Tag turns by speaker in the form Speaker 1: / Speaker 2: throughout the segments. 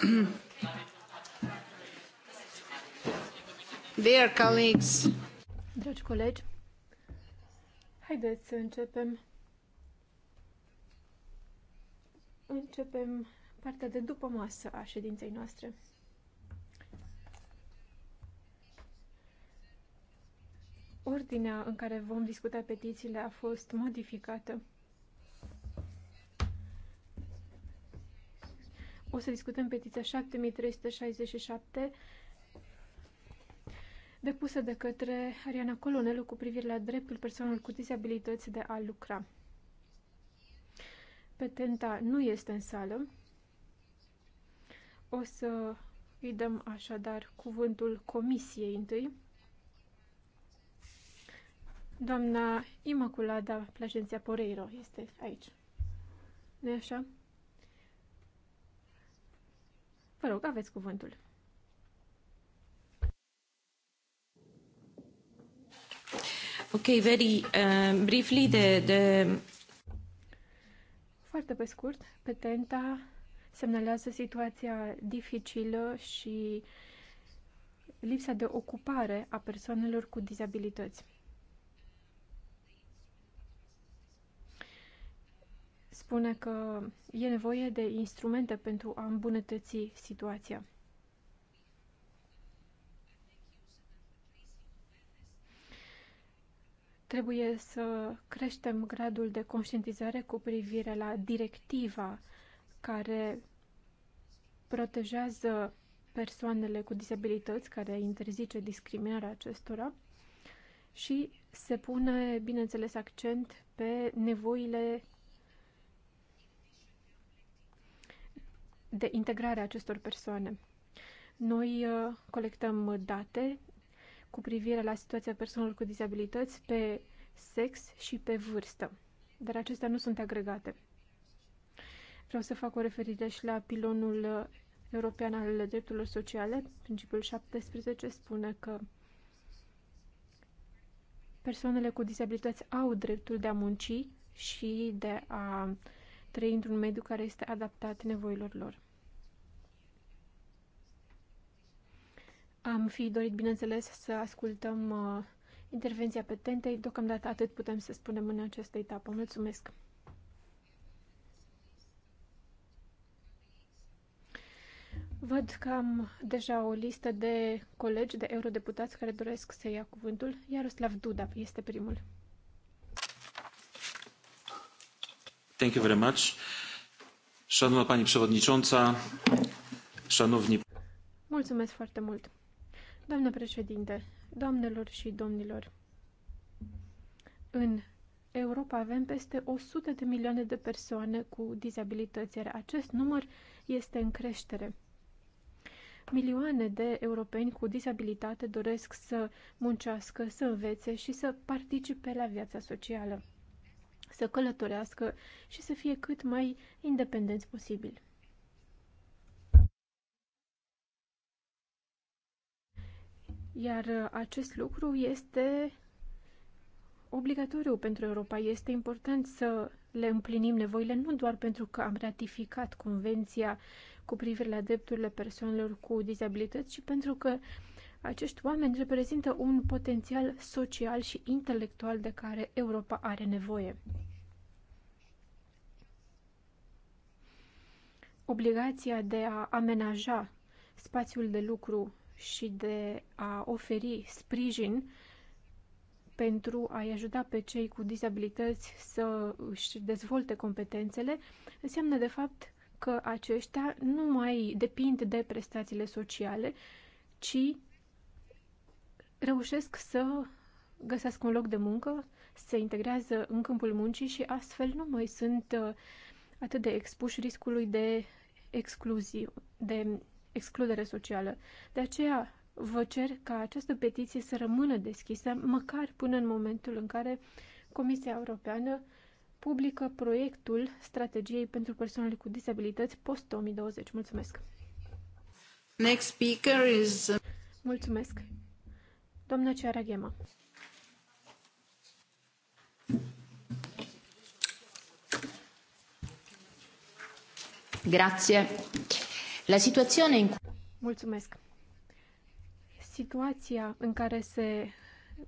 Speaker 1: Dragi colegi, haideți să începem. Începem partea de după masă a ședinței noastre. Ordinea în care vom discuta petițiile a fost modificată. O să discutăm petiția 7367 depusă de către Ariana Colonelu cu privire la dreptul persoanelor cu dizabilități de a lucra. Petenta nu este în sală. O să îi dăm așadar cuvântul comisiei întâi. Doamna Imaculada Plajenția Poreiro este aici. nu așa? Vă rog, aveți cuvântul. Ok, very uh, briefly, the, the... Foarte pe scurt, petenta semnalează situația dificilă și lipsa de ocupare a persoanelor cu dizabilități. spune că e nevoie de instrumente pentru a îmbunătăți situația. Trebuie să creștem gradul de conștientizare cu privire la directiva care protejează persoanele cu disabilități, care interzice discriminarea acestora și se pune, bineînțeles, accent pe nevoile de integrare a acestor persoane. Noi uh, colectăm date cu privire la situația persoanelor cu dizabilități pe sex și pe vârstă, dar acestea nu sunt agregate. Vreau să fac o referire și la pilonul uh, european al drepturilor sociale. Principiul 17 spune că persoanele cu dizabilități au dreptul de a munci și de a uh, trăi într-un mediu care este adaptat nevoilor lor. Am fi dorit, bineînțeles, să ascultăm uh, intervenția petentei. Deocamdată atât putem să spunem în această etapă. Mulțumesc! Văd că am deja o listă de colegi, de eurodeputați care doresc să ia cuvântul. Iaroslav Duda este primul.
Speaker 2: Thank you very much. Szanowna Pani Przewodnicząca,
Speaker 3: Szanowni...
Speaker 1: Mulțumesc foarte mult. Doamnă președinte, doamnelor și domnilor, în Europa avem peste 100 de milioane de persoane cu dizabilități, iar acest număr este în creștere. Milioane de europeni cu dizabilitate doresc să muncească, să învețe și să participe la viața socială să călătorească și să fie cât mai independenți posibil. Iar uh, acest lucru este obligatoriu pentru Europa. Este important să le împlinim nevoile nu doar pentru că am ratificat convenția cu privire la drepturile persoanelor cu dizabilități, ci pentru că uh, acești oameni reprezintă un potențial social și intelectual de care Europa are nevoie. Obligația de a amenaja spațiul de lucru și de a oferi sprijin pentru a-i ajuta pe cei cu dizabilități să își dezvolte competențele, înseamnă de fapt că aceștia nu mai depind de prestațiile sociale, ci reușesc să găsească un loc de muncă, se integrează în câmpul muncii și astfel nu mai sunt uh, atât de expuși riscului de excluzie, de excludere socială. De aceea vă cer ca această petiție să rămână deschisă, măcar până în momentul în care Comisia Europeană publică proiectul strategiei pentru persoanele cu disabilități post-2020. Mulțumesc! Next speaker is... Mulțumesc! Doamna Cearaghema. Grazie. La situazione in cui... Mulțumesc. Situația în care se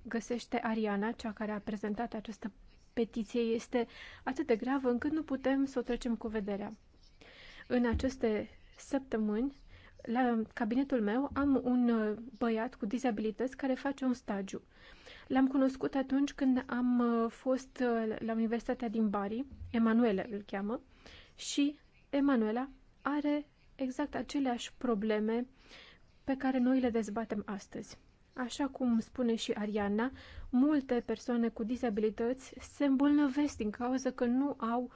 Speaker 1: găsește Ariana, cea care a prezentat această petiție, este atât de gravă încât nu putem să o trecem cu vederea. În aceste săptămâni, la cabinetul meu am un uh, băiat cu dizabilități care face un stagiu. L-am cunoscut atunci când am uh, fost uh, la Universitatea din Bari, Emanuela îl cheamă, și Emanuela are exact aceleași probleme pe care noi le dezbatem astăzi. Așa cum spune și Ariana, multe persoane cu dizabilități se îmbolnăvesc din cauza că nu au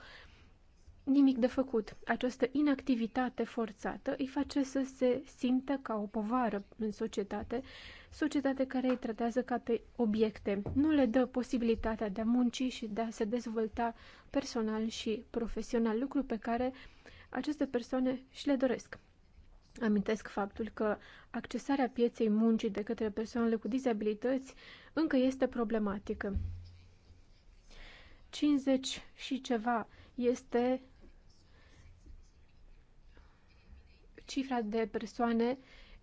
Speaker 1: nimic de făcut. Această inactivitate forțată îi face să se simtă ca o povară în societate, societate care îi tratează ca pe obiecte. Nu le dă posibilitatea de a munci și de a se dezvolta personal și profesional, lucru pe care aceste persoane și le doresc. Amintesc faptul că accesarea pieței muncii de către persoanele cu dizabilități încă este problematică. 50 și ceva este cifra de persoane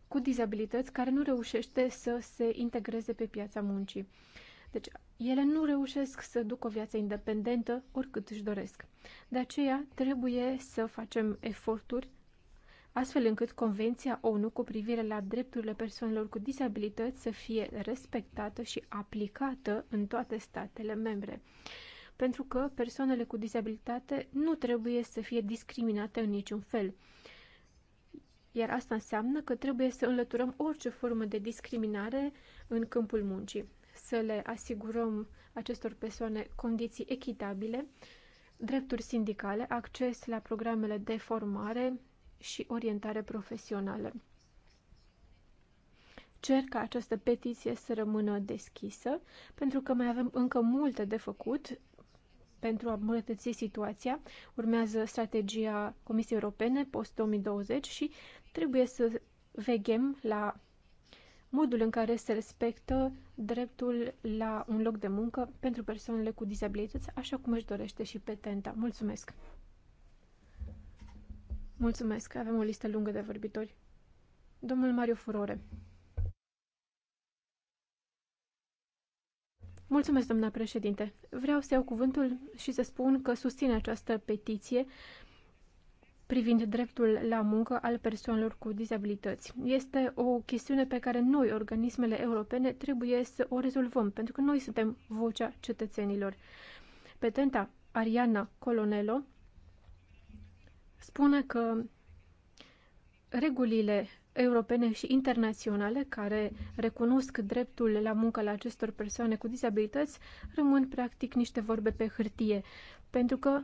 Speaker 1: cu dizabilități care nu reușește să se integreze pe piața muncii. Deci, ele nu reușesc să ducă o viață independentă oricât își doresc. De aceea, trebuie să facem eforturi astfel încât Convenția ONU cu privire la drepturile persoanelor cu dizabilități să fie respectată și aplicată în toate statele membre. Pentru că persoanele cu dizabilitate nu trebuie să fie discriminate în niciun fel iar asta înseamnă că trebuie să înlăturăm orice formă de discriminare în câmpul muncii, să le asigurăm acestor persoane condiții echitabile, drepturi sindicale, acces la programele de formare și orientare profesională. Cer ca această petiție să rămână deschisă, pentru că mai avem încă multe de făcut pentru a îmbunătăți situația. Urmează strategia Comisiei Europene post-2020 și trebuie să veghem la modul în care se respectă dreptul la un loc de muncă pentru persoanele cu dizabilități, așa cum își dorește și petenta. Mulțumesc! Mulțumesc! Avem o listă lungă de vorbitori. Domnul Mario Furore. Mulțumesc, doamna președinte. Vreau să iau cuvântul și să spun că susțin această petiție privind dreptul la muncă al persoanelor cu dizabilități. Este o chestiune pe care noi, organismele europene, trebuie să o rezolvăm, pentru că noi suntem vocea cetățenilor. Petenta Ariana Colonelo spune că regulile europene și internaționale care recunosc dreptul la muncă la acestor persoane cu dizabilități rămân practic niște vorbe pe hârtie, pentru că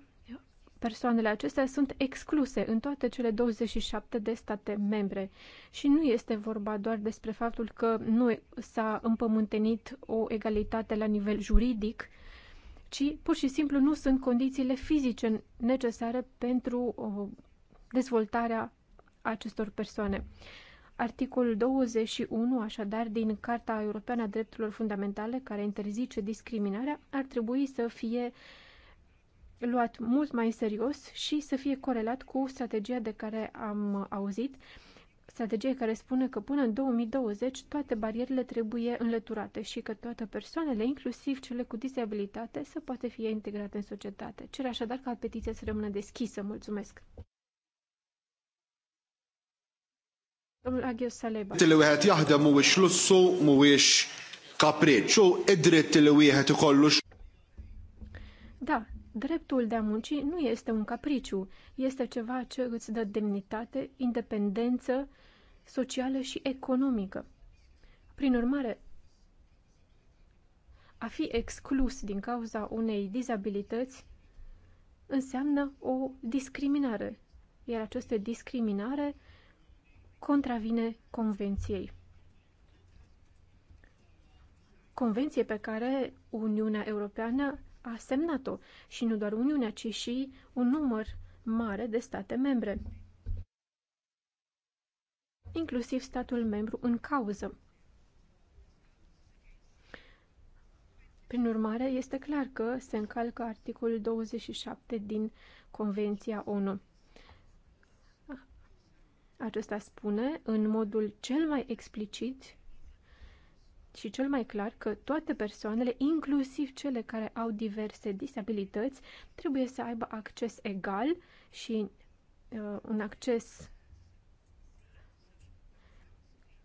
Speaker 1: persoanele acestea sunt excluse în toate cele 27 de state membre. Și nu este vorba doar despre faptul că nu s-a împământenit o egalitate la nivel juridic, ci pur și simplu nu sunt condițiile fizice necesare pentru dezvoltarea acestor persoane. Articolul 21, așadar, din Carta Europeană a Drepturilor Fundamentale, care interzice discriminarea, ar trebui să fie uh, luat mult mai serios și să fie corelat cu strategia de care am auzit, strategia care spune că până în 2020 toate barierele trebuie înlăturate și că toate persoanele, inclusiv cele cu disabilitate, să poate fi integrate în societate. Cer așadar ca petiția să rămână deschisă. Mulțumesc! Domnul Saleba. Da, Dreptul de a munci nu este un capriciu, este ceva ce îți dă demnitate, independență socială și economică. Prin urmare, a fi exclus din cauza unei dizabilități înseamnă o discriminare, iar această discriminare contravine Convenției. Convenție pe care Uniunea Europeană a semnat-o și nu doar Uniunea, ci și un număr mare de state membre, inclusiv statul membru în cauză. Prin urmare, este clar că se încalcă articolul 27 din Convenția ONU. Acesta spune, în modul cel mai explicit și cel mai clar că toate persoanele, inclusiv cele care au diverse disabilități, trebuie să aibă acces egal și uh, un acces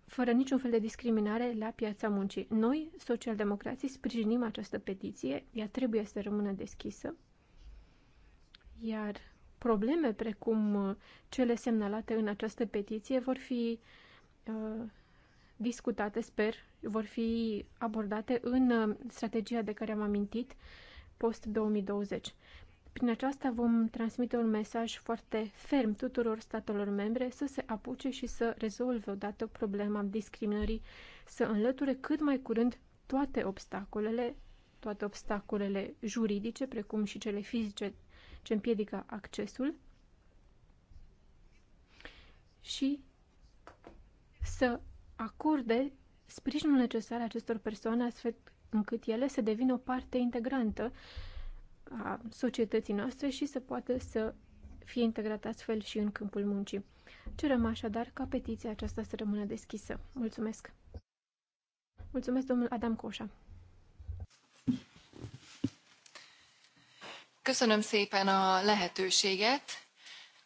Speaker 1: fără niciun fel de discriminare la piața muncii. Noi, socialdemocrații, sprijinim această petiție, ea trebuie să rămână deschisă, iar probleme precum uh, cele semnalate în această petiție vor fi uh, discutate, sper, vor fi abordate în uh, strategia de care am amintit, post-2020. Prin aceasta vom transmite un mesaj foarte ferm tuturor statelor membre să se apuce și să rezolve odată problema discriminării, să înlăture cât mai curând toate obstacolele, toate obstacolele juridice, precum și cele fizice ce împiedică accesul și să acorde sprijinul necesar acestor persoane astfel încât ele să devină o parte integrantă a societății noastre și să poată să fie integrată, astfel și în câmpul muncii. Cerem așadar ca petiția aceasta să rămână deschisă. Mulțumesc! Mulțumesc, domnul Adam Coșa! Köszönöm szépen a lehetőséget.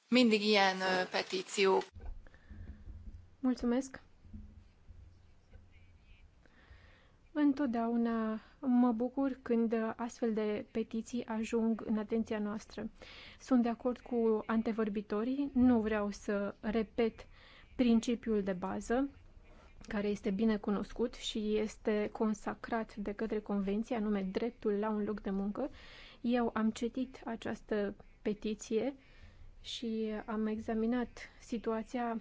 Speaker 1: Mindig ilyen petíció. Mulțumesc! Întotdeauna mă bucur când astfel de petiții ajung în atenția noastră. Sunt de acord cu antevorbitorii, nu vreau să repet principiul de bază, care este bine cunoscut și este consacrat de către Convenție, anume dreptul la un loc de muncă. Eu am citit această petiție și am examinat situația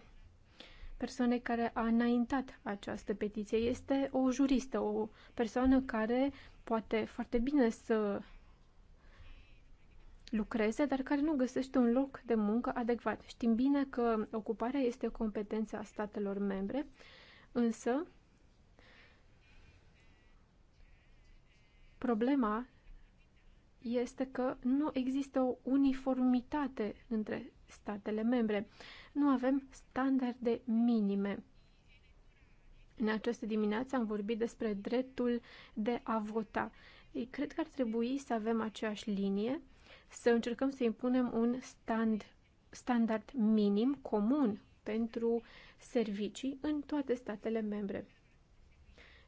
Speaker 1: persoanei care a înaintat această petiție. Este o juristă, o persoană care poate foarte bine să lucreze, dar care nu găsește un loc de muncă adecvat. Știm bine că ocuparea este o competență a statelor membre, însă problema este că nu există o uniformitate între statele membre. Nu avem standarde minime. În această dimineață am vorbit despre dreptul de a vota. Cred că ar trebui să avem aceeași linie, să încercăm să impunem un stand, standard minim comun pentru servicii în toate statele membre.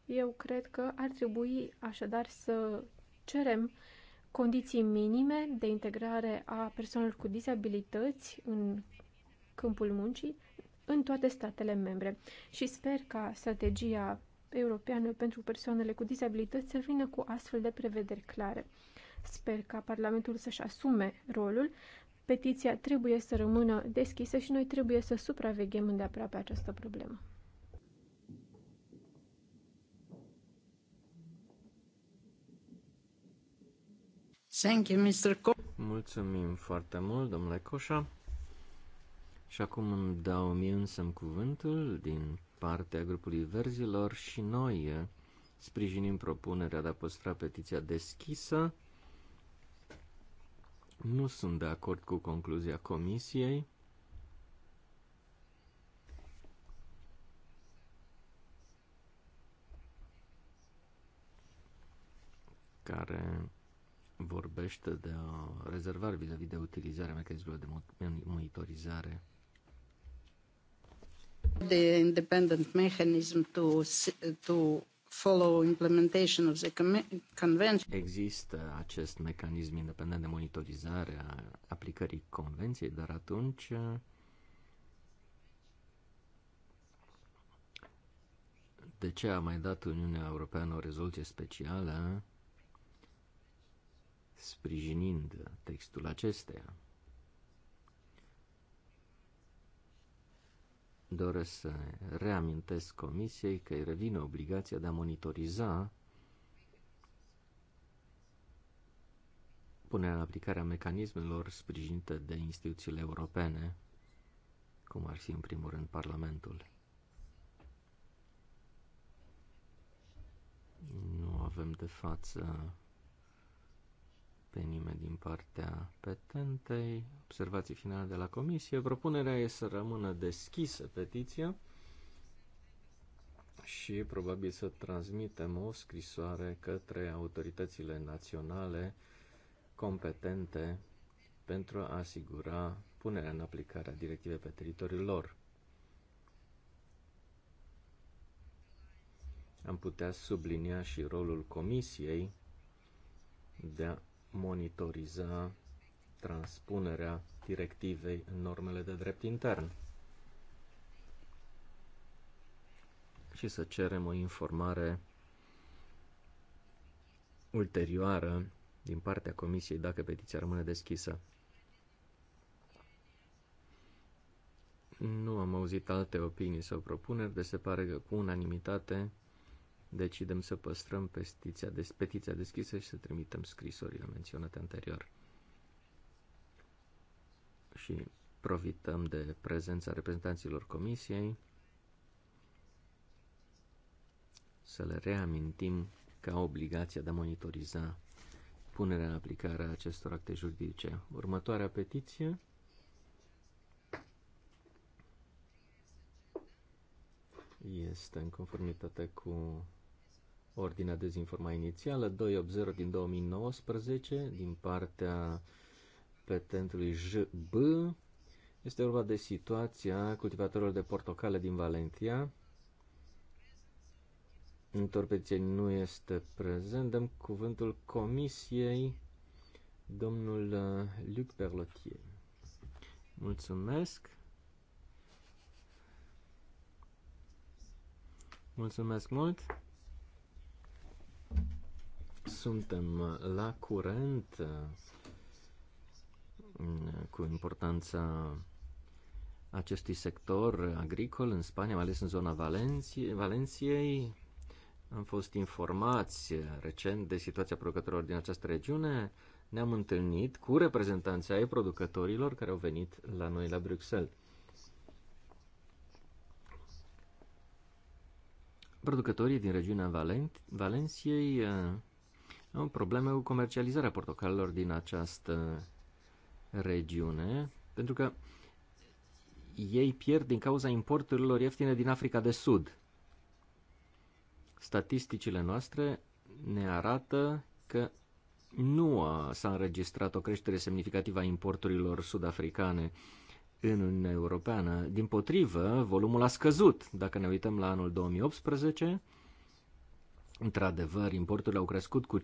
Speaker 1: Eu cred că ar trebui așadar să cerem uh, condiții minime de integrare a persoanelor cu dizabilități în câmpul muncii în toate statele membre și sper ca strategia europeană pentru persoanele cu dizabilități să vină cu astfel de prevederi clare. Sper ca Parlamentul să-și asume rolul. Petiția trebuie să rămână deschisă și noi trebuie să supraveghem îndeaproape această problemă.
Speaker 2: Mulțumim foarte mult, domnule Coșa. Și acum îmi dau mie însă cuvântul din partea grupului verzilor și noi eh, sprijinim propunerea de a păstra petiția deschisă. Nu sunt de acord cu concluzia comisiei. care vorbește de a rezervare vis-a-vis -vis de utilizarea mecanismului de monitorizare.
Speaker 3: The independent mechanism to, to follow implementation of the convention.
Speaker 2: Există acest mecanism independent de monitorizare a aplicării convenției, dar atunci de ce a mai dat Uniunea Europeană o rezoluție specială sprijinind textul acesteia. Doresc să reamintesc Comisiei că îi revine obligația de a monitoriza punerea în aplicare a mecanismelor sprijinite de instituțiile europene, cum ar fi în primul rând Parlamentul. Nu avem de față pe nimeni din partea petentei. Observații finale de la comisie. Propunerea e să rămână deschisă petiția și probabil să transmitem o scrisoare către autoritățile naționale competente pentru a asigura punerea în aplicare a directivei pe teritoriul lor. Am putea sublinia și rolul comisiei de a monitoriza transpunerea directivei în normele de drept intern și să cerem o informare ulterioară din partea Comisiei dacă petiția rămâne deschisă. Nu am auzit alte opinii sau propuneri, de deci se pare că cu unanimitate decidem să păstrăm petiția, des, petiția deschisă și să trimitem scrisorile menționate anterior. Și profităm de prezența reprezentanților comisiei să le reamintim ca obligația de a monitoriza punerea în aplicare a acestor acte juridice. Următoarea petiție este în conformitate cu ordinea dezinforma forma inițială, 280 din 2019, din partea petentului JB. Este vorba de situația cultivatorilor de portocale din Valentia. Întorpeție nu este prezent. Dăm cuvântul comisiei domnul uh, Luc Berlotier. Mulțumesc. Mulțumesc mult suntem la curent uh, cu importanța acestui sector agricol în Spania, mai ales în zona Valenție, Valenției. Am fost informați recent de situația producătorilor din această regiune. Ne-am întâlnit cu reprezentanții ai producătorilor care au venit la noi la Bruxelles. Producătorii din regiunea Valen- Valenției uh, au probleme cu comercializarea portocalelor din această regiune, pentru că ei pierd din cauza importurilor ieftine din Africa de Sud. Statisticile noastre ne arată că nu s-a înregistrat o creștere semnificativă a importurilor sud-africane în Uniunea Europeană. Din potrivă, volumul a scăzut. Dacă ne uităm la anul 2018, Într-adevăr, importurile au crescut cu 5%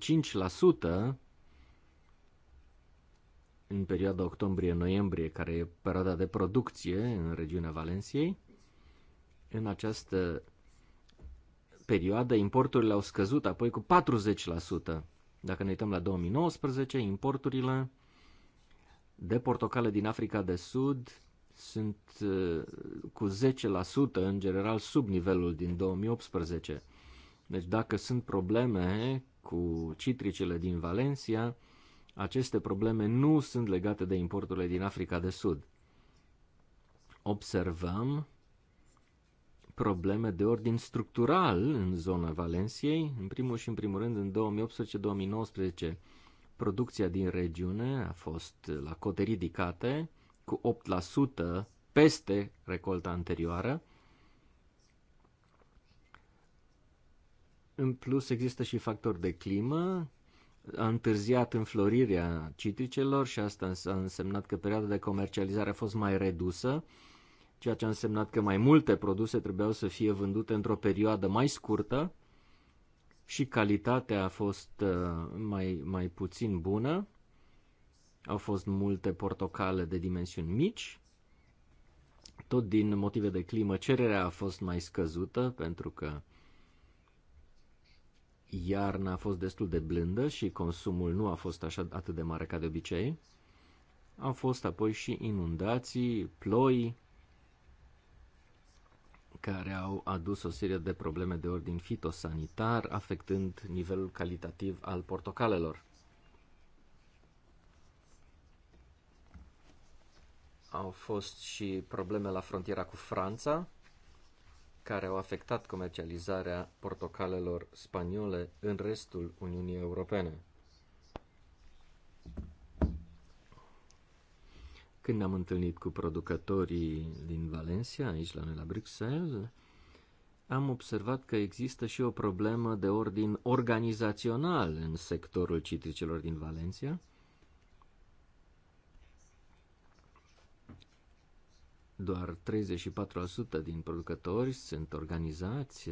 Speaker 2: în perioada octombrie-noiembrie, care e perioada de producție în regiunea Valenției. În această perioadă, importurile au scăzut apoi cu 40%. Dacă ne uităm la 2019, importurile de portocale din Africa de Sud sunt uh, cu 10% în general sub nivelul din 2018. Deci dacă sunt probleme cu citricele din Valencia, aceste probleme nu sunt legate de importurile din Africa de Sud. Observăm probleme de ordin structural în zona Valenciei. în primul și în primul rând în 2018-2019 producția din regiune a fost la cote ridicate, cu 8% peste recolta anterioară, În plus există și factori de climă, a întârziat înflorirea citricelor și asta a însemnat că perioada de comercializare a fost mai redusă, ceea ce a însemnat că mai multe produse trebuiau să fie vândute într-o perioadă mai scurtă și calitatea a fost uh, mai, mai puțin bună. Au fost multe portocale de dimensiuni mici. Tot din motive de climă, cererea a fost mai scăzută pentru că iarna a fost destul de blândă și consumul nu a fost așa atât de mare ca de obicei. Au fost apoi și inundații, ploi, care au adus o serie de probleme de ordin fitosanitar, afectând nivelul calitativ al portocalelor. Au fost și probleme la frontiera cu Franța, care au afectat comercializarea portocalelor spaniole în restul Uniunii Europene. Când ne-am întâlnit cu producătorii din Valencia, aici la noi la Bruxelles, am observat că există și o problemă de ordin organizațional în sectorul citricelor din Valencia, doar 34% din producători sunt organizați.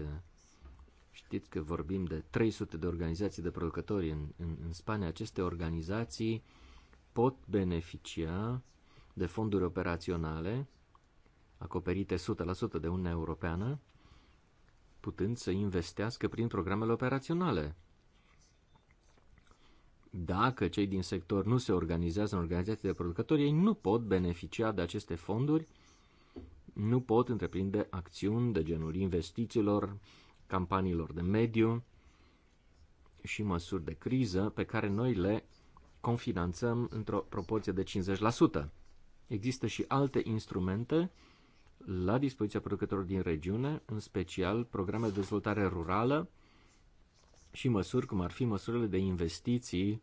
Speaker 2: Știți că vorbim de 300 de organizații de producători în, în, în Spania. Aceste organizații pot beneficia de fonduri operaționale acoperite 100% de Uniunea Europeană, putând să investească prin programele operaționale. Dacă cei din sector nu se organizează în organizații de producători, ei nu pot beneficia de aceste fonduri nu pot întreprinde acțiuni de genul investițiilor, campaniilor de mediu și măsuri de criză pe care noi le confinanțăm într-o proporție de 50%. Există și alte instrumente la dispoziția producătorilor din regiune, în special programe de dezvoltare rurală și măsuri cum ar fi măsurile de investiții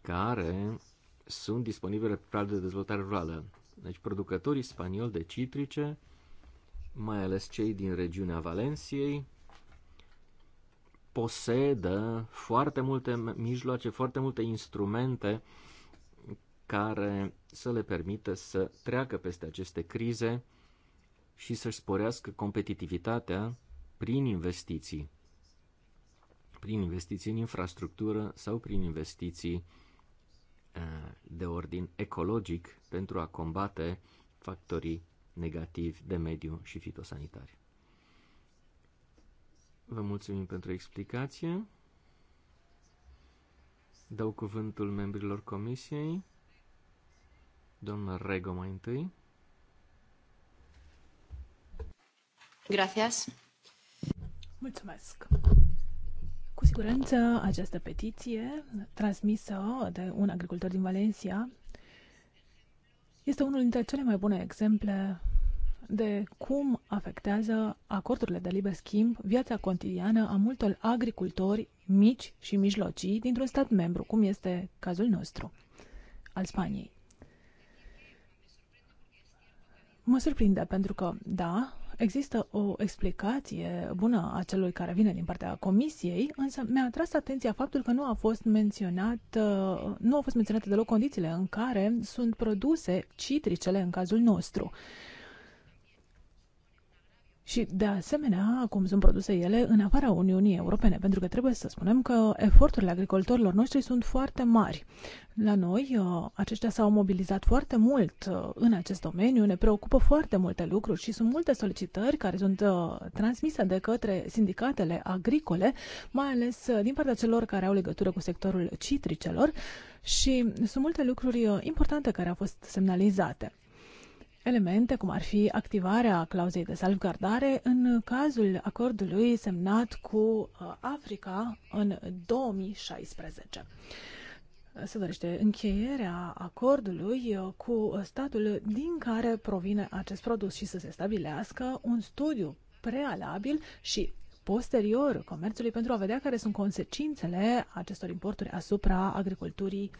Speaker 2: care sunt disponibile pe plan de dezvoltare rurală. Deci producătorii spanioli de citrice, mai ales cei din regiunea Valenciei, posedă foarte multe mijloace, foarte multe instrumente care să le permită să treacă peste aceste crize și să-și sporească competitivitatea prin investiții. Prin investiții în infrastructură sau prin investiții Eh, de ordin ecologic pentru a combate factorii negativi de mediu și fitosanitari. Vă mulțumim pentru explicație. Dau cuvântul membrilor comisiei. Domnul Rego mai întâi.
Speaker 1: Gracias.
Speaker 4: Mulțumesc. Cu siguranță această petiție transmisă de un agricultor din Valencia este unul dintre cele mai bune exemple de cum afectează acordurile de liber schimb viața cotidiană a multor agricultori mici și mijlocii dintr-un stat membru, cum este cazul nostru, al Spaniei. Mă surprinde pentru că, da, Există o explicație bună a celui care vine din partea comisiei, însă mi-a atras atenția faptul că nu a fost menționat, uh, nu au fost menționate deloc condițiile în care sunt produse citricele în cazul nostru și, de asemenea, cum sunt produse ele în afara Uniunii Europene, pentru că trebuie să spunem că eforturile agricultorilor noștri sunt foarte mari. La noi, uh, aceștia s-au mobilizat foarte mult uh, în acest domeniu, ne preocupă foarte multe lucruri și sunt multe solicitări care sunt uh, transmise de către sindicatele agricole, mai ales din partea celor care au legătură cu sectorul citricelor și sunt multe lucruri importante care au fost semnalizate elemente, cum ar fi activarea clauzei de salvgardare în cazul acordului semnat cu uh, Africa în 2016. Se dorește încheierea acordului uh, cu statul din care provine acest produs și să se stabilească un studiu prealabil și posterior comerțului pentru a vedea care sunt consecințele acestor importuri asupra agriculturii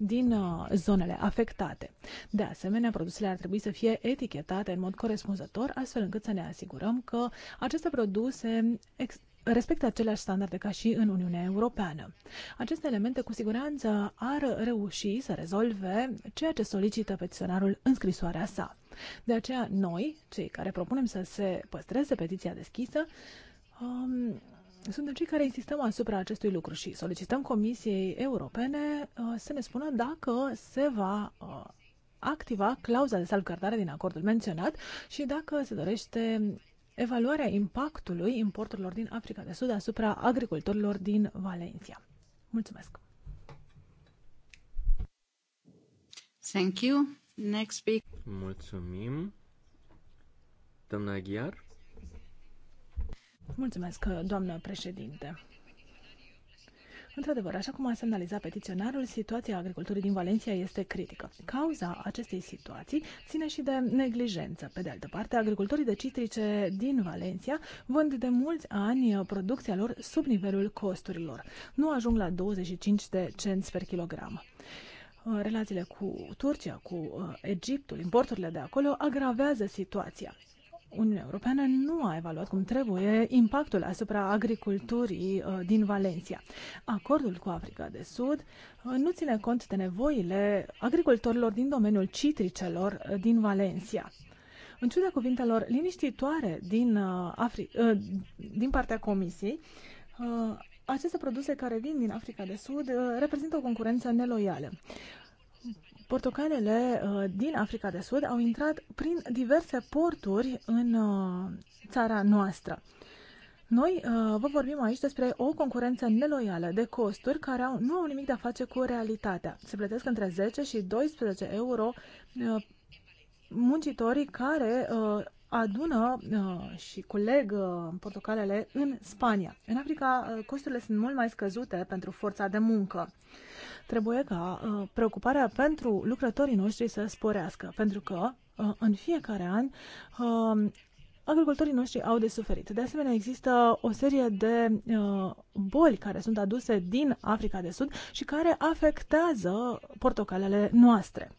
Speaker 4: din uh, zonele afectate. De asemenea, produsele ar trebui să fie etichetate în mod corespunzător, astfel încât să ne asigurăm că aceste produse respectă aceleași standarde ca și în Uniunea Europeană. Aceste elemente cu siguranță ar reuși să rezolve ceea ce solicită petiționarul în scrisoarea sa. De aceea, noi, cei care propunem să se păstreze petiția deschisă, um, suntem cei care insistăm asupra acestui lucru și solicităm Comisiei Europene uh, să ne spună dacă se va uh, activa clauza de salvgardare din acordul menționat și dacă se dorește evaluarea impactului importurilor din Africa de Sud asupra agricultorilor din Valencia. Mulțumesc! Thank you. Next speaker.
Speaker 2: Mulțumim. Doamna Aghiar?
Speaker 4: Mulțumesc, doamnă președinte. Într-adevăr, așa cum a semnalizat petiționarul, situația agriculturii din Valencia este critică. Cauza acestei situații ține și de neglijență. Pe de altă parte, agricultorii de citrice din Valencia vând de mulți ani producția lor sub nivelul costurilor. Nu ajung la 25 de cenți per kilogram relațiile cu Turcia, cu uh, Egiptul, importurile de acolo agravează situația. Uniunea Europeană nu a evaluat cum trebuie impactul asupra agriculturii uh, din Valencia. Acordul cu Africa de Sud uh, nu ține cont de nevoile agricultorilor din domeniul citricelor uh, din Valencia. În ciuda cuvintelor liniștitoare din, Afri- din partea Comisiei, aceste produse care vin din Africa de Sud reprezintă o concurență neloială portocalele uh, din Africa de Sud au intrat prin diverse porturi în uh, țara noastră. Noi uh, vă vorbim aici despre o concurență neloială de costuri care au, nu au nimic de a face cu realitatea. Se plătesc între 10 și 12 euro muncitorii care adună uh, și culeg uh, portocalele în Spania. În Africa, uh, costurile sunt mult mai scăzute pentru forța de muncă. Trebuie ca preocuparea pentru lucrătorii noștri să sporească, pentru că în fiecare an agricultorii noștri au de suferit. De asemenea, există o serie de boli care sunt aduse din Africa de Sud și care afectează portocalele noastre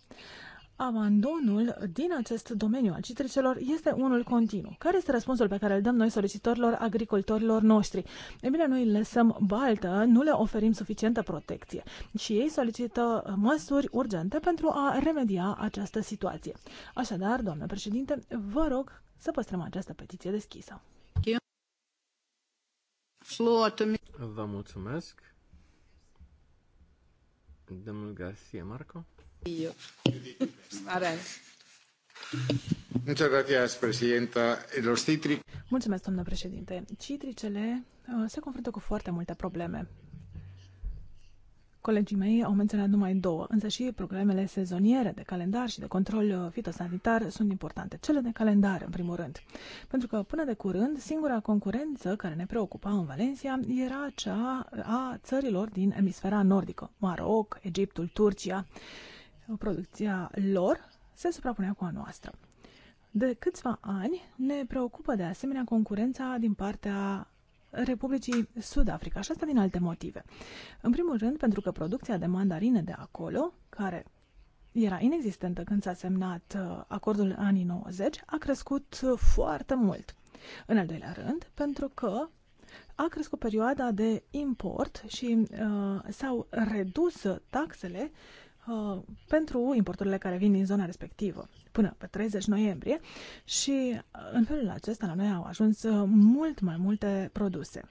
Speaker 4: abandonul din acest domeniu al citricelor este unul continuu. Care este răspunsul pe care îl dăm noi solicitorilor agricultorilor noștri? E bine, noi lăsăm baltă, nu le oferim suficientă protecție și ei solicită măsuri urgente pentru a remedia această situație. Așadar, doamnă președinte, vă rog să păstrăm această petiție deschisă.
Speaker 3: Vă
Speaker 2: mulțumesc. Domnul Garcia Marco
Speaker 4: domnule Mulțumesc, președinte. Citricele uh, se confruntă cu foarte multe probleme. Colegii mei au menționat numai două, însă și problemele sezoniere de calendar și de control uh, fitosanitar sunt importante. Cele de calendar, în primul rând. Pentru că, până de curând, singura concurență care ne preocupa în Valencia era cea a țărilor din emisfera nordică, Maroc, Egiptul, Turcia producția lor se suprapunea cu a noastră. De câțiva ani ne preocupă de asemenea concurența din partea Republicii Sud-Africa și asta din alte motive. În primul rând pentru că producția de mandarine de acolo, care era inexistentă când s-a semnat uh, acordul în anii 90, a crescut foarte mult. În al doilea rând, pentru că a crescut perioada de import și uh, s-au redus taxele Uh, pentru importurile care vin din zona respectivă până pe 30 noiembrie și uh, în felul acesta la noi au ajuns uh, mult mai multe produse.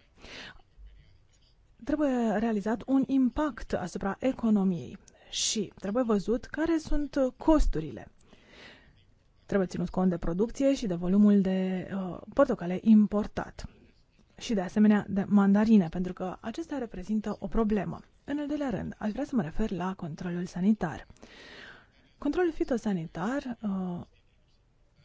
Speaker 4: Trebuie realizat un impact asupra economiei și trebuie văzut care sunt costurile. Trebuie ținut cont de producție și de volumul de uh, portocale importat și de asemenea de mandarine, pentru că acestea reprezintă o problemă. În al doilea rând, aș vrea să mă refer la controlul sanitar. Controlul fitosanitar uh,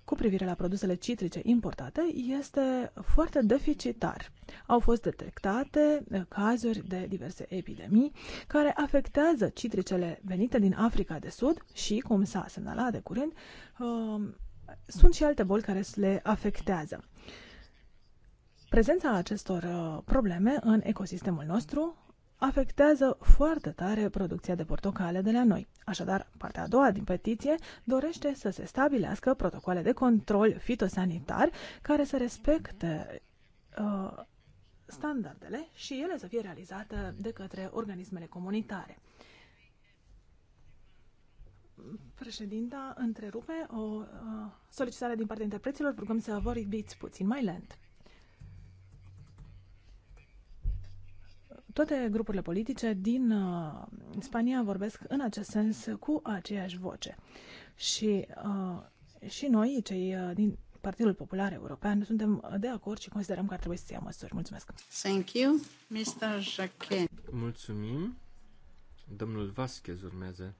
Speaker 4: cu privire la produsele citrice importate este foarte deficitar. Au fost detectate uh, cazuri de diverse epidemii care afectează citricele venite din Africa de Sud și, cum s-a semnalat de curând, uh, sunt și alte boli care le afectează. Prezența acestor uh, probleme în ecosistemul nostru afectează foarte tare producția de portocale de la noi. Așadar, partea a doua din petiție dorește să se stabilească protocoale de control fitosanitar care să respecte uh, standardele și ele să fie realizate de către organismele comunitare. Președinta întrerupe o uh, solicitare din partea interpreților. Rugăm să vorbiți puțin mai lent. toate grupurile politice din uh, Spania vorbesc în acest sens cu aceeași voce. Și, uh, și noi, cei uh, din Partidul Popular European, suntem de acord și considerăm că ar trebui să ia măsuri. Mulțumesc! Thank you, Mr.
Speaker 3: Jacquet.
Speaker 2: Mulțumim. Domnul Vasquez urmează.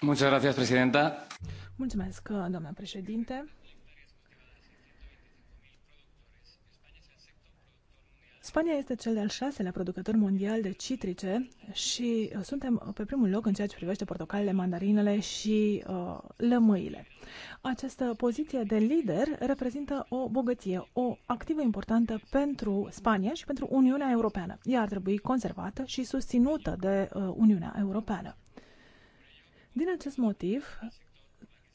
Speaker 2: Mulțumesc,
Speaker 4: Mulțumesc uh, domnule președinte. Spania este cel de-al șaselea producător mondial de citrice și uh, suntem uh, pe primul loc în ceea ce privește portocalele, mandarinele și uh, lămâile. Această poziție de lider reprezintă o bogăție, o activă importantă pentru Spania și pentru Uniunea Europeană. Ea ar trebui conservată și susținută de uh, Uniunea Europeană. Din acest motiv,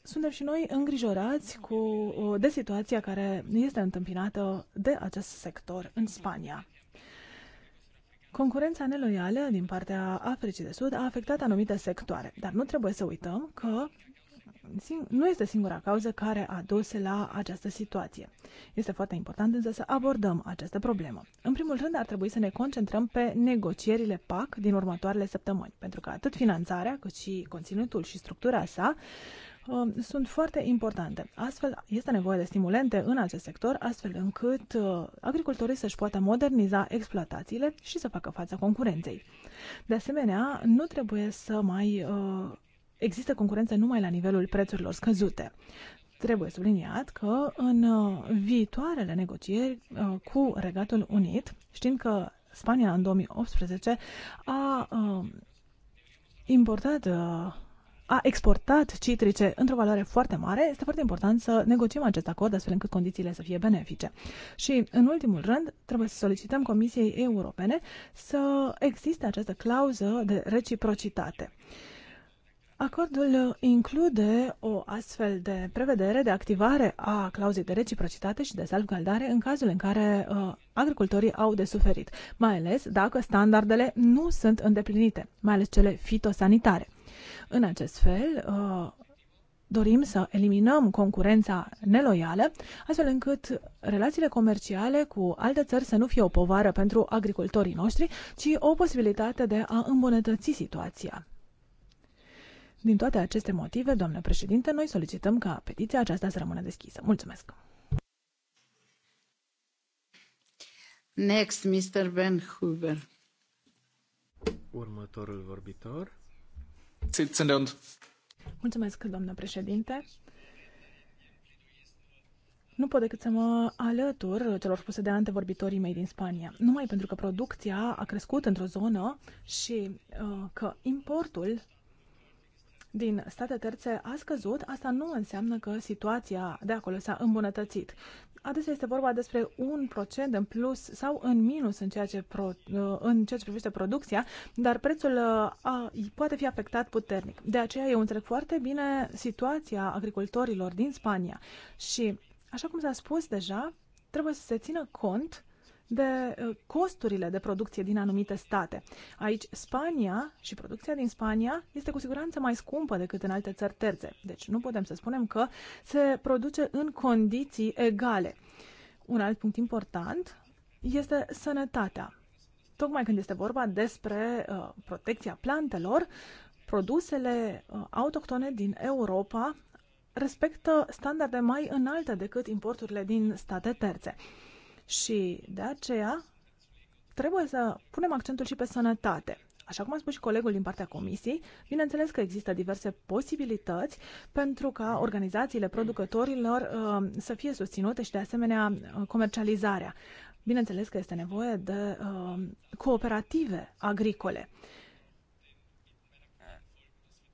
Speaker 4: suntem și noi îngrijorați cu, uh, de situația care este întâmpinată de acest sector în Spania. Concurența neloială din partea Africii de Sud a afectat anumite sectoare, dar nu trebuie să uităm că nu este singura cauză care a dus la această situație. Este foarte important însă să abordăm această problemă. În primul rând ar trebui să ne concentrăm pe negocierile PAC din următoarele săptămâni, pentru că atât finanțarea cât și conținutul și structura sa Um, sunt foarte importante. Astfel, este nevoie de stimulente în acest sector, astfel încât uh, agricultorii să-și poată moderniza exploatațiile și să facă fața concurenței. De asemenea, nu trebuie să mai uh, există concurență numai la nivelul prețurilor scăzute. Trebuie subliniat că în uh, viitoarele negocieri cu Regatul Unit, știm că Spania în 2018 a importat a exportat citrice într-o valoare foarte mare, este foarte important să negociem acest acord astfel încât condițiile să fie benefice. Și, în ultimul rând, trebuie să solicităm Comisiei Europene să existe această clauză de reciprocitate. Acordul include o astfel de prevedere de activare a clauzei de reciprocitate și de salvgaldare în cazul în care uh, agricultorii au de suferit, mai ales dacă standardele nu sunt îndeplinite, mai ales cele fitosanitare. În acest fel, uh, dorim să eliminăm concurența neloială, astfel încât relațiile comerciale cu alte țări să nu fie o povară pentru agricultorii noștri, ci o posibilitate de a îmbunătăți situația. Din toate aceste motive, doamnă președinte, noi solicităm ca petiția aceasta să rămână deschisă. Mulțumesc! Next, Mr. Ben Huber.
Speaker 2: Următorul vorbitor.
Speaker 4: Mulțumesc, doamnă președinte. Nu pot decât să mă alătur celor spuse de antevorbitorii mei din Spania. Numai pentru că producția a crescut într-o zonă și uh, că importul din state terțe a scăzut, asta nu înseamnă că situația de acolo s-a îmbunătățit. Adesea este vorba despre un procent în plus sau în minus în ceea ce, pro, uh, în ceea ce privește producția, dar prețul uh, a, poate fi afectat puternic. De aceea eu înțeleg foarte bine situația agricultorilor din Spania și, așa cum s-a spus deja, trebuie să se țină cont de uh, costurile de producție din anumite state. Aici Spania și producția din Spania este cu siguranță mai scumpă decât în alte țări terțe. Deci nu putem să spunem că se produce în condiții egale. Un alt punct important este sănătatea. Tocmai când este vorba despre uh, protecția plantelor, produsele uh, autohtone din Europa respectă standarde mai înalte decât importurile din state terțe. Și de aceea trebuie să punem accentul și pe sănătate. Așa cum a spus și colegul din partea comisiei, bineînțeles că există diverse posibilități pentru ca organizațiile producătorilor uh, să fie susținute și de asemenea uh, comercializarea. Bineînțeles că este nevoie de uh, cooperative agricole.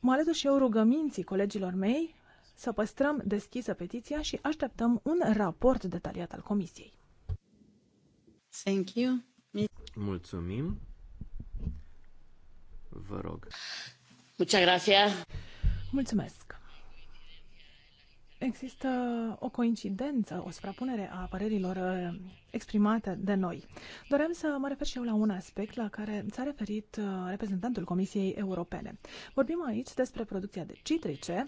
Speaker 4: Mă alătur și eu rugăminții colegilor mei să păstrăm deschisă petiția și așteptăm un raport detaliat al comisiei. Thank you.
Speaker 2: Mulțumim. Vă rog.
Speaker 4: Muchas gracias. Mulțumesc. Există o coincidență, o suprapunere a părerilor uh, exprimate de noi. Doream să mă refer și eu la un aspect la care s-a referit uh, reprezentantul Comisiei Europene. Vorbim aici despre producția de citrice,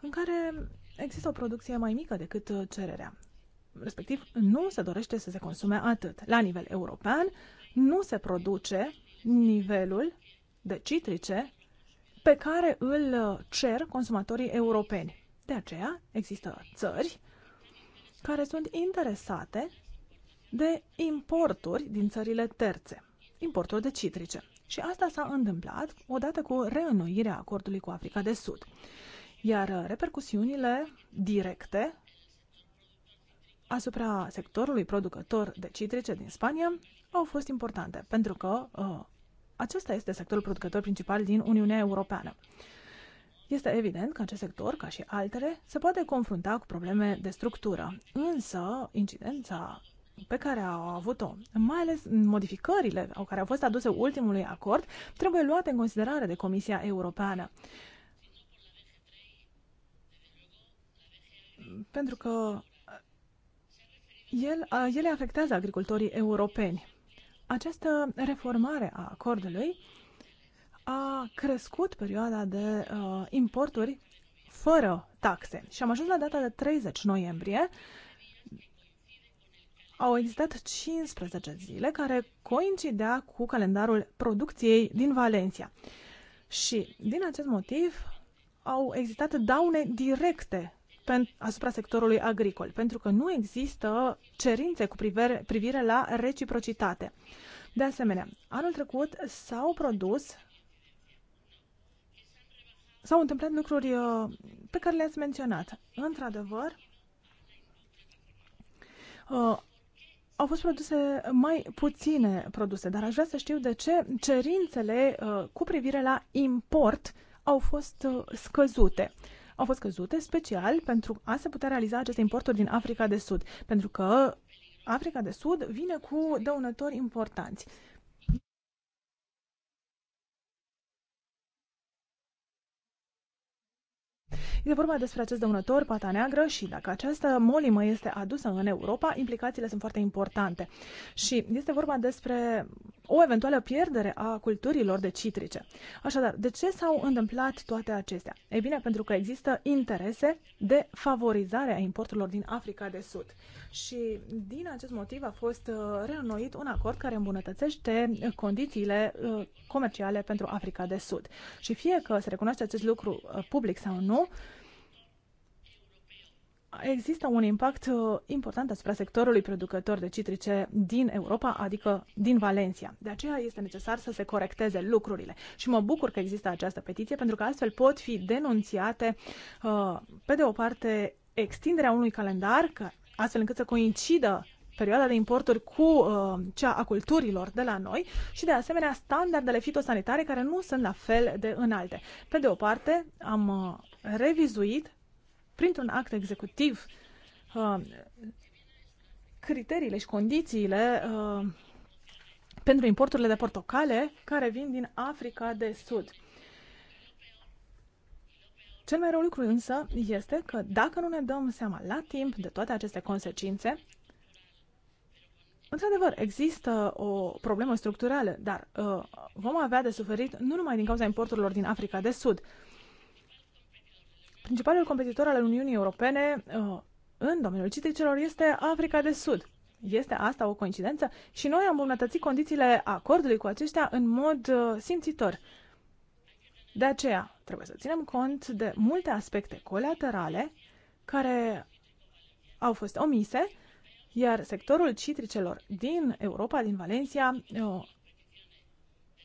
Speaker 4: în care există o producție mai mică decât uh, cererea respectiv nu se dorește să se consume atât. La nivel european nu se produce nivelul de citrice pe care îl uh, cer consumatorii europeni. De aceea există țări care sunt interesate de importuri din țările terțe, importuri de citrice. Și asta s-a întâmplat odată cu reînnoirea acordului cu Africa de Sud. Iar uh, repercusiunile directe asupra sectorului producător de citrice din Spania au fost importante, pentru că uh, acesta este sectorul producător principal din Uniunea Europeană. Este evident că acest sector, ca și altele, se poate confrunta cu probleme de structură, însă incidența pe care au avut-o, mai ales modificările care au fost aduse ultimului acord, trebuie luate în considerare de Comisia Europeană. Pentru că el, ele afectează agricultorii europeni. Această reformare a acordului a crescut perioada de uh, importuri fără taxe și am ajuns la data de 30 noiembrie. Au existat 15 zile care coincidea cu calendarul producției din Valencia. Și din acest motiv au existat daune directe asupra sectorului agricol, pentru că nu există cerințe cu privire, privire la reciprocitate. De asemenea, anul trecut s-au produs s-au întâmplat lucruri uh, pe care le-ați menționat. Într-adevăr, uh, au fost produse mai puține produse, dar aș vrea să știu de ce cerințele uh, cu privire la import au fost scăzute au fost căzute special pentru a se putea realiza aceste importuri din Africa de Sud, pentru că Africa de Sud vine cu dăunători importanți. E vorba despre acest dăunător, pata neagră, și dacă această molimă este adusă în Europa, implicațiile sunt foarte importante. Și este vorba despre o eventuală pierdere a culturilor de citrice. Așadar, de ce s-au întâmplat toate acestea? Ei bine, pentru că există interese de favorizare a importurilor din Africa de Sud. Și din acest motiv a fost uh, reînnoit un acord care îmbunătățește uh, condițiile uh, comerciale pentru Africa de Sud. Și fie că se recunoaște acest lucru public sau nu, există un impact uh, important asupra sectorului producător de citrice din Europa, adică din Valencia. De aceea este necesar să se corecteze lucrurile. Și mă bucur că există această petiție, pentru că astfel pot fi denunțiate, uh, pe de o parte, extinderea unui calendar, astfel încât să coincidă perioada de importuri cu uh, cea a culturilor de la noi și, de asemenea, standardele fitosanitare care nu sunt la fel de înalte. Pe de o parte, am uh, revizuit printr-un act executiv uh, criteriile și condițiile uh, pentru importurile de portocale care vin din Africa de Sud. Cel mai rău lucru însă este că dacă nu ne dăm seama la timp de toate aceste consecințe, Într-adevăr, există o problemă structurală, dar uh, vom avea de suferit nu numai din cauza importurilor din Africa de Sud. Principalul competitor al Uniunii Europene uh, în domeniul citricelor este Africa de Sud. Este asta o coincidență? Și noi am îmbunătățit condițiile acordului cu aceștia în mod uh, simțitor. De aceea, trebuie să ținem cont de multe aspecte colaterale care au fost omise, iar sectorul citricelor din Europa, din Valencia, uh,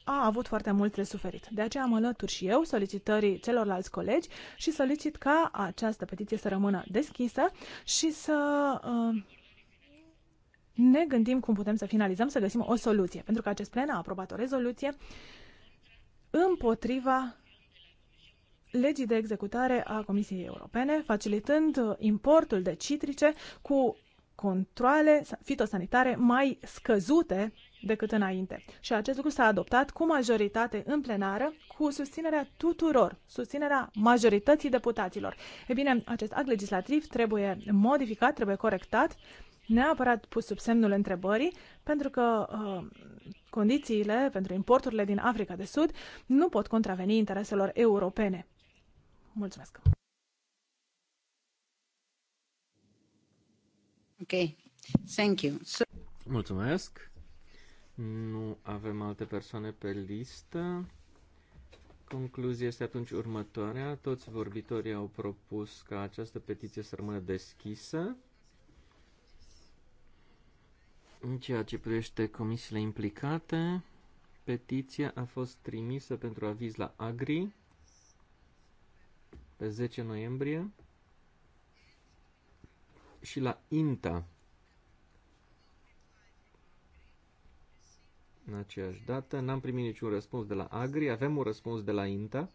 Speaker 4: a avut foarte mult de suferit. De aceea am alături și eu solicitării celorlalți colegi și solicit ca această petiție să rămână deschisă și să uh, ne gândim cum putem să finalizăm, să găsim o soluție. Pentru că acest plen a aprobat o rezoluție împotriva legii de executare a Comisiei Europene, facilitând uh, importul de citrice cu controle fitosanitare mai scăzute decât înainte. Și acest lucru s-a adoptat cu majoritate în plenară, cu susținerea tuturor, susținerea majorității deputaților. E bine, acest act legislativ trebuie modificat, trebuie corectat, neapărat pus sub semnul întrebării, pentru că uh, condițiile pentru importurile din Africa de Sud nu pot contraveni intereselor europene. Mulțumesc! Ok, thank you.
Speaker 3: So-
Speaker 2: Mulțumesc! Nu avem alte persoane pe listă. Concluzia este atunci următoarea. Toți vorbitorii au propus ca această petiție să rămână deschisă. În ceea ce privește comisiile implicate, petiția a fost trimisă pentru aviz la Agri pe 10 noiembrie și la INTA în aceeași dată. N-am primit niciun răspuns de la Agri, avem un răspuns de la INTA.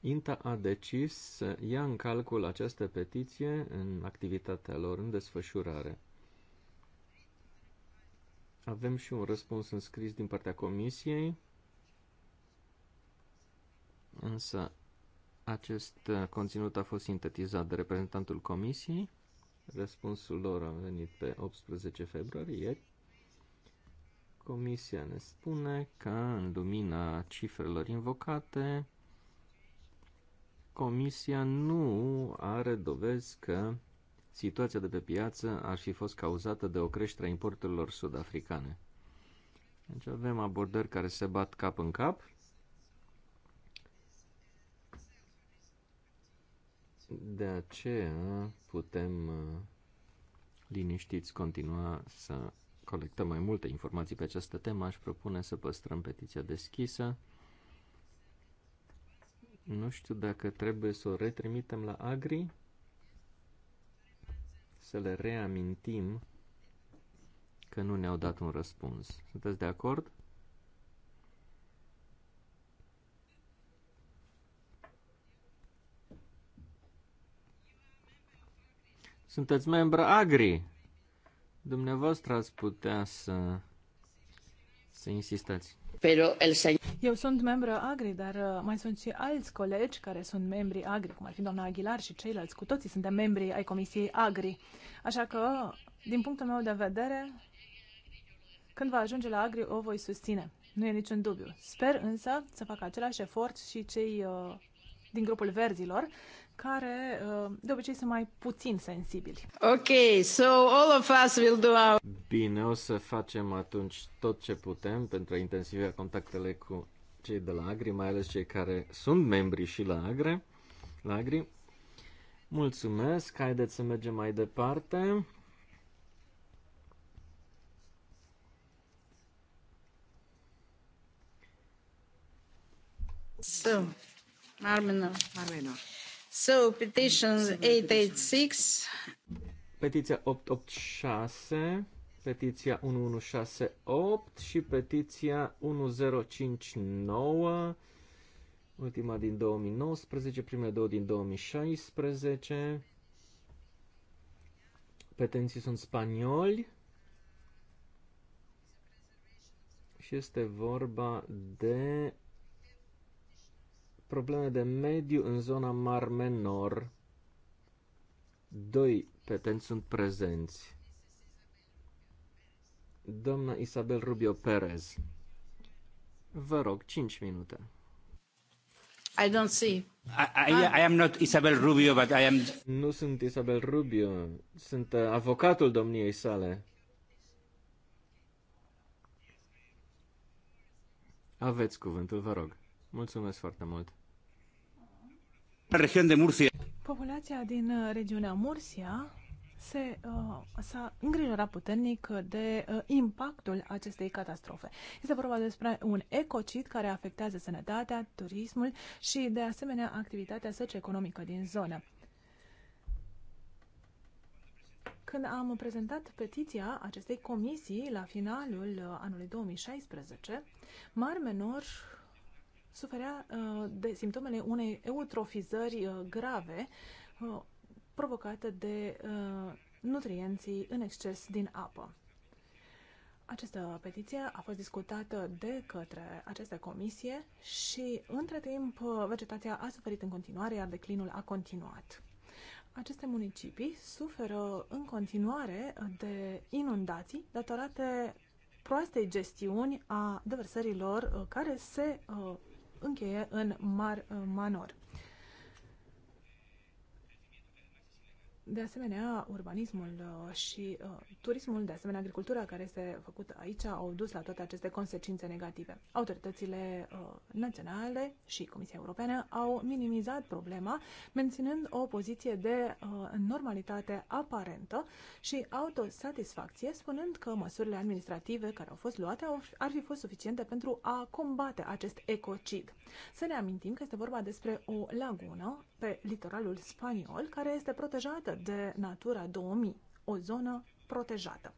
Speaker 2: INTA a decis să ia în calcul această petiție în activitatea lor, în desfășurare. Avem și un răspuns înscris din partea comisiei, însă acest conținut a fost sintetizat de reprezentantul comisiei. Răspunsul lor a venit pe 18 februarie, ieri. Comisia ne spune că, în lumina cifrelor invocate, Comisia nu are dovezi că situația de pe piață ar fi fost cauzată de o creștere a importurilor sud-africane. Deci avem abordări care se bat cap în cap. De aceea putem uh, liniștiți continua să colectăm mai multe informații pe această temă, aș propune să păstrăm petiția deschisă. Nu știu dacă trebuie să o retrimitem la Agri, să le reamintim că nu ne-au dat un răspuns. Sunteți de acord? Sunteți membru Agri. Dumneavoastră ați putea să, să insistați.
Speaker 4: Eu sunt membră Agri, dar uh, mai sunt și alți colegi care sunt membri Agri, cum ar fi doamna Aguilar și ceilalți. Cu toții suntem membri ai Comisiei Agri. Așa că, din punctul meu de vedere, când va ajunge la Agri, o voi susține. Nu e niciun dubiu. Sper însă să facă același efort și cei uh, din grupul verzilor, care uh, de obicei sunt mai puțin sensibili.
Speaker 1: Ok, so all of
Speaker 3: us will do our...
Speaker 2: Bine, o să facem atunci tot ce putem pentru a intensifica contactele cu cei de la Agri, mai ales cei care sunt membri și la Agri. La Agri. Mulțumesc, haideți să mergem mai departe.
Speaker 4: So. Armenor. So, petitions 886.
Speaker 2: Petiția 886, petiția 1168 și petiția 1059, ultima din 2019, primele două din 2016. Petenții sunt spanioli și este vorba de probleme de mediu în zona Mar Menor. Doi petenți sunt prezenți. Doamna Isabel Rubio Perez. Vă rog, 5 minute.
Speaker 3: I don't see. I, I, I ah.
Speaker 2: am not Isabel Rubio, but I am... Nu sunt Isabel Rubio, sunt uh, avocatul domniei sale. Aveți cuvântul, vă rog. Mulțumesc foarte mult!
Speaker 3: Regiune de Murcia.
Speaker 4: Populația din uh, regiunea Murcia se, uh, s-a îngrijorat puternic de uh, impactul acestei catastrofe. Este vorba despre un ecocid care afectează sănătatea, turismul și, de asemenea, activitatea socioeconomică din zonă. Când am prezentat petiția acestei comisii la finalul uh, anului 2016, Mar Menor suferea uh, de simptomele unei eutrofizări uh, grave uh, provocate de nutrienții în exces din apă. Această petiție a fost discutată de către această comisie și, între timp, vegetația a suferit în continuare, iar declinul a continuat. Aceste municipii suferă în continuare de inundații datorate proastei gestiuni a deversărilor care se încheie în Mar Manor. De asemenea, urbanismul uh, și uh, turismul, de asemenea agricultura care este făcută aici, au dus la toate aceste consecințe negative. Autoritățile uh, naționale și Comisia Europeană au minimizat problema, menținând o poziție de normalitate aparentă și autosatisfacție, spunând că măsurile administrative care au fost luate ar fi fost suficiente pentru a combate acest ecocid. Să ne amintim că este vorba despre o lagună pe litoralul spaniol care este protejată de Natura 2000, o zonă protejată.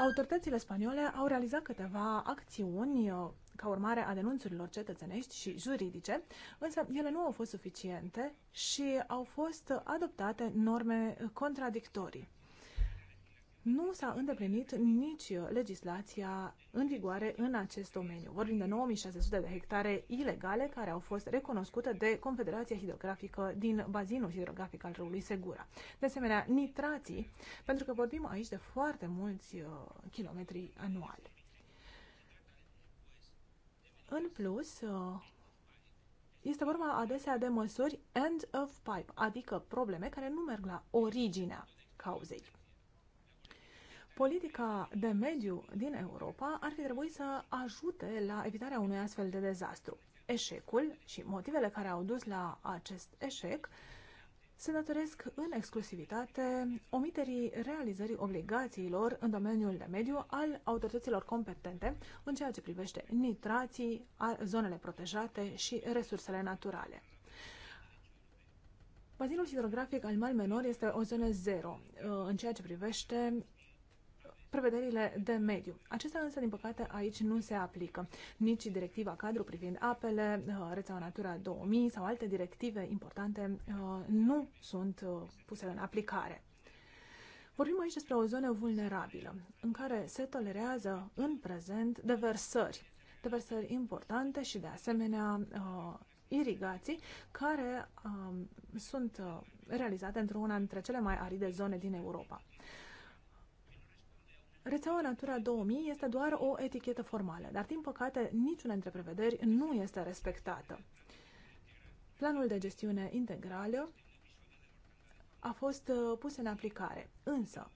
Speaker 4: Autoritățile spaniole au realizat câteva acțiuni uh, ca urmare a denunțurilor cetățenești și juridice, însă ele nu au fost suficiente și au fost adoptate norme contradictorii nu s-a îndeplinit nici legislația în vigoare în acest domeniu. Vorbim de 9600 de hectare ilegale care au fost recunoscute de Confederația Hidrografică din bazinul hidrografic al râului Segura. De asemenea, nitrații, pentru că vorbim aici de foarte mulți uh, kilometri anuali. În plus, uh, este vorba adesea de măsuri end of pipe, adică probleme care nu merg la originea cauzei Politica de mediu din Europa ar fi trebuit să ajute la evitarea unui astfel de dezastru. Eșecul și motivele care au dus la acest eșec se datoresc în exclusivitate omiterii realizării obligațiilor în domeniul de mediu al autorităților competente în ceea ce privește nitrații, zonele protejate și resursele naturale. Bazinul hidrografic al Malmenor este o zonă zero uh, în ceea ce privește prevederile de mediu. Acestea însă, din păcate, aici nu se aplică. Nici directiva cadru privind apele, uh, rețeaua Natura 2000 sau alte directive importante uh, nu sunt uh, puse în aplicare. Vorbim aici despre o zonă vulnerabilă, în care se tolerează în prezent deversări, deversări importante și, de asemenea, irigații care sunt realizate într-una dintre cele mai aride zone din Europa. Rețeaua Natura 2000 este doar o etichetă formală, dar din păcate niciuna dintre prevederi nu este respectată. Planul de gestiune integrală a fost uh, pus în aplicare, însă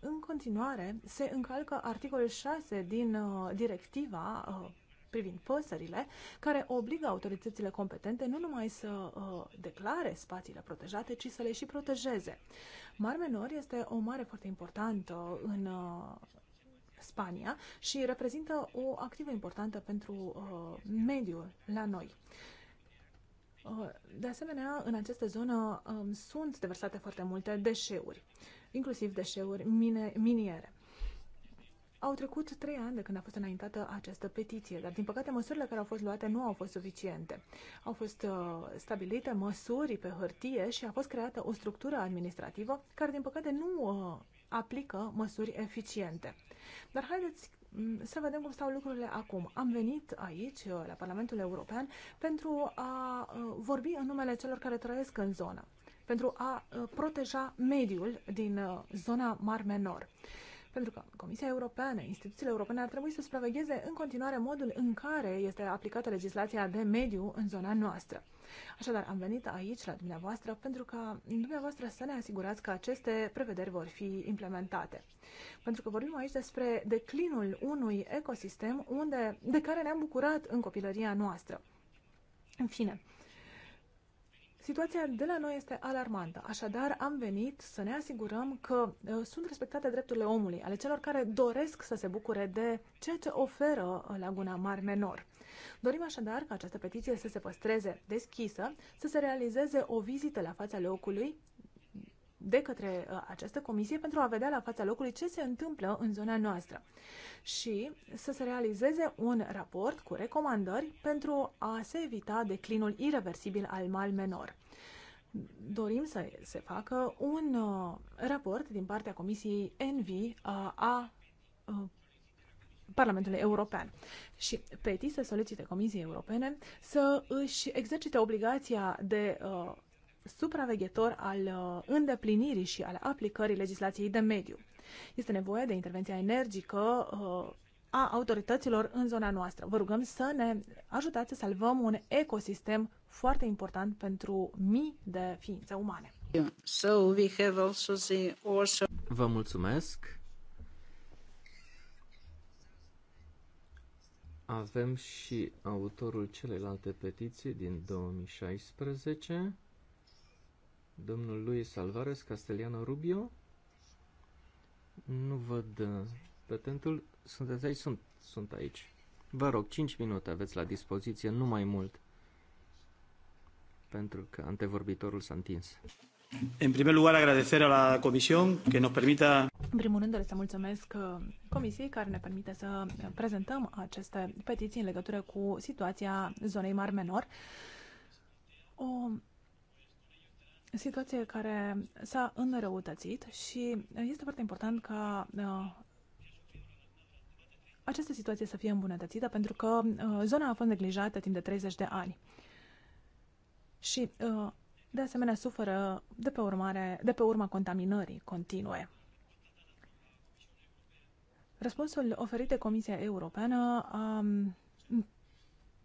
Speaker 4: în continuare se încalcă articolul 6 din uh, directiva uh, privind păsările, care obligă autoritățile competente nu numai să uh, declare spațiile protejate, ci să le și protejeze. Mar Menor este o mare foarte importantă în uh, Spania și reprezintă o activă importantă pentru uh, mediul la noi. Uh, de asemenea, în această zonă um, sunt deversate foarte multe deșeuri, inclusiv deșeuri mine, miniere. Au trecut trei ani de când a fost înaintată această petiție, dar din păcate măsurile care au fost luate nu au fost suficiente. Au fost uh, stabilite măsuri pe hârtie și a fost creată o structură administrativă care din păcate nu uh, aplică măsuri eficiente. Dar haideți mm, să vedem cum stau lucrurile acum. Am venit aici, uh, la Parlamentul European, pentru a uh, vorbi în numele celor care trăiesc în zonă, pentru a uh, proteja mediul din zona Mar Menor pentru că Comisia Europeană, instituțiile europene ar trebui să supravegheze în continuare modul în care este aplicată legislația de mediu în zona noastră. Așadar, am venit aici la dumneavoastră pentru ca dumneavoastră să ne asigurați că aceste prevederi vor fi implementate. Pentru că vorbim aici despre declinul unui ecosistem unde, de care ne-am bucurat în copilăria noastră. În fine, Situația de la noi este alarmantă, așadar am venit să ne asigurăm că uh, sunt respectate drepturile omului, ale celor care doresc să se bucure de ceea ce oferă uh, Laguna Mar Menor. Dorim așadar ca această petiție să se păstreze deschisă, să se realizeze o vizită la fața locului de către uh, această comisie pentru a vedea la fața locului ce se întâmplă în zona noastră și să se realizeze un raport cu recomandări pentru a se evita declinul irreversibil al mal menor. Dorim să se facă un uh, raport din partea Comisiei ENVI a uh, Parlamentului European. Și PETI să solicite Comisiei Europene să își exercite obligația de uh, supraveghetor al uh, îndeplinirii și al aplicării legislației de mediu. Este nevoie de intervenția energică uh, a autorităților în zona noastră. Vă rugăm să ne ajutați să salvăm un ecosistem foarte important pentru mii de ființe umane.
Speaker 2: Vă mulțumesc. Avem și autorul celelalte petiții din 2016 domnul Luis Alvarez Castellano Rubio. Nu văd uh, patentul. Sunteți aici? Sunt, sunt aici. Vă rog, 5 minute aveți la dispoziție, nu mai mult, pentru că antevorbitorul s-a întins. În
Speaker 3: primul lugar, agradecer la Comisión que nos permita...
Speaker 4: În primul rând, doresc să mulțumesc uh, Comisiei care ne permite să prezentăm aceste petiții în legătură cu situația zonei Mar Menor. O situație care s-a înrăutățit și este foarte important ca uh, această situație să fie îmbunătățită pentru că uh, zona a fost neglijată timp de 30 de ani. Și uh, de asemenea suferă de pe, urmare, de pe urma contaminării continue. Răspunsul oferit de Comisia Europeană a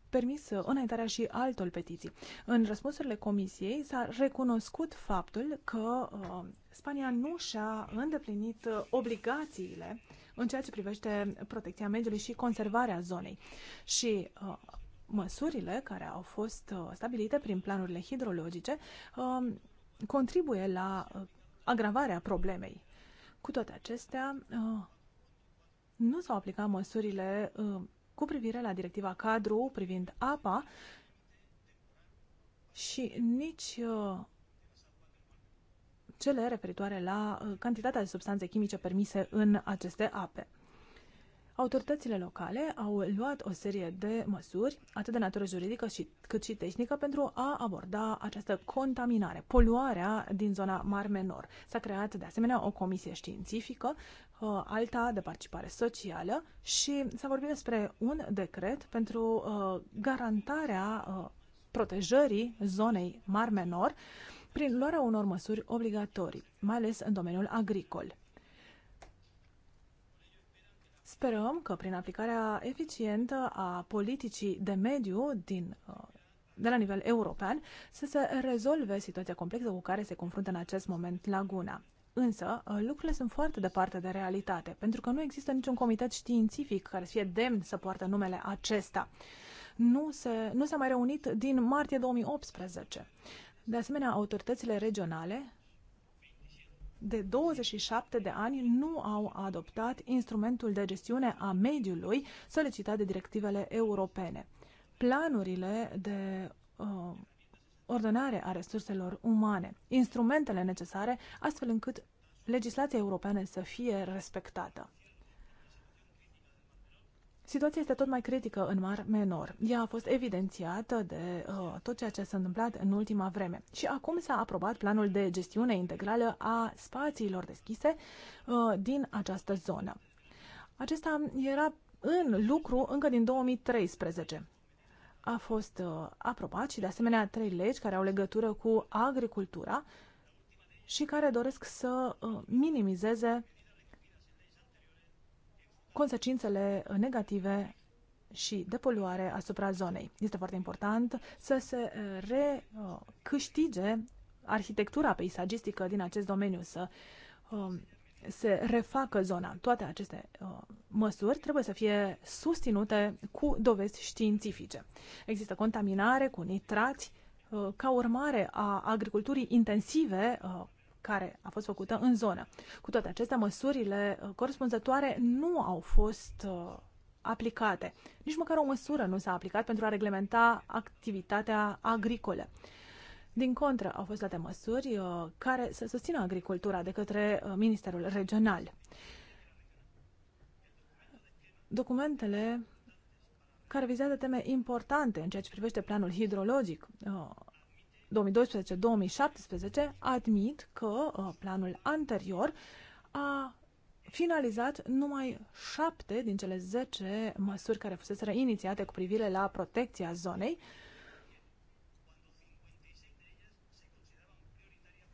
Speaker 4: permis uh, înaintarea și altor petiții. În răspunsurile comisiei s-a recunoscut faptul că uh, Spania nu și-a îndeplinit uh, obligațiile în ceea ce privește protecția mediului și conservarea zonei. Și uh, măsurile care au fost uh, stabilite prin planurile hidrologice uh, contribuie la uh, agravarea problemei. Cu toate acestea, uh, nu s-au aplicat măsurile uh, cu privire la directiva cadru privind apa și nici uh, cele referitoare la uh, cantitatea de substanțe chimice permise în aceste ape. Autoritățile locale au luat o serie de măsuri, atât de natură juridică și, cât și tehnică, pentru a aborda această contaminare, poluarea din zona Mar Menor. S-a creat de asemenea o comisie științifică, uh, alta de participare socială și s-a vorbit despre un decret pentru uh, garantarea uh, protejării zonei Mar Menor prin luarea unor măsuri obligatorii, mai ales în domeniul agricol. Sperăm că prin aplicarea eficientă a politicii de mediu din uh, de la nivel european să se rezolve situația complexă cu care se confruntă în acest moment laguna. Însă, uh, lucrurile sunt foarte departe de realitate, pentru că nu există niciun comitet științific care să fie demn să poartă numele acesta. Nu, se, nu s-a mai reunit din martie 2018. De asemenea, autoritățile regionale de 27 de ani nu au adoptat instrumentul de gestiune a mediului solicitat de directivele europene. Planurile de uh, ordonare a resurselor umane, instrumentele necesare astfel încât legislația europeană să fie respectată. Situația este tot mai critică în Mar Menor. Ea a fost evidențiată de uh, tot ceea ce s-a întâmplat în ultima vreme. Și acum s-a aprobat planul de gestiune integrală a spațiilor deschise uh, din această zonă. Acesta era în lucru încă din 2013 a fost uh, aprobat și de asemenea trei legi care au legătură cu agricultura și care doresc să uh, minimizeze consecințele negative și de poluare asupra zonei. Este foarte important să se eh, recâștige arhitectura peisagistică din acest domeniu, să um, se refacă zona. Toate aceste eh, măsuri trebuie să fie susținute cu dovezi științifice. Există contaminare cu nitrați eh, ca urmare a agriculturii intensive care a fost făcută în zonă. Cu toate acestea, măsurile uh, corespunzătoare nu au fost uh, aplicate. Nici măcar o măsură nu s-a aplicat pentru a reglementa activitatea agricolă. Din contră, au fost date măsuri uh, care să susțină agricultura de către Ministerul Regional. Documentele care vizează teme importante în ceea ce privește planul hidrologic 2012-2017, admit că uh, planul anterior a finalizat numai șapte din cele zece măsuri care fuseseră inițiate cu privire la protecția zonei,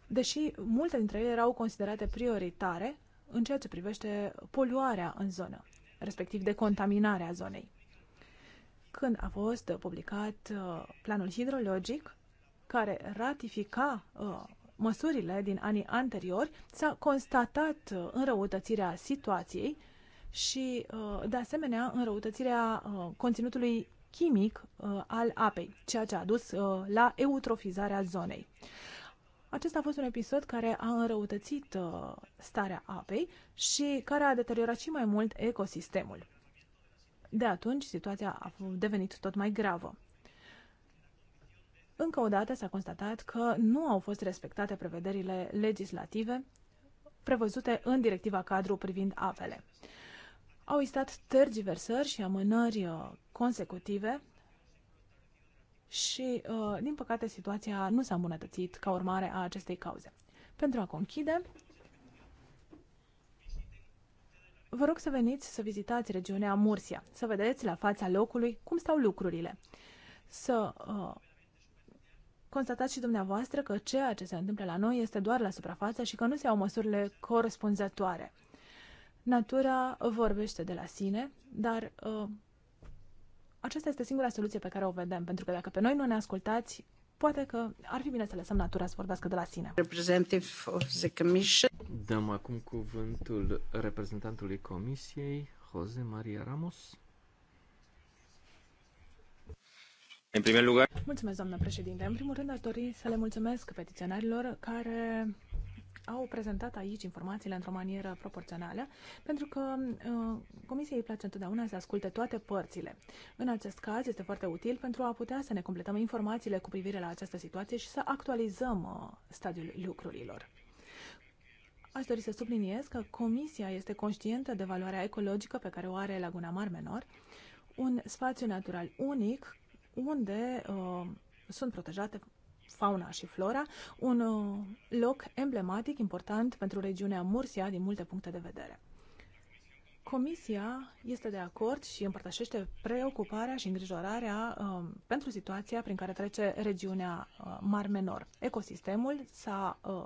Speaker 4: deși multe dintre ele erau considerate prioritare în ceea ce privește poluarea în zonă, respectiv decontaminarea zonei. Când a fost publicat uh, planul hidrologic, care ratifica uh, măsurile din anii anteriori, s-a constatat uh, înrăutățirea situației și, uh, de asemenea, înrăutățirea uh, conținutului chimic uh, al apei, ceea ce a dus uh, la eutrofizarea zonei. Acesta a fost un episod care a înrăutățit uh, starea apei și care a deteriorat și mai mult ecosistemul. De atunci, situația a devenit tot mai gravă. Încă o dată s-a constatat că nu au fost respectate prevederile legislative prevăzute în directiva cadru privind apele. Au existat tergiversări și amânări uh, consecutive și, uh, din păcate, situația nu s-a îmbunătățit ca urmare a acestei cauze. Pentru a conchide, vă rog să veniți să vizitați regiunea Mursia, să vedeți la fața locului cum stau lucrurile, să uh, constatați și dumneavoastră că ceea ce se întâmplă la noi este doar la suprafață și că nu se iau măsurile corespunzătoare. Natura vorbește de la sine, dar uh, aceasta este singura soluție pe care o vedem, pentru că dacă pe noi nu ne ascultați, poate că ar fi bine să lăsăm natura să vorbească de la sine.
Speaker 2: Dăm acum cuvântul reprezentantului Comisiei, Jose Maria Ramos. În primul lugar...
Speaker 4: Mulțumesc, doamnă președinte. În primul rând, aș dori să le mulțumesc petiționarilor care au prezentat aici informațiile într-o manieră proporțională, pentru că uh, comisiei îi place întotdeauna să asculte toate părțile. În acest caz este foarte util pentru a putea să ne completăm informațiile cu privire la această situație și să actualizăm uh, stadiul lucrurilor. Aș dori să subliniez că Comisia este conștientă de valoarea ecologică pe care o are Laguna Mar Menor, un spațiu natural unic unde uh, sunt protejate fauna și flora, un uh, loc emblematic, important pentru regiunea Mursia din multe puncte de vedere. Comisia este de acord și împărtășește preocuparea și îngrijorarea uh, pentru situația prin care trece regiunea uh, Mar Menor. Ecosistemul s-a uh,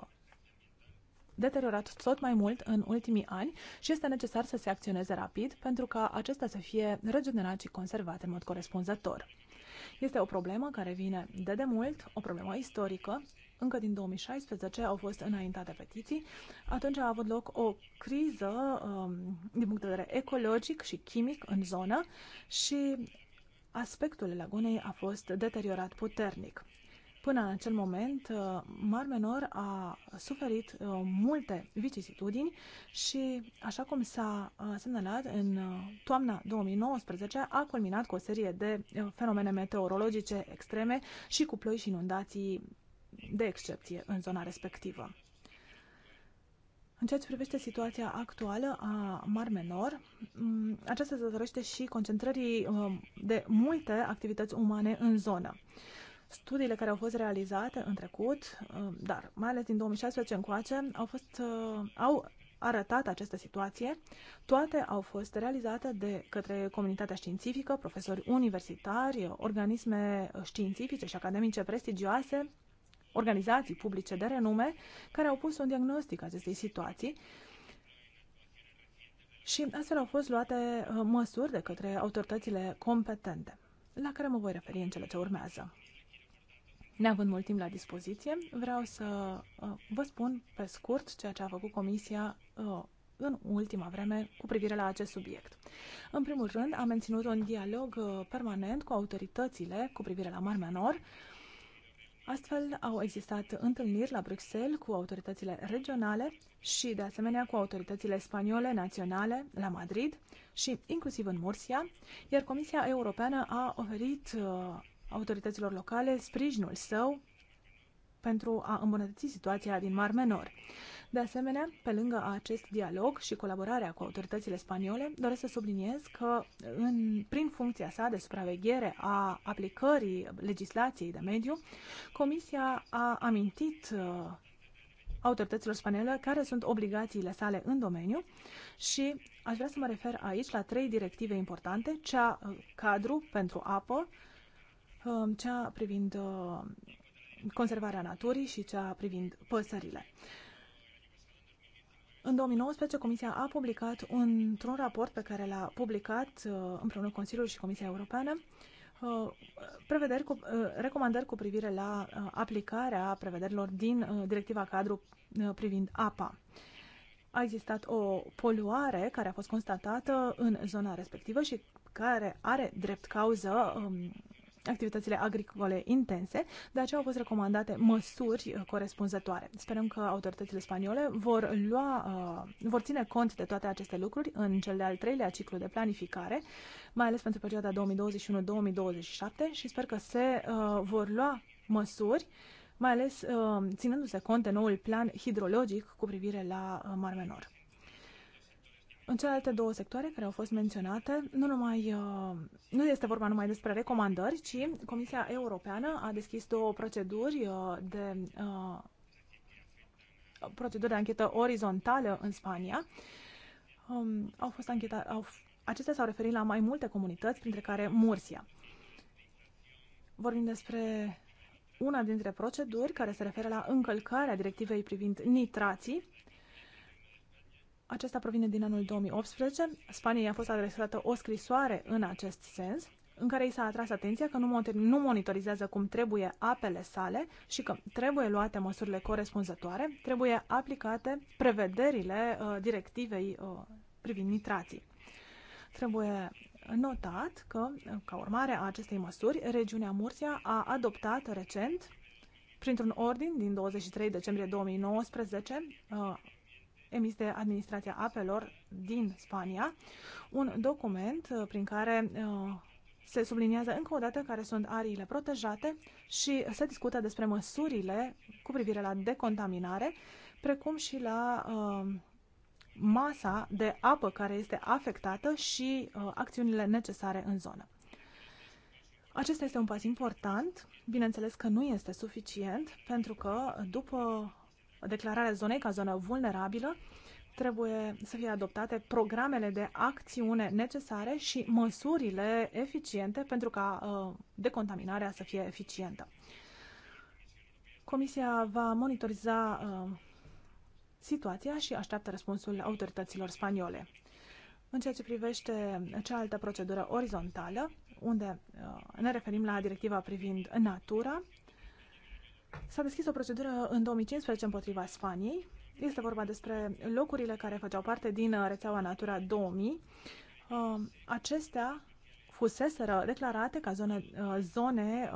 Speaker 4: deteriorat tot mai mult în ultimii ani și este necesar să se acționeze rapid pentru ca acesta să fie regenerat și conservat în mod corespunzător. Este o problemă care vine de demult, o problemă istorică. Încă din 2016 au fost înaintate petiții. Atunci a avut loc o criză um, din punct de vedere ecologic și chimic în zonă și aspectul lagunei a fost deteriorat puternic. Până în acel moment, uh, Mar Menor a suferit uh, multe vicisitudini și, așa cum s-a uh, semnalat, în toamna 2019 a culminat cu o serie de fenomene meteorologice extreme și cu ploi și inundații de excepție în zona respectivă. În ceea ce privește situația actuală a Mar Menor, mm, aceasta se datorește și concentrării de multe activități umane în zonă. Studiile care au fost realizate în trecut, uh, dar mai ales din 2016 încoace, au, fost, uh, au arătat această situație. Toate au fost realizate de către comunitatea științifică, profesori universitari, organisme uh, științifice și academice prestigioase, organizații publice de renume, care au pus un diagnostic acestei situații și astfel au fost luate măsuri de către autoritățile competente, la care mă voi referi în cele ce urmează. Neavând mult timp la dispoziție, vreau să uh, vă spun pe scurt ceea ce a făcut Comisia uh, în ultima vreme cu privire la acest subiect. În primul rând, am menținut un dialog uh, permanent cu autoritățile cu privire la Marmea Menor. Astfel, au existat întâlniri la Bruxelles cu autoritățile regionale și, de asemenea, cu autoritățile spaniole naționale la Madrid și inclusiv în Mursia, iar Comisia Europeană a oferit autorităților locale sprijinul său pentru a îmbunătăți situația din Mar Menor. De asemenea, pe lângă acest dialog și colaborarea cu autoritățile spaniole, doresc să subliniez că în, prin funcția sa de supraveghere a aplicării legislației de mediu, Comisia a amintit uh, autorităților spaniole care sunt obligațiile sale în domeniu și aș vrea să mă refer aici la trei directive importante, cea uh, cadru pentru apă, Um, cea privind um, conservarea naturii și cea privind păsările. În 2019, Comisia a publicat într-un raport pe care l-a publicat uh, împreună cu Consiliul și Comisia Europeană uh, prevederi cu, uh, recomandări cu privire la aplicarea prevederilor din directiva cadru privind apa. A existat o poluare care a fost constatată în zona respectivă și care are drept cauză um, activitățile agricole intense, de aceea au fost recomandate măsuri uh, corespunzătoare. Sperăm că autoritățile spaniole vor, lua, uh, vor ține cont de toate aceste lucruri în cel de-al treilea ciclu de planificare, mai ales pentru perioada 2021-2027 și sper că se uh, vor lua măsuri mai ales ținându-se cont de noul plan hidrologic cu privire la Mar Menor. În celelalte două sectoare care au fost menționate, nu, numai, uh, nu este vorba numai despre recomandări, ci Comisia Europeană a deschis două proceduri uh, de uh, proceduri de anchetă orizontală în Spania. Um, au fost ancheta, au, acestea s-au referit la mai multe comunități, printre care Mursia. Vorbim despre una dintre proceduri care se referă la încălcarea directivei privind nitrații, acesta provine din anul 2018. Spaniei a fost adresată o scrisoare în acest sens, în care i s-a atras atenția că nu monitorizează cum trebuie apele sale și că trebuie luate măsurile corespunzătoare, trebuie aplicate prevederile uh, directivei uh, privind nitrații. Trebuie notat că, ca urmare a acestei măsuri, regiunea Murcia a adoptat recent, printr-un ordin din 23 decembrie 2019, uh, emis de Administrația Apelor din Spania, un document uh, prin care uh, se subliniază încă o dată care sunt ariile protejate și se discută despre măsurile cu privire la decontaminare, precum și la uh, masa de apă care este afectată și acțiunile necesare în zonă. Acesta este un pas important. Bineînțeles că nu este suficient, pentru că după declararea zonei ca zonă vulnerabilă, trebuie să fie adoptate programele de acțiune necesare și măsurile eficiente pentru ca uh, decontaminarea să fie eficientă. Comisia va monitoriza uh, situația și așteaptă răspunsul autorităților spaniole. În ceea ce privește cealaltă procedură orizontală, unde uh, ne referim la directiva privind natura, S-a deschis o procedură în 2015 împotriva Spaniei. Este vorba despre locurile care făceau parte din uh, rețeaua Natura 2000. Uh, acestea fuseseră declarate ca zone, uh, zone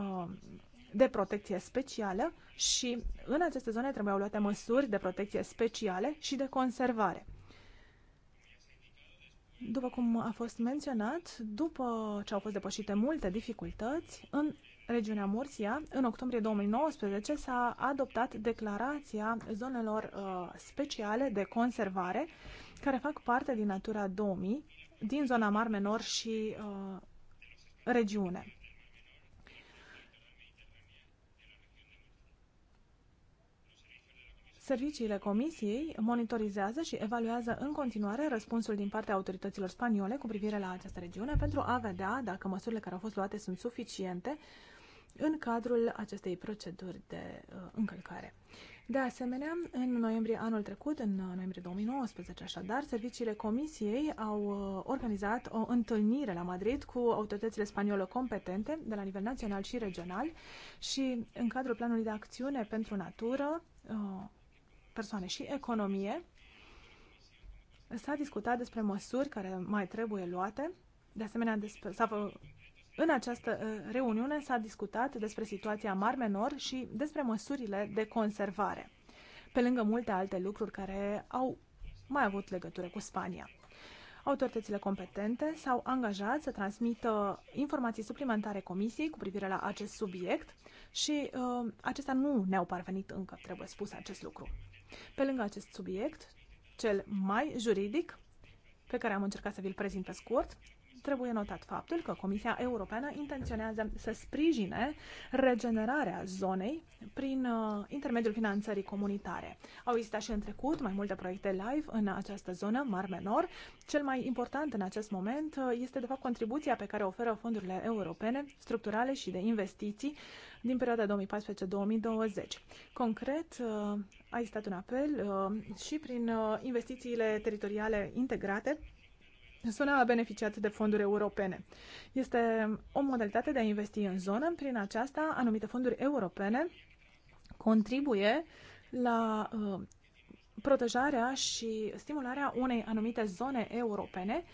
Speaker 4: de protecție specială și în aceste zone trebuiau luate măsuri de protecție speciale și de conservare. După cum a fost menționat, după ce au fost depășite multe dificultăți, în regiunea Murcia, în octombrie 2019 s-a adoptat declarația zonelor uh, speciale de conservare care fac parte din Natura 2000 din zona Mar Menor și uh, regiune. Serviciile Comisiei monitorizează și evaluează în continuare răspunsul din partea autorităților spaniole cu privire la această regiune pentru a vedea dacă măsurile care au fost luate sunt suficiente uh, în cadrul acestei proceduri de uh, încălcare. De asemenea, în noiembrie anul trecut, în uh, noiembrie 2019, așadar, serviciile Comisiei au uh, organizat o întâlnire la Madrid cu autoritățile spaniole competente de la nivel național și regional și în cadrul planului de acțiune pentru natură, uh, persoane și economie, s-a discutat despre măsuri care mai trebuie luate, de asemenea s-a în această uh, reuniune s-a discutat despre situația Mar Menor și despre măsurile de conservare, pe lângă multe alte lucruri care au mai avut legătură cu Spania. Autoritățile competente s-au angajat să transmită informații suplimentare comisiei cu privire la acest subiect și uh, acestea nu ne-au parvenit încă, trebuie spus acest lucru. Pe lângă acest subiect, cel mai juridic, pe care am încercat să vi-l prezint pe scurt, trebuie notat faptul că Comisia Europeană intenționează să sprijine regenerarea zonei prin uh, intermediul finanțării comunitare. Au existat și în trecut mai multe proiecte live în această zonă, Mar Menor. Cel mai important în acest moment uh, este, de fapt, contribuția pe care o oferă fondurile europene, structurale și de investiții din perioada 2014-2020. Concret, uh, a existat un apel și prin investițiile teritoriale integrate Zona a beneficiat de fonduri europene. Este o modalitate de a investi în zonă. Prin aceasta, anumite fonduri europene contribuie la uh, protejarea și stimularea unei anumite zone europene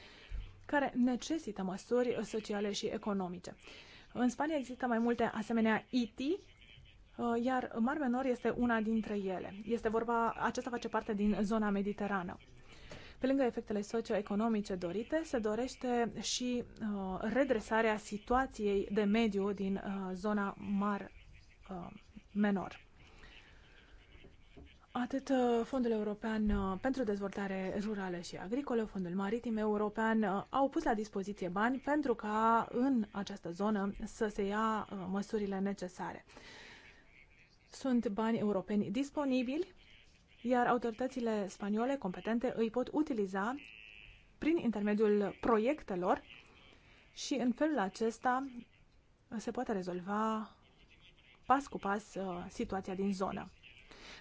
Speaker 4: care necesită măsuri sociale și economice. În Spania există mai multe asemenea IT, uh, iar Mar Menor este una dintre ele. Este vorba, aceasta face parte din zona mediterană. Pe lângă efectele socioeconomice dorite, se dorește și uh, redresarea situației de mediu din uh, zona mar uh, menor. Atât uh, Fondul European uh, pentru Dezvoltare Rurală și Agricolă, Fondul Maritim European uh, au pus la dispoziție bani pentru ca în această zonă să se ia măsurile necesare. Sunt bani europeni disponibili iar autoritățile spaniole competente îi pot utiliza prin intermediul proiectelor și în felul acesta se poate rezolva pas cu pas uh, situația din zonă.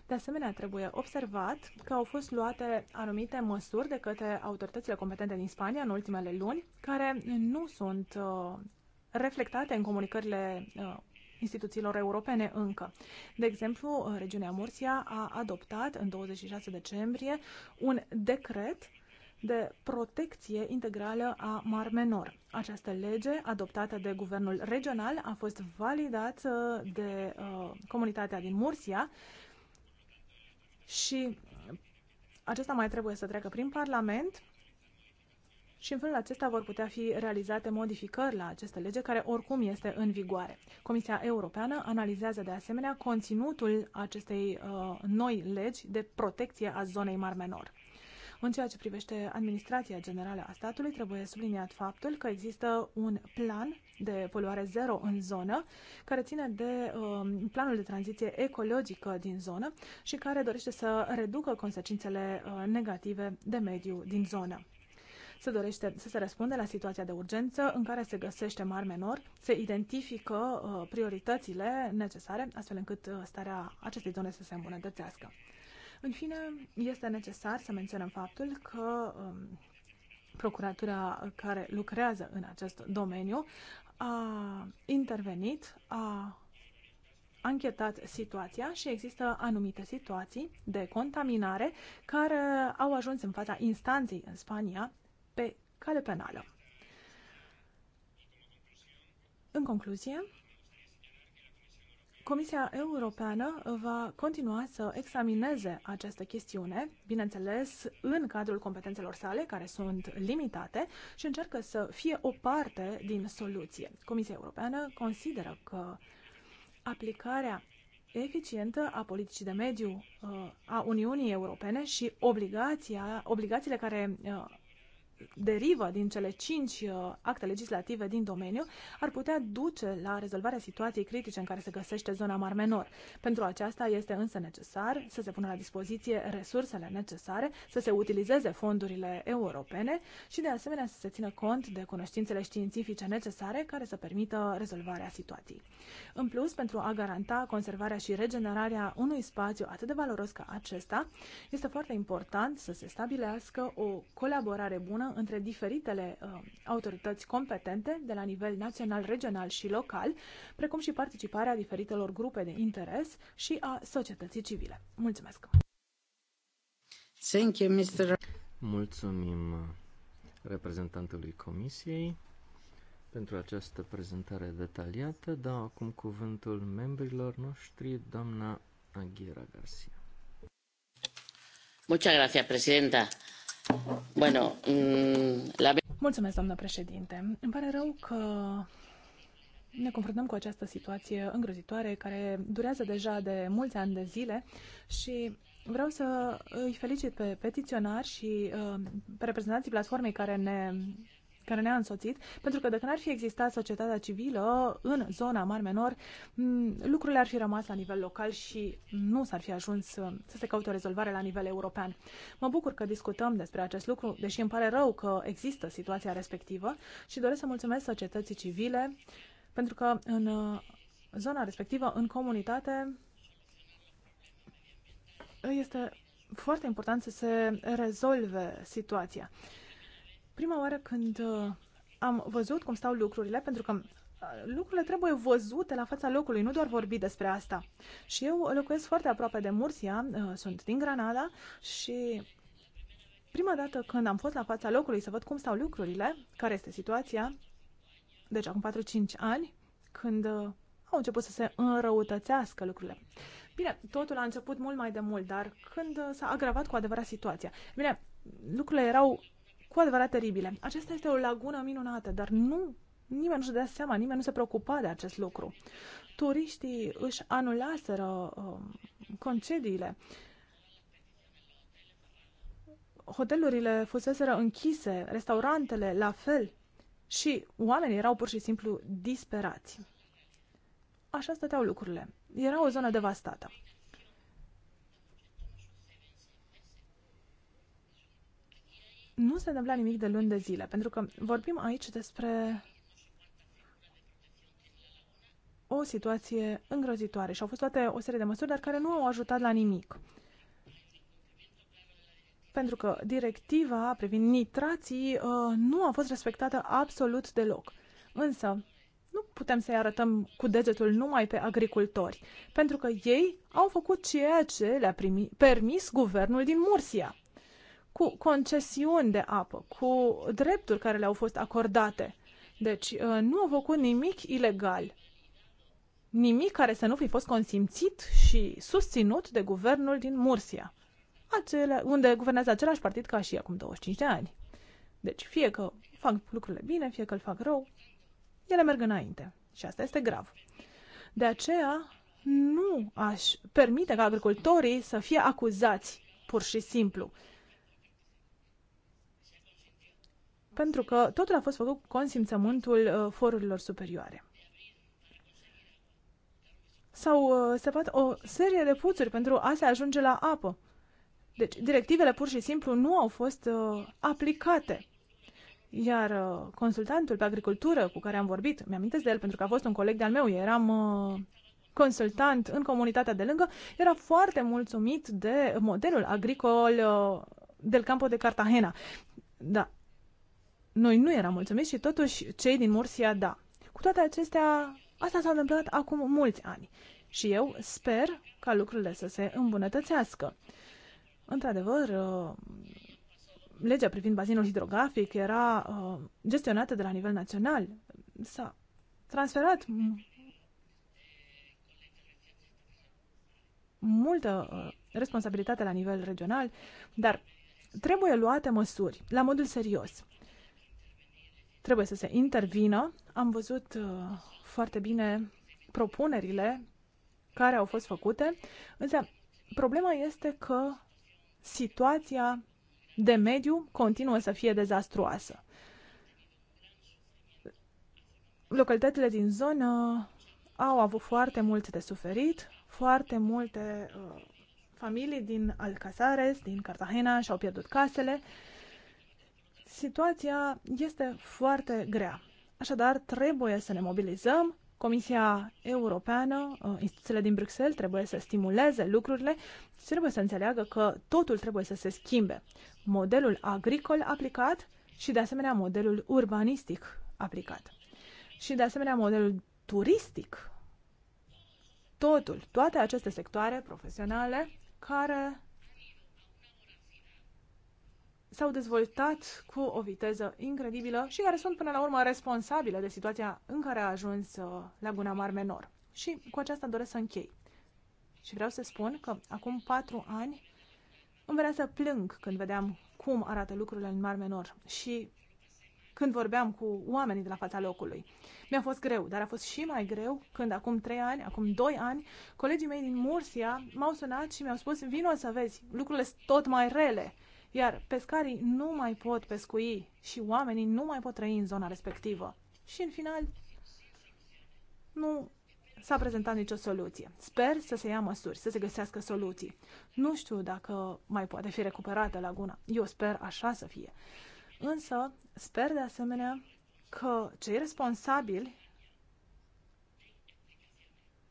Speaker 4: De asemenea, trebuie observat că au fost luate anumite măsuri de către autoritățile competente din Spania în ultimele luni, care nu sunt uh, reflectate în comunicările uh, instituțiilor europene încă. De exemplu, regiunea Mursia a adoptat în 26 decembrie un decret de protecție integrală a Mar Menor. Această lege, adoptată de guvernul regional, a fost validată de uh, comunitatea din Mursia și acesta mai trebuie să treacă prin Parlament și în felul acesta vor putea fi realizate modificări la această lege care oricum este în vigoare. Comisia Europeană analizează de asemenea conținutul acestei uh, noi legi de protecție a zonei Mar Menor. În ceea ce privește administrația generală a statului, trebuie subliniat faptul că există un plan de poluare zero în zonă, care ține de um, planul de tranziție ecologică din zonă și care dorește să reducă consecințele uh, negative de mediu din zonă. Se dorește să se răspunde la situația de urgență în care se găsește mar menor, se identifică uh, prioritățile necesare, astfel încât uh, starea acestei zone să se îmbunătățească. În fine, este necesar să menționăm faptul că um, procuratura care lucrează în acest domeniu a intervenit, a anchetat situația și există anumite situații de contaminare care au ajuns în fața instanței în Spania pe cale penală. În concluzie, Comisia Europeană va continua să examineze această chestiune, bineînțeles, în cadrul competențelor sale, care sunt limitate, și încearcă să fie o parte din soluție. Comisia Europeană consideră că aplicarea eficientă a politicii de mediu uh, a Uniunii Europene și obligația, obligațiile care uh, derivă din cele cinci uh, acte legislative din domeniu ar putea duce la rezolvarea situației critice în care se găsește zona Mar Menor. Pentru aceasta este însă necesar să se pună la dispoziție resursele necesare, să se utilizeze fondurile europene și de asemenea să se țină cont de cunoștințele științifice necesare care să permită rezolvarea situației. În plus, pentru a garanta conservarea și regenerarea unui spațiu atât de valoros ca acesta, este foarte important să se stabilească o colaborare bună între diferitele uh, autorități competente de la nivel național, regional și local, precum și participarea diferitelor grupe de interes și a societății civile. Mulțumesc!
Speaker 3: Thank you, Mr.
Speaker 2: Mulțumim reprezentantului Comisiei pentru această prezentare detaliată. Dau acum cuvântul membrilor noștri, doamna Aghira Garcia.
Speaker 4: Muchas gracias, Presidenta. Bueno, mm, la... Mulțumesc, doamnă președinte. Îmi pare rău că ne confruntăm cu această situație îngrozitoare care durează deja de mulți ani de zile și vreau să îi felicit pe petiționari și uh, pe reprezentanții platformei care ne care ne-a însoțit, pentru că dacă n-ar fi existat societatea civilă în zona Mar Menor, lucrurile ar fi rămas la nivel local și nu s-ar fi ajuns uh, să se caute o rezolvare la nivel european. Mă bucur că discutăm despre acest lucru, deși îmi pare rău că există situația respectivă și doresc să mulțumesc societății civile pentru că în uh, zona respectivă, în comunitate, este foarte important să se rezolve situația prima oară când uh, am văzut cum stau lucrurile, pentru că uh, lucrurile trebuie văzute la fața locului, nu doar vorbi despre asta. Și eu locuiesc foarte aproape de Mursia, uh, sunt din Granada și prima dată când am fost la fața locului să văd cum stau lucrurile, care este situația, deci acum 4-5 ani, când au început să se înrăutățească lucrurile. Bine, totul a început mult mai de mult, dar când s-a agravat cu adevărat situația. Bine, lucrurile erau cu adevărat teribile. Acesta este o lagună minunată, dar nu Nimeni nu-și dea seama, nimeni nu se preocupa de acest lucru. Turiștii își anulaseră uh, um, concediile. Hotelurile fuseseră închise, restaurantele la fel și oamenii erau pur și simplu disperați. Așa stăteau lucrurile. Era o zonă devastată. nu se întâmpla nimic de luni de zile, pentru că vorbim aici despre o situație îngrozitoare și au fost toate o serie de măsuri, dar care nu au ajutat la nimic. Pentru că directiva privind nitrații uh, nu a fost respectată absolut deloc. Însă, nu putem să-i arătăm cu degetul numai pe agricultori, pentru că ei au făcut ceea ce le-a permis guvernul din Mursia cu concesiuni de apă, cu drepturi care le-au fost acordate. Deci uh, nu au făcut nimic ilegal. Nimic care să nu fi fost consimțit și susținut de guvernul din Mursia, acele, unde guvernează același partid ca și acum 25 de ani. Deci fie că fac lucrurile bine, fie că îl fac rău, ele merg înainte. Și asta este grav. De aceea nu aș permite ca agricultorii să fie acuzați pur și simplu. pentru că totul a fost făcut cu consimțământul uh, forurilor superioare. S-au uh, săpat o serie de puțuri pentru a se ajunge la apă. Deci, directivele pur și simplu nu au fost uh, aplicate. Iar consultantul pe agricultură cu care am vorbit, mi-am de el pentru că a fost un coleg de-al meu, eram consultant în comunitatea de lângă, era foarte mulțumit de modelul agricol del Campo de Cartagena. Da, noi nu eram mulțumiți și totuși cei din Mursia da. Cu toate acestea, asta s-a întâmplat acum mulți ani și eu sper ca lucrurile să se îmbunătățească. Într-adevăr, uh, legea privind bazinul hidrografic era uh, gestionată de la nivel național. S-a transferat multă uh, responsabilitate la nivel regional, dar trebuie luate măsuri la modul serios trebuie să se intervină. Am văzut uh, foarte bine propunerile care au fost făcute, însă problema este că situația de mediu continuă să fie dezastruoasă. Localitățile din zonă au avut foarte mult de suferit, foarte multe uh, familii din Alcazares, din Cartagena și-au pierdut casele situația este foarte grea. Așadar, trebuie să ne mobilizăm. Comisia Europeană, uh, instituțiile din Bruxelles trebuie să stimuleze lucrurile și trebuie să înțeleagă că totul trebuie să se schimbe. Modelul agricol aplicat și, de asemenea, modelul urbanistic aplicat. Și, de asemenea, modelul turistic. Totul, toate aceste sectoare profesionale care s-au dezvoltat cu o viteză incredibilă și care sunt până la urmă responsabile de situația în care a ajuns uh, Laguna Mar Menor. Și cu aceasta doresc să închei. Și vreau să spun că acum patru ani îmi venea să plâng când vedeam cum arată lucrurile în Mar Menor și când vorbeam cu oamenii de la fața locului. Mi-a fost greu, dar a fost și mai greu când acum trei ani, acum doi ani, colegii mei din Mursia m-au sunat și mi-au spus vino să vezi, lucrurile sunt tot mai rele iar pescarii nu mai pot pescui și oamenii nu mai pot trăi în zona respectivă. Și în final, nu s-a prezentat nicio soluție. Sper să se ia măsuri, să se găsească soluții. Nu știu dacă mai poate fi recuperată laguna. Eu sper așa să fie. Însă, sper de asemenea că cei responsabili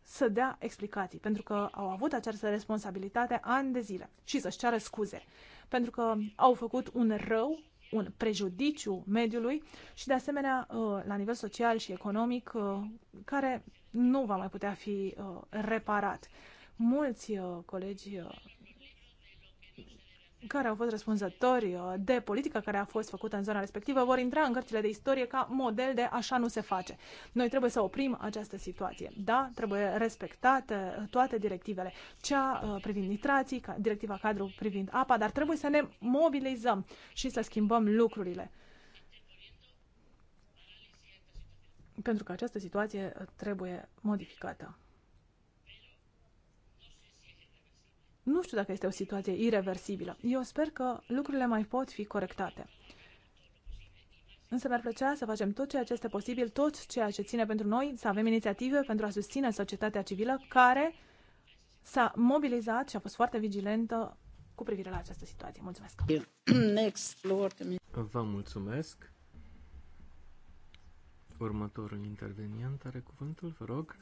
Speaker 4: să dea explicații, pentru că au avut această responsabilitate ani de zile și să-și ceară scuze pentru că au făcut un rău, un prejudiciu mediului și, de asemenea, uh, la nivel social și economic, uh, care nu va mai putea fi uh, reparat. Mulți colegi care au fost răspunzători uh, de politica care a fost făcută în zona respectivă vor intra în cărțile de istorie ca model de așa nu se face. Noi trebuie să oprim această situație. Da, trebuie respectate uh, toate directivele, cea uh, privind nitrații, directiva cadru privind apa, dar trebuie să ne mobilizăm și să schimbăm lucrurile. Pentru că această situație trebuie modificată. nu știu dacă este o situație irreversibilă. Eu sper că lucrurile mai pot fi corectate. Însă mi-ar plăcea să facem tot ceea ce este posibil, tot ceea ce ține pentru noi, să avem inițiative pentru a susține societatea civilă care s-a mobilizat și a fost foarte vigilentă cu privire la această situație. Mulțumesc! Next,
Speaker 2: Vă mulțumesc! Următorul intervenient are cuvântul, vă rog.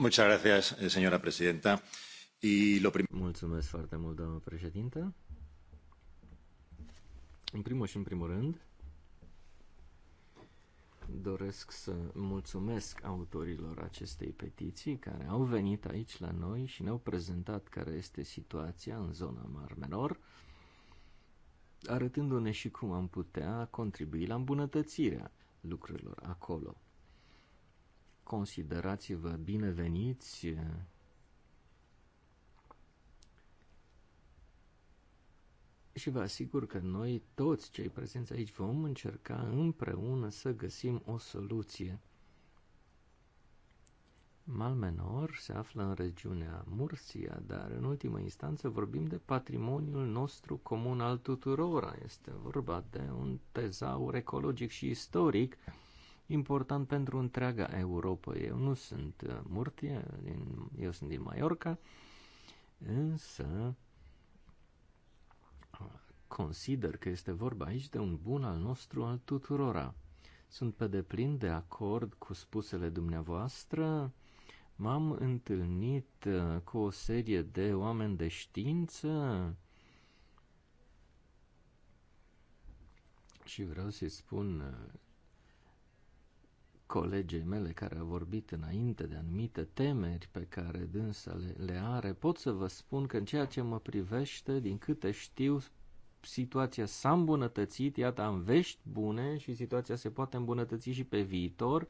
Speaker 2: Muchas eh, Mulțumesc foarte mult, doamnă președintă. În primul și în primul rând, doresc să mulțumesc autorilor acestei petiții care au venit aici la noi și ne-au prezentat care este situația în zona Marmelor, arătându-ne și cum am putea contribui la îmbunătățirea lucrurilor acolo. Considerați-vă bineveniți eh, și vă asigur că noi toți cei prezenți aici vom încerca împreună să găsim o soluție. Malmenor se află în regiunea Mursia, dar în ultimă instanță vorbim de patrimoniul nostru comun al tuturora. Este vorba de un tezaur ecologic și istoric important pentru întreaga Europa. Eu nu sunt uh, murtie, din, eu sunt din Mallorca, însă consider că este vorba aici de un bun al nostru, al tuturora. Sunt pe deplin de acord cu spusele dumneavoastră. M-am întâlnit uh, cu o serie de oameni de știință și vreau să-i spun uh, colegei mele care a vorbit înainte de anumite temeri pe care dânsa le, le are, pot să vă spun că în ceea ce mă privește, din câte știu, situația s-a îmbunătățit, iată, am vești bune și situația se poate îmbunătăți și pe viitor.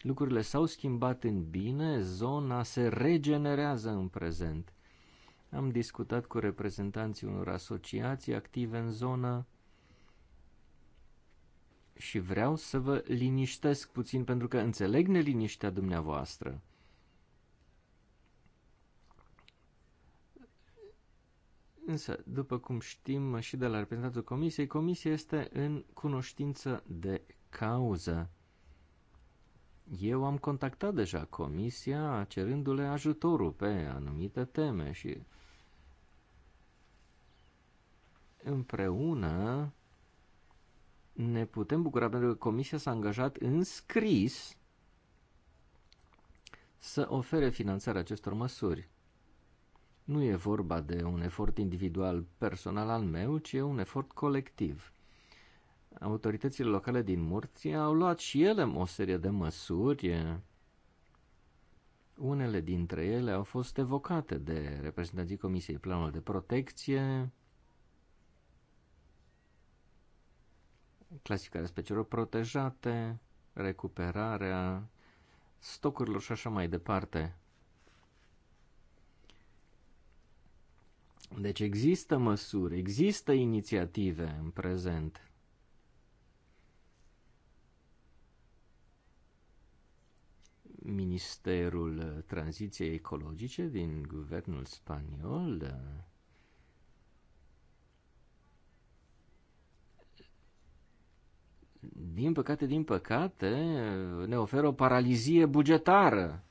Speaker 2: Lucrurile s-au schimbat în bine, zona se regenerează în prezent. Am discutat cu reprezentanții unor asociații active în zonă, și vreau să vă liniștesc puțin pentru că înțeleg neliniștea dumneavoastră. Însă, după cum știm și de la reprezentantul comisiei, comisia este în cunoștință de cauză. Eu am contactat deja comisia cerându-le ajutorul pe anumite teme și împreună ne putem bucura pentru că Comisia s-a angajat în scris să ofere finanțarea acestor măsuri. Nu e vorba de un efort individual personal al meu, ci e un efort colectiv. Autoritățile locale din Murția au luat și ele o serie de măsuri. Unele dintre ele au fost evocate de reprezentanții Comisiei Planul de Protecție, clasificarea speciilor protejate, recuperarea stocurilor și așa mai departe. Deci există măsuri, există inițiative în prezent. Ministerul Tranziției Ecologice din guvernul spaniol da, din păcate, din păcate, ne oferă o paralizie bugetară.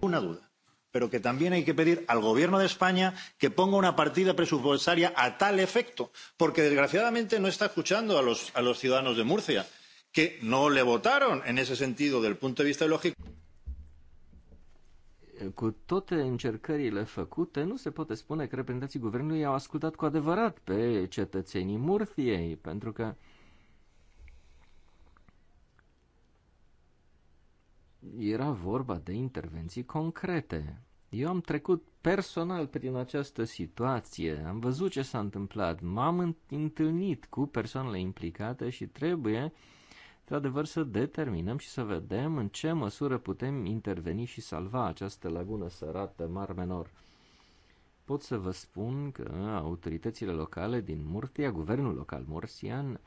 Speaker 3: Una duda, pero que también hay que pedir al gobierno de España que ponga una partida presupuestaria a tal efecto, porque desgraciadamente no está escuchando a los, a los ciudadanos de Murcia, que no le votaron en ese sentido del punto de vista lógico
Speaker 2: cu toate încercările făcute, nu se poate spune că reprezentanții guvernului au ascultat cu adevărat pe cetățenii Murthiei, pentru că era vorba de intervenții concrete. Eu am trecut personal prin această situație, am văzut ce s-a întâmplat, m-am întâlnit cu persoanele implicate și trebuie uh, într-adevăr să determinăm și să vedem în ce măsură putem interveni și salva această lagună sărată mar menor. Pot să vă spun că autoritățile locale din Murtia, guvernul local mursian,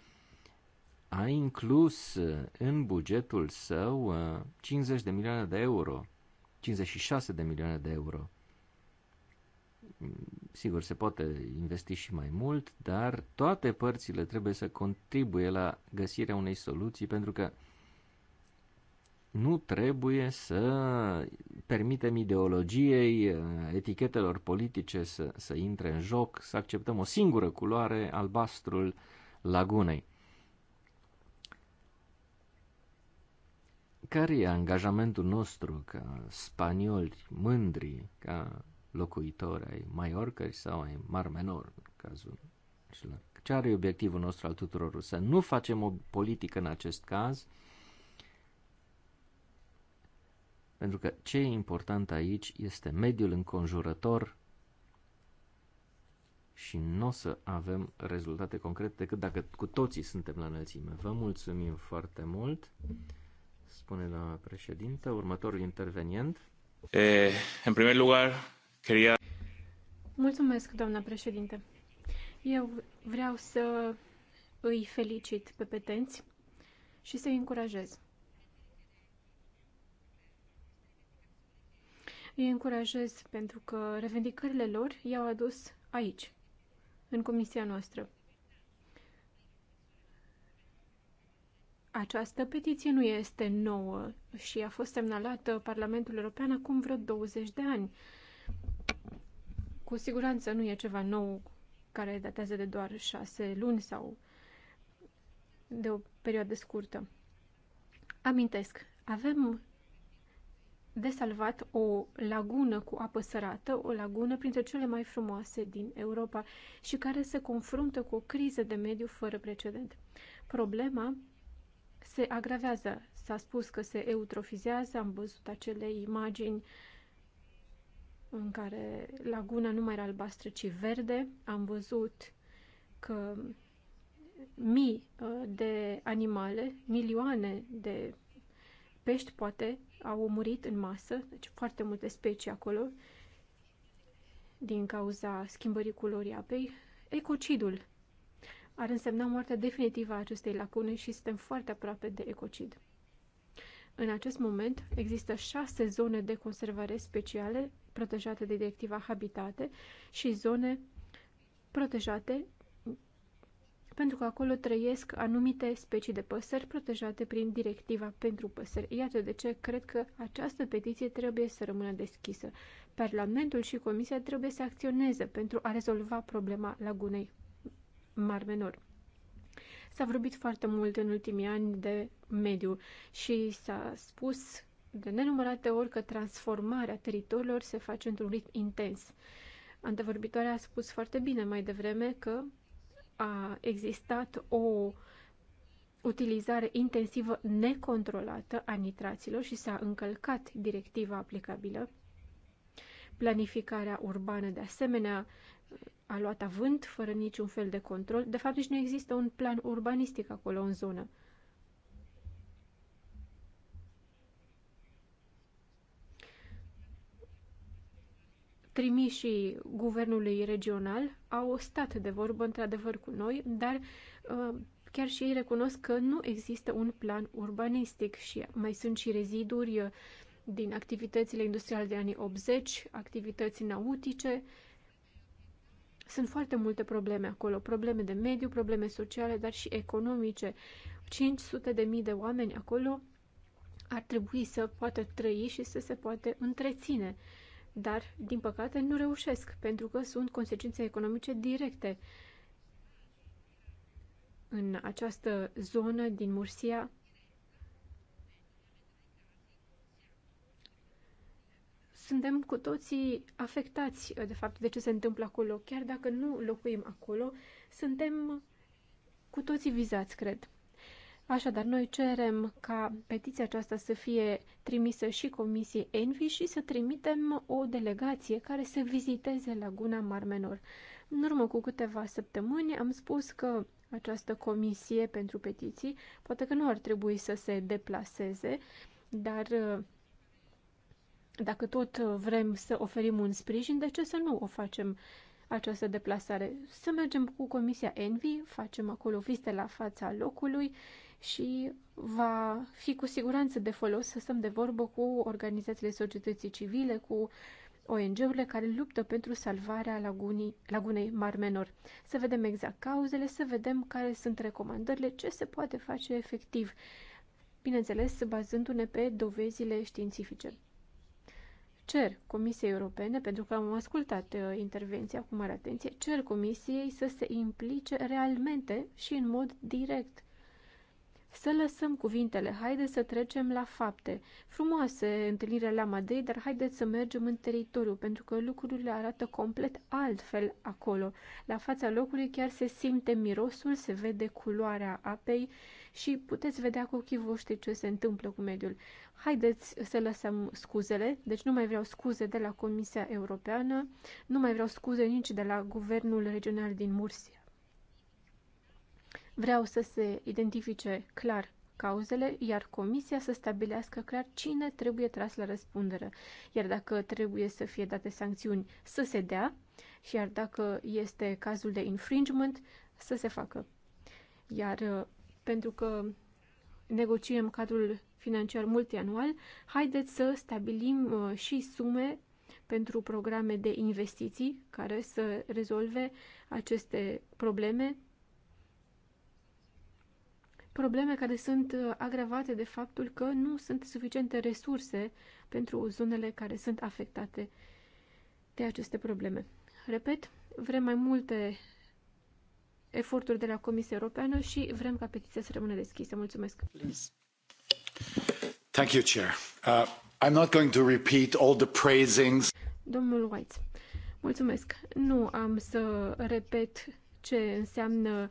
Speaker 2: a inclus în bugetul său 50 uh, de milioane de euro, 56 de milioane de euro Sigur, se poate investi și mai mult, dar toate părțile trebuie să contribuie la găsirea unei soluții, pentru că nu trebuie să permitem ideologiei, etichetelor politice să, să intre în joc, să acceptăm o singură culoare, albastrul lagunei. Care e angajamentul nostru ca spanioli mândri, ca locuitori ai Maiorcări sau ai Mar Menor, în cazul acela. Ce are obiectivul nostru al tuturor? Să nu facem o politică în acest caz, pentru că ce e important aici este mediul înconjurător și nu o să avem rezultate concrete decât dacă cu toții suntem la înălțime. Vă mulțumim foarte mult, spune la președinte, următorul intervenient. Eh, în primul lugar, Quería...
Speaker 1: Mulțumesc, doamna președinte. Eu vreau să îi felicit pe petenți și să-i încurajez. Îi încurajez pentru că revendicările lor i-au adus aici, în comisia noastră. Această petiție nu este nouă și a fost semnalată Parlamentul European acum vreo 20 de ani cu siguranță nu e ceva nou care datează de doar șase luni sau de o perioadă scurtă. Amintesc, avem de salvat o lagună cu apă sărată, o lagună printre cele mai frumoase din Europa și care se confruntă cu o criză de mediu fără precedent. Problema se agravează. S-a spus că se eutrofizează, am văzut acele imagini uh, în care laguna nu mai era albastră, ci verde. Am văzut că mii uh, de animale, milioane de pești, poate, au murit în masă, deci foarte multe specii acolo, din cauza schimbării culorii apei. Ecocidul ar însemna moartea definitivă a acestei lacune și suntem foarte aproape de ecocid. În acest moment există șase zone de conservare speciale protejate de directiva Habitate și zone protejate pentru că acolo trăiesc anumite specii de păsări protejate prin directiva pentru păsări. Iată de ce cred că această petiție trebuie să rămână deschisă. Parlamentul și Comisia trebuie să acționeze pentru a rezolva problema lagunei Mar Menor. S-a vorbit foarte mult în ultimii ani de mediu și s-a spus de nenumărate ori că transformarea teritoriilor se face într-un ritm intens. Antevorbitoarea a spus foarte bine mai devreme că a existat o utilizare intensivă necontrolată a nitraților și s-a încălcat directiva aplicabilă. Planificarea urbană, de asemenea, a luat avânt fără niciun fel de control. De fapt, nici nu există un plan urbanistic acolo în zonă. trimișii guvernului regional au stat de vorbă într-adevăr cu noi, dar uh, chiar și ei recunosc că nu există un plan urbanistic și mai sunt și reziduri uh, din activitățile industriale de anii 80, activități nautice. Sunt foarte multe probleme acolo, probleme de mediu, probleme sociale, dar și economice. 500 de mii de oameni acolo ar trebui să poată trăi și să se poate întreține. Dar, din păcate, nu reușesc, pentru că sunt consecințe economice directe. În această zonă din Mursia, suntem cu toții afectați de fapt de ce se întâmplă acolo. Chiar dacă nu locuim acolo, suntem cu toții vizați, cred. Așadar, noi cerem ca petiția aceasta să fie trimisă și Comisiei Envi și să trimitem o delegație care să viziteze Laguna Mar Menor. În urmă cu câteva săptămâni am spus că această comisie pentru petiții poate că nu ar trebui să se deplaseze, dar uh, dacă tot vrem să oferim un sprijin, de ce să nu o facem această deplasare? Să mergem cu Comisia Envi, facem acolo viste la fața locului, și va fi cu siguranță de folos să stăm de vorbă cu organizațiile societății civile, cu ONG-urile care luptă pentru salvarea lagunii, lagunei Mar Menor. Să vedem exact cauzele, să vedem care sunt recomandările, ce se poate face efectiv, bineînțeles bazându-ne pe dovezile științifice. Cer Comisiei Europene, pentru că am ascultat uh, intervenția cu mare atenție, cer Comisiei să se implice realmente și în mod direct să lăsăm cuvintele, haideți să trecem la fapte. Frumoase întâlnirea la Madrid, dar haideți să mergem în teritoriu, pentru că lucrurile arată complet altfel acolo. La fața locului chiar se simte mirosul, se vede culoarea apei și puteți vedea cu ochii voștri ce se întâmplă cu mediul. Haideți să lăsăm scuzele, deci nu mai vreau scuze de la Comisia Europeană, nu mai vreau scuze nici de la Guvernul Regional din Mursia Vreau să se identifice clar cauzele, iar comisia să stabilească clar cine trebuie tras la răspundere, iar dacă trebuie să fie date sancțiuni, să se dea, și iar dacă este cazul de infringement, să se facă. Iar uh, pentru că negociem cadrul financiar multianual, haideți să stabilim uh, și sume pentru programe de investiții care să rezolve aceste probleme probleme care sunt uh, agravate de faptul că nu sunt suficiente resurse pentru zonele care sunt afectate de aceste probleme. Repet, vrem mai multe eforturi de la Comisia Europeană și vrem ca petiția să rămână deschisă. Mulțumesc! Please.
Speaker 3: Thank you, Chair. Uh, I'm not going to repeat all the praisings.
Speaker 1: Domnul White, mulțumesc. Nu am să repet ce înseamnă uh,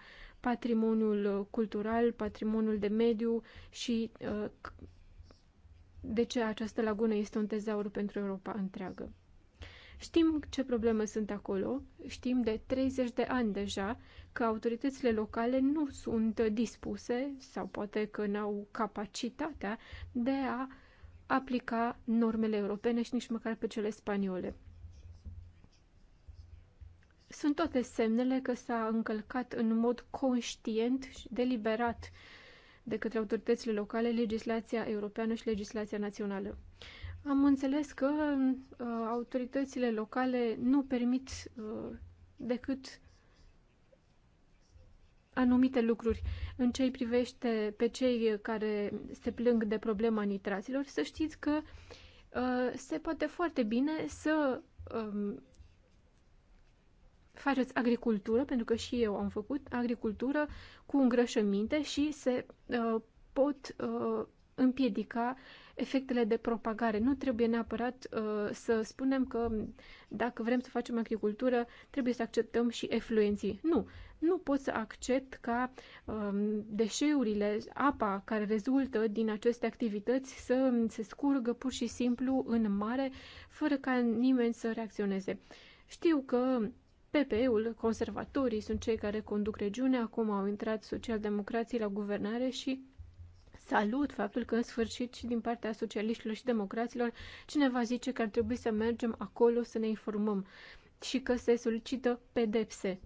Speaker 1: patrimoniul uh, cultural, patrimoniul de mediu și uh, de ce această lagună este un tezaur pentru Europa întreagă. Știm ce probleme sunt acolo, știm de 30 de ani deja că autoritățile locale nu sunt dispuse sau poate că n-au capacitatea de a aplica normele europene și nici măcar pe cele spaniole sunt toate semnele că s-a încălcat în mod conștient și deliberat de către autoritățile locale legislația europeană și legislația națională. Am înțeles că uh, autoritățile locale nu permit uh, decât anumite lucruri. În ce privește pe cei care se plâng de problema nitraților, să știți că uh, se poate foarte bine să uh, faceți agricultură, pentru că și eu am făcut agricultură cu îngrășăminte și se uh, pot uh, împiedica efectele de propagare. Nu trebuie neapărat uh, să spunem că dacă vrem să facem agricultură, trebuie să acceptăm și efluenții. Nu, nu pot să accept ca um, deșeurile, apa care rezultă din aceste activități să se scurgă pur și simplu în mare, fără ca nimeni să reacționeze. Știu că PPE-ul, conservatorii sunt cei care conduc regiunea, acum au intrat socialdemocrații la guvernare și salut faptul că în sfârșit și din partea socialiștilor și democraților cineva zice că ar trebui să mergem acolo să ne informăm și că se solicită pedepse.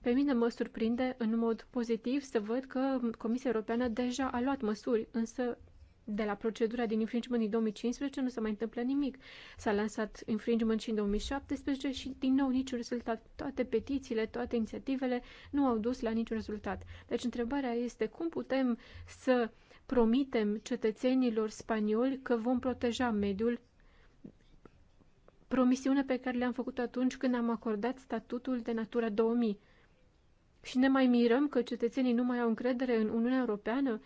Speaker 1: Pe mine mă surprinde în mod pozitiv să văd că Comisia Europeană deja a luat măsuri, însă de la procedura din infringement din 2015 nu se mai întâmplă nimic. S-a lansat infringement și în 2017 și din nou niciun rezultat. Toate petițiile, toate inițiativele nu au dus la niciun rezultat. Deci întrebarea este cum putem să promitem cetățenilor spanioli că vom proteja mediul promisiune pe care le-am făcut atunci când am acordat statutul de Natura 2000. Și ne mai mirăm că cetățenii nu mai au încredere în Uniunea Europeană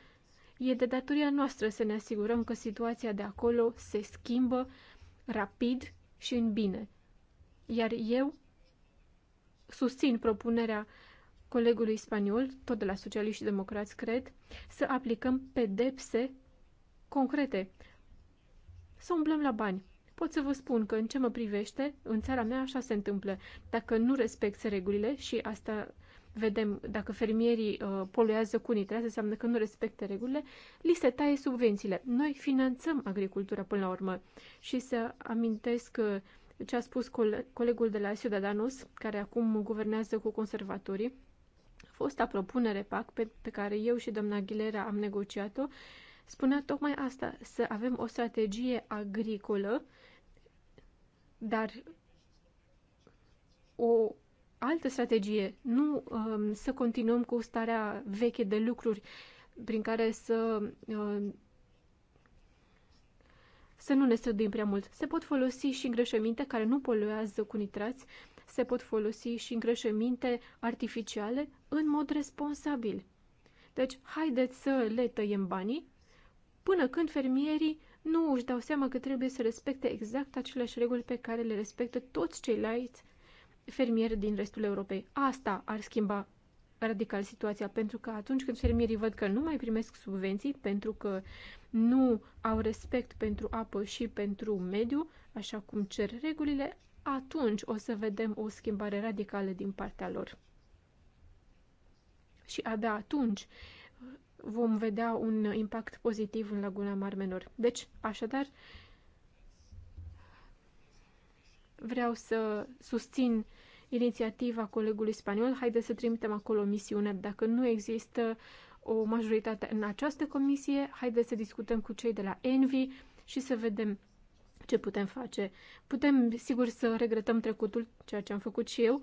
Speaker 1: E de datoria noastră să ne asigurăm că situația de acolo se schimbă rapid și în bine. Iar eu susțin propunerea colegului spaniol, tot de la socialiști și democrați, cred, să aplicăm pedepse concrete. Să umblăm la bani. Pot să vă spun că, în ce mă privește, în țara mea așa se întâmplă. Dacă nu respecti regulile, și asta vedem dacă fermierii uh, poluează cu nitrat, înseamnă că nu respectă regulile, li se taie subvențiile. Noi finanțăm agricultura până la urmă. Și să amintesc uh, ce a spus colegul de la Ciudadanos, care acum guvernează cu conservatorii, A fost a propunere PAC pe, pe care eu și doamna Aguilera am negociat-o, spunea tocmai asta, să avem o strategie agricolă, dar o altă strategie, nu um, să continuăm cu starea veche de lucruri prin care să um, să nu ne străduim prea mult. Se pot folosi și îngrășăminte care nu poluează cu nitrați, se pot folosi și îngrășăminte artificiale în mod responsabil. Deci, haideți să le tăiem banii până când fermierii nu își dau seama că trebuie să respecte exact aceleași reguli pe care le respectă toți ceilalți fermieri din restul Europei. Asta ar schimba radical situația, pentru că atunci când fermierii văd că nu mai primesc subvenții, pentru că nu au respect pentru apă și pentru mediu, așa cum cer regulile, atunci o să vedem o schimbare radicală din partea lor. Și abia atunci vom vedea un impact pozitiv în Laguna Marmenor. Deci, așadar, Vreau să susțin inițiativa colegului spaniol, haide să trimitem acolo o misiune. Dacă nu există o majoritate în această comisie, haide să discutăm cu cei de la Envi și să vedem ce putem face. Putem, sigur, să regretăm trecutul, ceea ce am făcut și eu,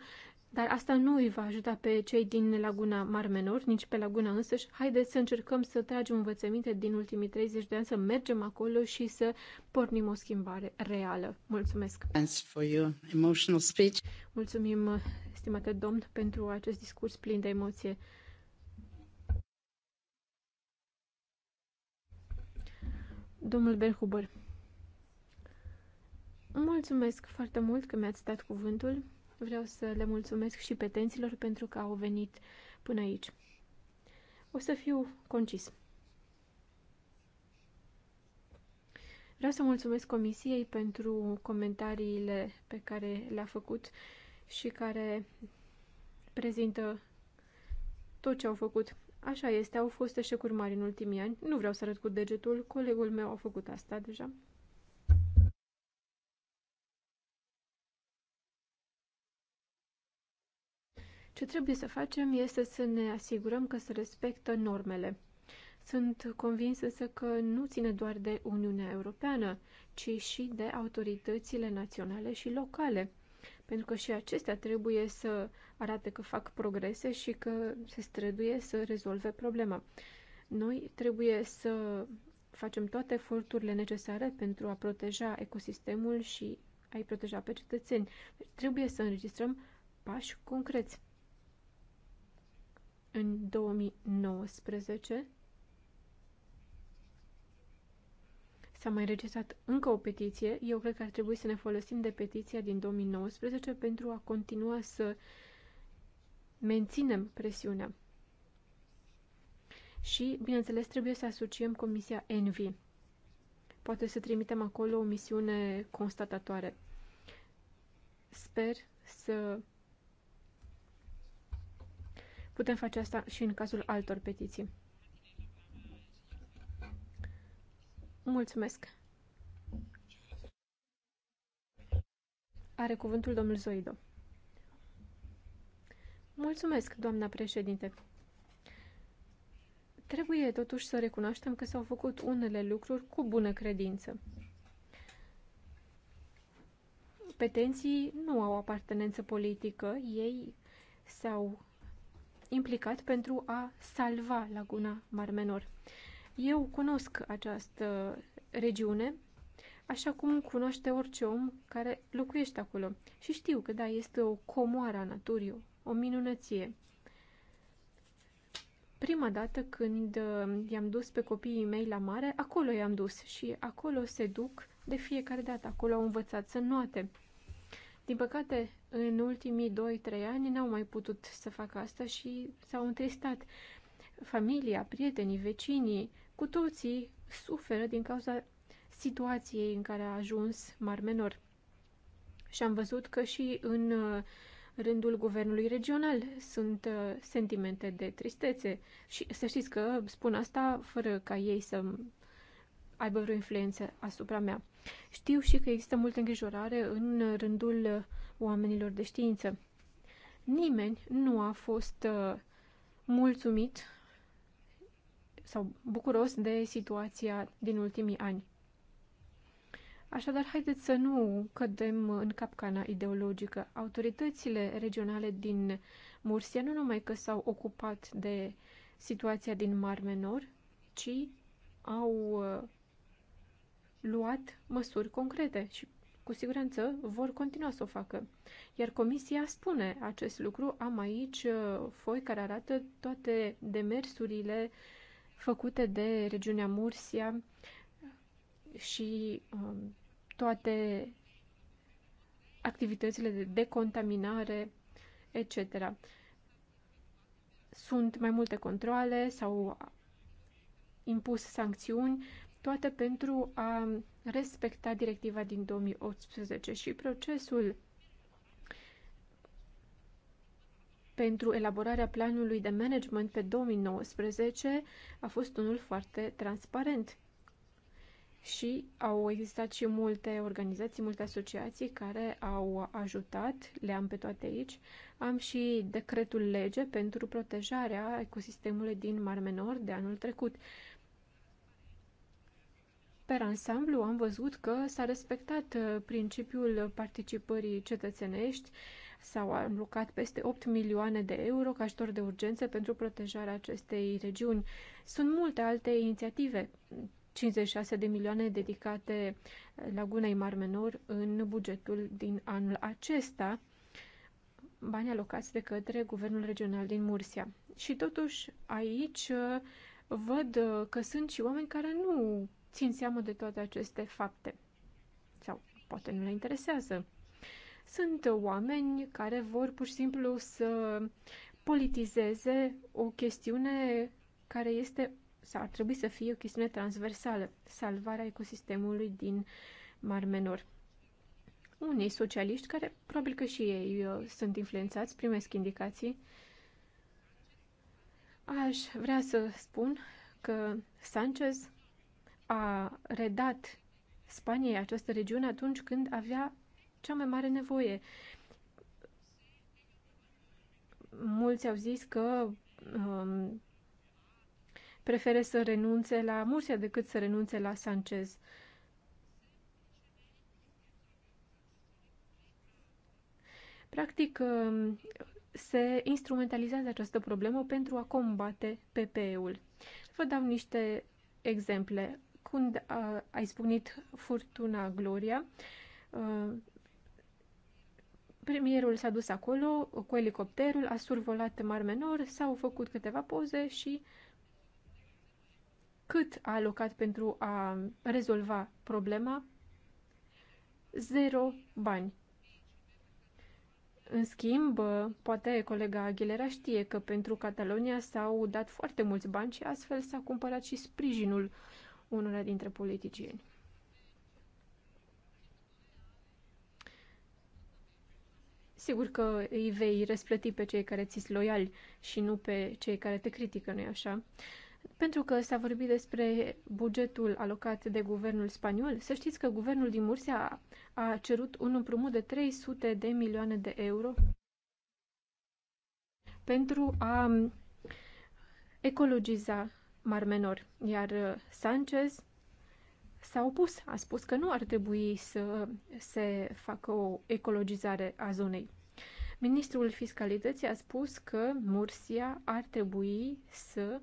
Speaker 1: dar asta nu îi va ajuta pe cei din laguna Mar Menor, nici pe laguna însăși. Haideți să încercăm să tragem învățăminte din ultimii 30 de ani, să mergem acolo și să pornim o schimbare reală. Mulțumesc!
Speaker 3: Thanks for your emotional speech.
Speaker 1: Mulțumim, stimate domn, pentru acest discurs plin de emoție. Domnul Berhuber, mulțumesc foarte mult că mi-ați dat cuvântul. Vreau să le mulțumesc și petenților pentru că au venit până aici. O să fiu concis. Vreau să mulțumesc comisiei pentru comentariile pe care le-a făcut și care prezintă tot ce au făcut. Așa este, au fost eșecuri mari în ultimii ani. Nu vreau să arăt cu degetul, colegul meu a făcut asta deja. Ce trebuie să facem este să ne asigurăm că se respectă normele. Sunt convinsă însă că nu ține doar de Uniunea Europeană, ci și de autoritățile naționale și locale, pentru că și acestea trebuie să arate că fac progrese și că se străduie să rezolve problema. Noi trebuie să facem toate eforturile necesare pentru a proteja ecosistemul și a-i proteja pe cetățeni. Deci trebuie să înregistrăm pași concreți în 2019 s-a mai registrat încă o petiție. Eu cred că ar trebui să ne folosim de petiția din 2019 pentru a continua să menținem presiunea. Și, bineînțeles, trebuie să asociem Comisia Envi. Poate să trimitem acolo o misiune constatatoare. Sper să Putem face asta și în cazul altor petiții. Mulțumesc! Are cuvântul domnul Zoido. Mulțumesc, doamna președinte. Trebuie totuși să recunoaștem că s-au făcut unele lucruri cu bună credință. Petenții nu au apartenență politică, ei s-au implicat pentru a salva laguna Mar Menor. Eu cunosc această regiune, așa cum cunoaște orice om care locuiește acolo. Și știu că, da, este o comoară a naturii, o minunăție. Prima dată când i-am dus pe copiii mei la mare, acolo i-am dus și acolo se duc de fiecare dată. Acolo au învățat să nuate. Din păcate, în ultimii 2-3 ani n-au mai putut să facă asta și s-au întristat. Familia, prietenii, vecinii, cu toții suferă din cauza situației în care a ajuns Mar Menor. Și am văzut că și în uh, rândul guvernului regional sunt uh, sentimente de tristețe. Și să știți că spun asta fără ca ei să aibă vreo influență asupra mea. Știu și că există multă îngrijorare în rândul oamenilor de știință. Nimeni nu a fost uh, mulțumit sau bucuros de situația din ultimii ani. Așadar, haideți să nu cădem în capcana ideologică. Autoritățile regionale din Mursia nu numai că s-au ocupat de situația din Mar Menor, ci au uh, luat măsuri concrete și cu siguranță vor continua să o facă. Iar comisia spune acest lucru. Am aici uh, foi care arată toate demersurile făcute de regiunea Mursia și um, toate activitățile de decontaminare, etc. Sunt mai multe controle, s-au impus sancțiuni, toate pentru a respecta directiva din 2018 și procesul pentru elaborarea planului de management pe 2019 a fost unul foarte transparent. Și au existat și multe organizații, multe asociații care au ajutat, le-am pe toate aici. Am și decretul lege pentru protejarea ecosistemului din Mar Menor de anul trecut. Per ansamblu am văzut că s-a respectat uh, principiul participării cetățenești, s-au alocat peste 8 milioane de euro ca ajutor de urgență pentru protejarea acestei regiuni. Sunt multe alte inițiative, 56 de milioane dedicate uh, lagunei Marmenor în bugetul din anul acesta, bani alocați de către Guvernul Regional din Mursia. Și totuși aici uh, văd că sunt și oameni care nu țin seamă de toate aceste fapte. Sau poate nu le interesează. Sunt oameni care vor pur și simplu să politizeze o chestiune care este sau ar trebui să fie o chestiune transversală, salvarea ecosistemului din Mar Menor. Unii socialiști, care probabil că și ei uh, sunt influențați, primesc indicații, aș vrea să spun că Sanchez a redat Spaniei această regiune atunci când avea cea mai mare nevoie. Mulți au zis că um, preferă să renunțe la Murcia decât să renunțe la Sanchez. Practic, um, se instrumentalizează această problemă pentru a combate PPE-ul. Vă dau niște exemple când a, a izbucnit furtuna Gloria, premierul s-a dus acolo cu elicopterul, a survolat Mar Menor, s-au făcut câteva poze și cât a alocat pentru a rezolva problema? Zero bani. În schimb, poate colega Aguilera știe că pentru Catalonia s-au dat foarte mulți bani și astfel s-a cumpărat și sprijinul unele dintre politicieni. Sigur că îi vei răsplăti pe cei care ți-s loiali și nu pe cei care te critică, nu-i așa? Pentru că s-a vorbit despre bugetul alocat de guvernul spaniol, să știți că guvernul din Mursia a, a cerut un împrumut de 300 de milioane de euro pentru a ecologiza Marmenor, Iar uh, Sanchez s-a opus, a spus că nu ar trebui să se facă o ecologizare a zonei. Ministrul Fiscalității a spus că Mursia ar trebui să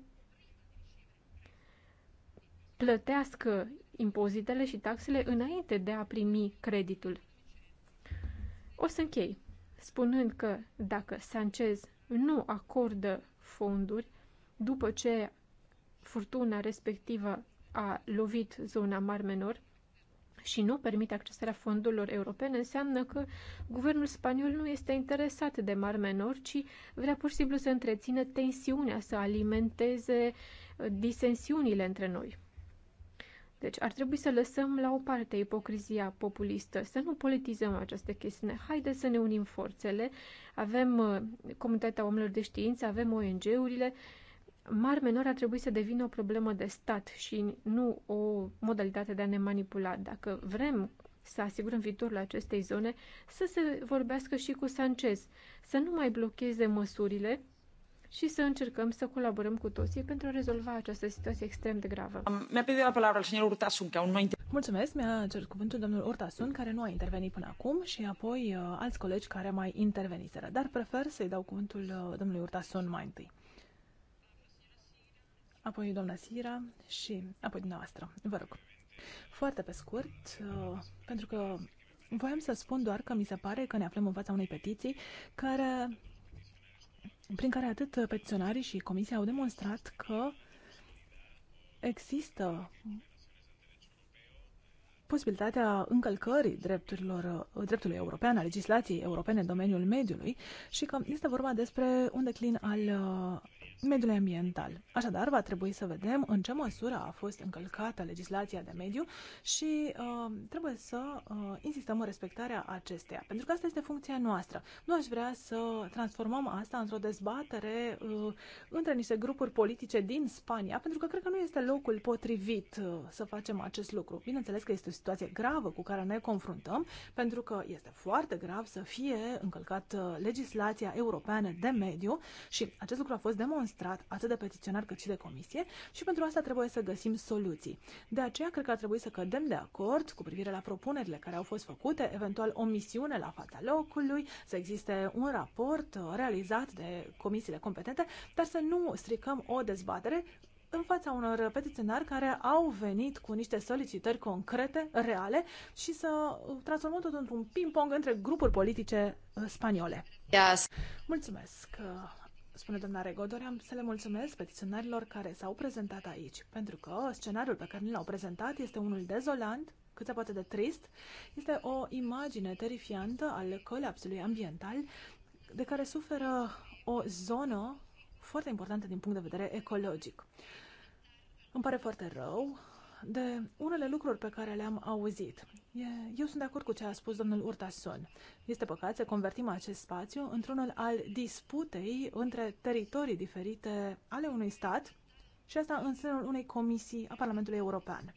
Speaker 1: plătească impozitele și taxele înainte de a primi creditul. O să închei spunând că dacă Sanchez nu acordă fonduri după ce furtuna respectivă a lovit zona Mar Menor și nu permite accesarea fondurilor europene, înseamnă că guvernul spaniol nu este interesat de Mar Menor, ci vrea pur și simplu să întrețină tensiunea, să alimenteze uh, disensiunile între noi. Deci ar trebui să lăsăm la o parte ipocrizia populistă, să nu politizăm această chestiune. Haideți să ne unim forțele. Avem uh, comunitatea oamenilor de știință, avem ONG-urile, uh, mari menori ar trebui să devină o problemă de stat și nu o modalitate de a ne manipula. Dacă vrem să asigurăm viitorul acestei zone, să se vorbească și cu Sanchez, să nu mai blocheze măsurile și să încercăm să colaborăm cu toții pentru a rezolva această situație extrem de gravă. Mi-a pedit la palabra al señor Urtasun, că nu
Speaker 4: Mulțumesc, mi-a cerut cuvântul domnul Urtasun, care nu a intervenit până acum și apoi uh, alți colegi care mai interveniseră, dar prefer să-i dau cuvântul uh, domnului Urtasun mai întâi apoi doamna Sira și apoi dumneavoastră. Vă rog. Foarte pe scurt, uh, pentru că voiam să spun doar că mi se pare că ne aflăm în fața unei petiții care, prin care atât petiționarii și comisia au demonstrat că există posibilitatea încălcării drepturilor, uh, dreptului european, a legislației europene în domeniul mediului și că este vorba despre un declin al uh, mediului ambiental. Așadar, va trebui să vedem în ce măsură a fost încălcată legislația de mediu și uh, trebuie să uh, insistăm în respectarea acesteia, pentru că asta este funcția noastră. Nu aș vrea să transformăm asta într-o dezbatere uh, între niște grupuri politice din Spania, pentru că cred că nu este locul potrivit uh, să facem acest lucru. Bineînțeles că este o situație gravă cu care ne confruntăm, pentru că este foarte grav să fie încălcată uh, legislația europeană de mediu și acest lucru a fost demonstrat demonstrat atât de petiționar cât și de comisie și pentru asta trebuie să găsim soluții. De aceea, cred că ar trebui să cădem de acord cu privire la propunerile care au fost făcute, eventual o misiune la fața locului, să existe un raport uh, realizat de comisiile competente, dar să nu stricăm o dezbatere în fața unor petiționari care au venit cu niște solicitări concrete, reale și să uh, transformăm tot într-un ping-pong între grupuri politice uh, spaniole. Yes. Mulțumesc! spune doamna Rego, doream să le mulțumesc petiționarilor care s-au prezentat aici, pentru că scenariul pe care ni l-au prezentat este unul dezolant, cât se poate de trist, este o imagine terifiantă al colapsului ambiental de care suferă o zonă foarte importantă din punct de vedere ecologic. Îmi pare foarte rău de unele lucruri pe care le-am auzit. Eu sunt de acord cu ce a spus domnul Urtason. Este păcat să convertim acest spațiu într-unul al disputei între teritorii diferite ale unui stat și asta în sânul unei comisii a Parlamentului European.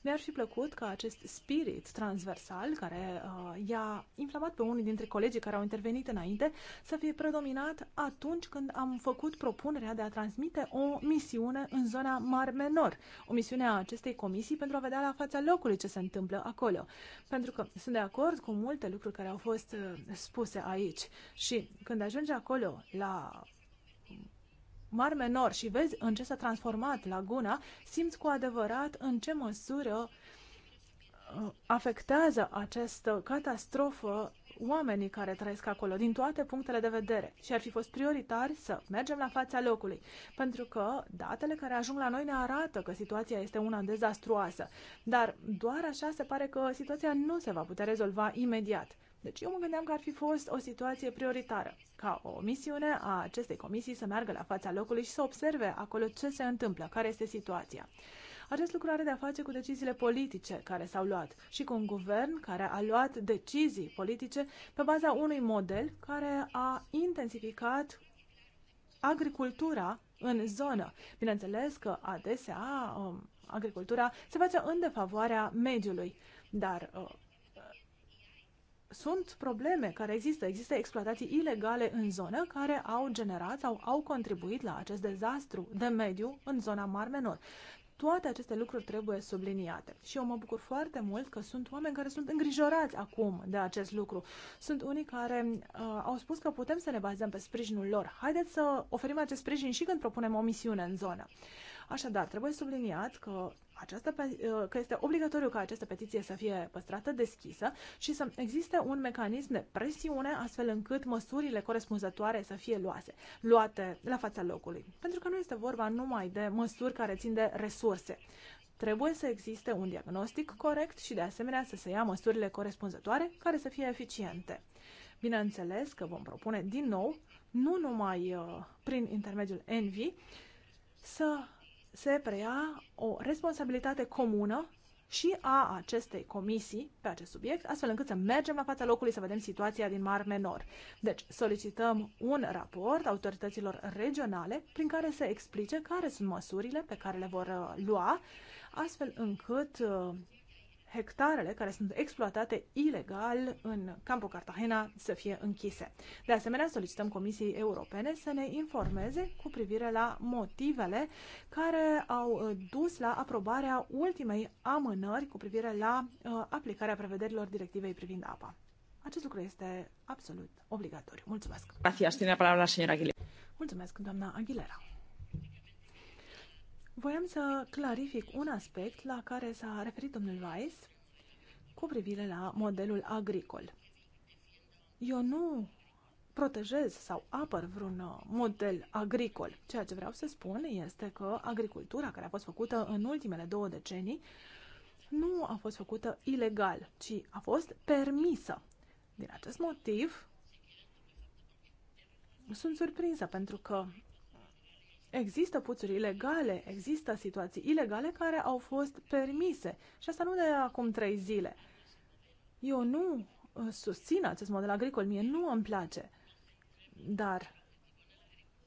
Speaker 4: Mi-ar fi plăcut ca acest spirit transversal, care uh, i-a inflamat pe unii dintre colegii care au intervenit înainte, să fie predominat atunci când am făcut propunerea de a transmite o misiune în zona Mar Menor, o misiune a acestei comisii pentru a vedea la fața locului ce se întâmplă acolo. Pentru că sunt de acord cu multe lucruri care au fost uh, spuse aici și când ajunge acolo la mar menor și vezi în ce s-a transformat laguna, simți cu adevărat în ce măsură uh, afectează această catastrofă oamenii care trăiesc acolo, din toate punctele de vedere. Și ar fi fost prioritar să mergem la fața locului, pentru că datele care ajung la noi ne arată că situația este una dezastruoasă. Dar doar așa se pare că situația nu se va putea rezolva imediat. Deci eu mă gândeam că ar fi fost o situație prioritară, ca o misiune a acestei comisii să meargă la fața locului și să observe acolo ce se întâmplă, care este situația. Acest lucru are de-a face cu deciziile politice care s-au luat și cu un guvern care a luat decizii politice pe baza unui model care a intensificat agricultura în zonă. Bineînțeles că adesea um, agricultura se face în defavoarea mediului, dar uh, sunt probleme care există. Există exploatații ilegale în zonă care au generat sau au contribuit la acest dezastru de mediu în zona Mar Menor. Toate aceste lucruri trebuie subliniate. Și eu mă bucur foarte mult că sunt oameni care sunt îngrijorați acum de acest lucru. Sunt unii care uh, au spus că putem să ne bazăm pe sprijinul lor. Haideți să oferim acest sprijin și când propunem o misiune în zonă. Uh, Așadar, trebuie subliniat că această, uh, că este obligatoriu ca această petiție să fie păstrată deschisă și să existe un mecanism de presiune astfel încât măsurile corespunzătoare să fie luate, luate la fața locului. Pentru că nu este vorba numai de măsuri care țin de resurse. Trebuie să existe un diagnostic corect și de asemenea să se ia măsurile corespunzătoare care să fie eficiente. Bineînțeles că vom propune din nou, nu numai uh, prin intermediul Envi, să se preia o responsabilitate comună și a acestei comisii pe acest subiect, astfel încât să mergem la fața locului să vedem situația din Mar Menor. Deci, solicităm un raport autorităților regionale prin care să explice care sunt măsurile pe care le vor uh, lua, astfel încât uh, hectarele care sunt exploatate ilegal în Campo Cartagena să fie închise. De asemenea, solicităm Comisiei Europene să ne informeze cu privire la motivele care au uh, dus la aprobarea ultimei amânări cu privire la uh, aplicarea prevederilor directivei privind apa. Acest lucru este absolut obligatoriu. Mulțumesc.
Speaker 3: Gracias. Tiene la palabra señora Aguilera.
Speaker 4: Mulțumesc, doamna Aguilera. Voiam să clarific un aspect la care s-a referit domnul Weiss cu privire la modelul agricol. Eu nu protejez sau apăr vreun uh, model agricol. Ceea ce vreau să spun este că agricultura care a fost făcută în ultimele două decenii nu a fost făcută ilegal, ci a fost permisă. Din acest motiv, sunt surprinsă pentru că Există puțuri ilegale, există situații ilegale care au fost permise și asta nu de acum trei zile. Eu nu uh, susțin acest model agricol, mie nu îmi place, dar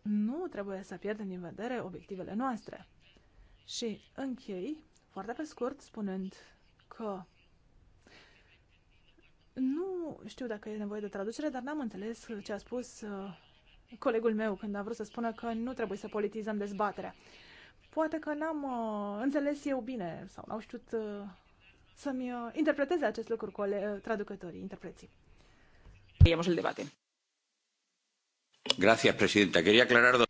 Speaker 4: nu trebuie să pierdem din vedere obiectivele noastre. Și închei, foarte pe scurt, spunând că nu știu dacă e nevoie de traducere, dar n-am înțeles ce a spus uh, colegul meu când a vrut să spună că nu trebuie să politizăm dezbaterea. Poate că n-am uh, înțeles eu bine sau n-au știut uh, să-mi uh, interpreteze acest lucru cole- uh, traducătorii, interpreții. Iamos el debate.
Speaker 3: Gracias, presidenta. Quería aclarar do-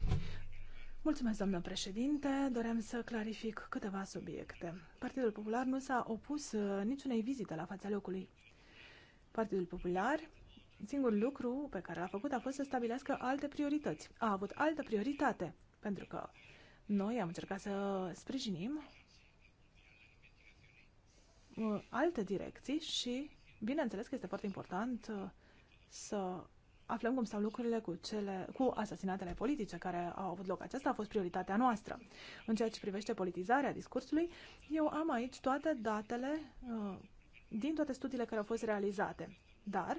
Speaker 4: Mulțumesc, doamnă președinte. Doream să clarific câteva subiecte. Partidul Popular nu s-a opus uh, niciunei vizite la fața locului. Partidul Popular singurul lucru pe care l-a făcut a fost să stabilească alte priorități. A avut altă prioritate, pentru că noi am încercat să sprijinim uh, alte direcții și, bineînțeles că este foarte important uh, să aflăm cum stau lucrurile cu, cele, cu asasinatele politice care au avut loc. Aceasta a fost prioritatea noastră. În ceea ce privește politizarea discursului, eu am aici toate datele uh, din toate studiile care au fost realizate. Dar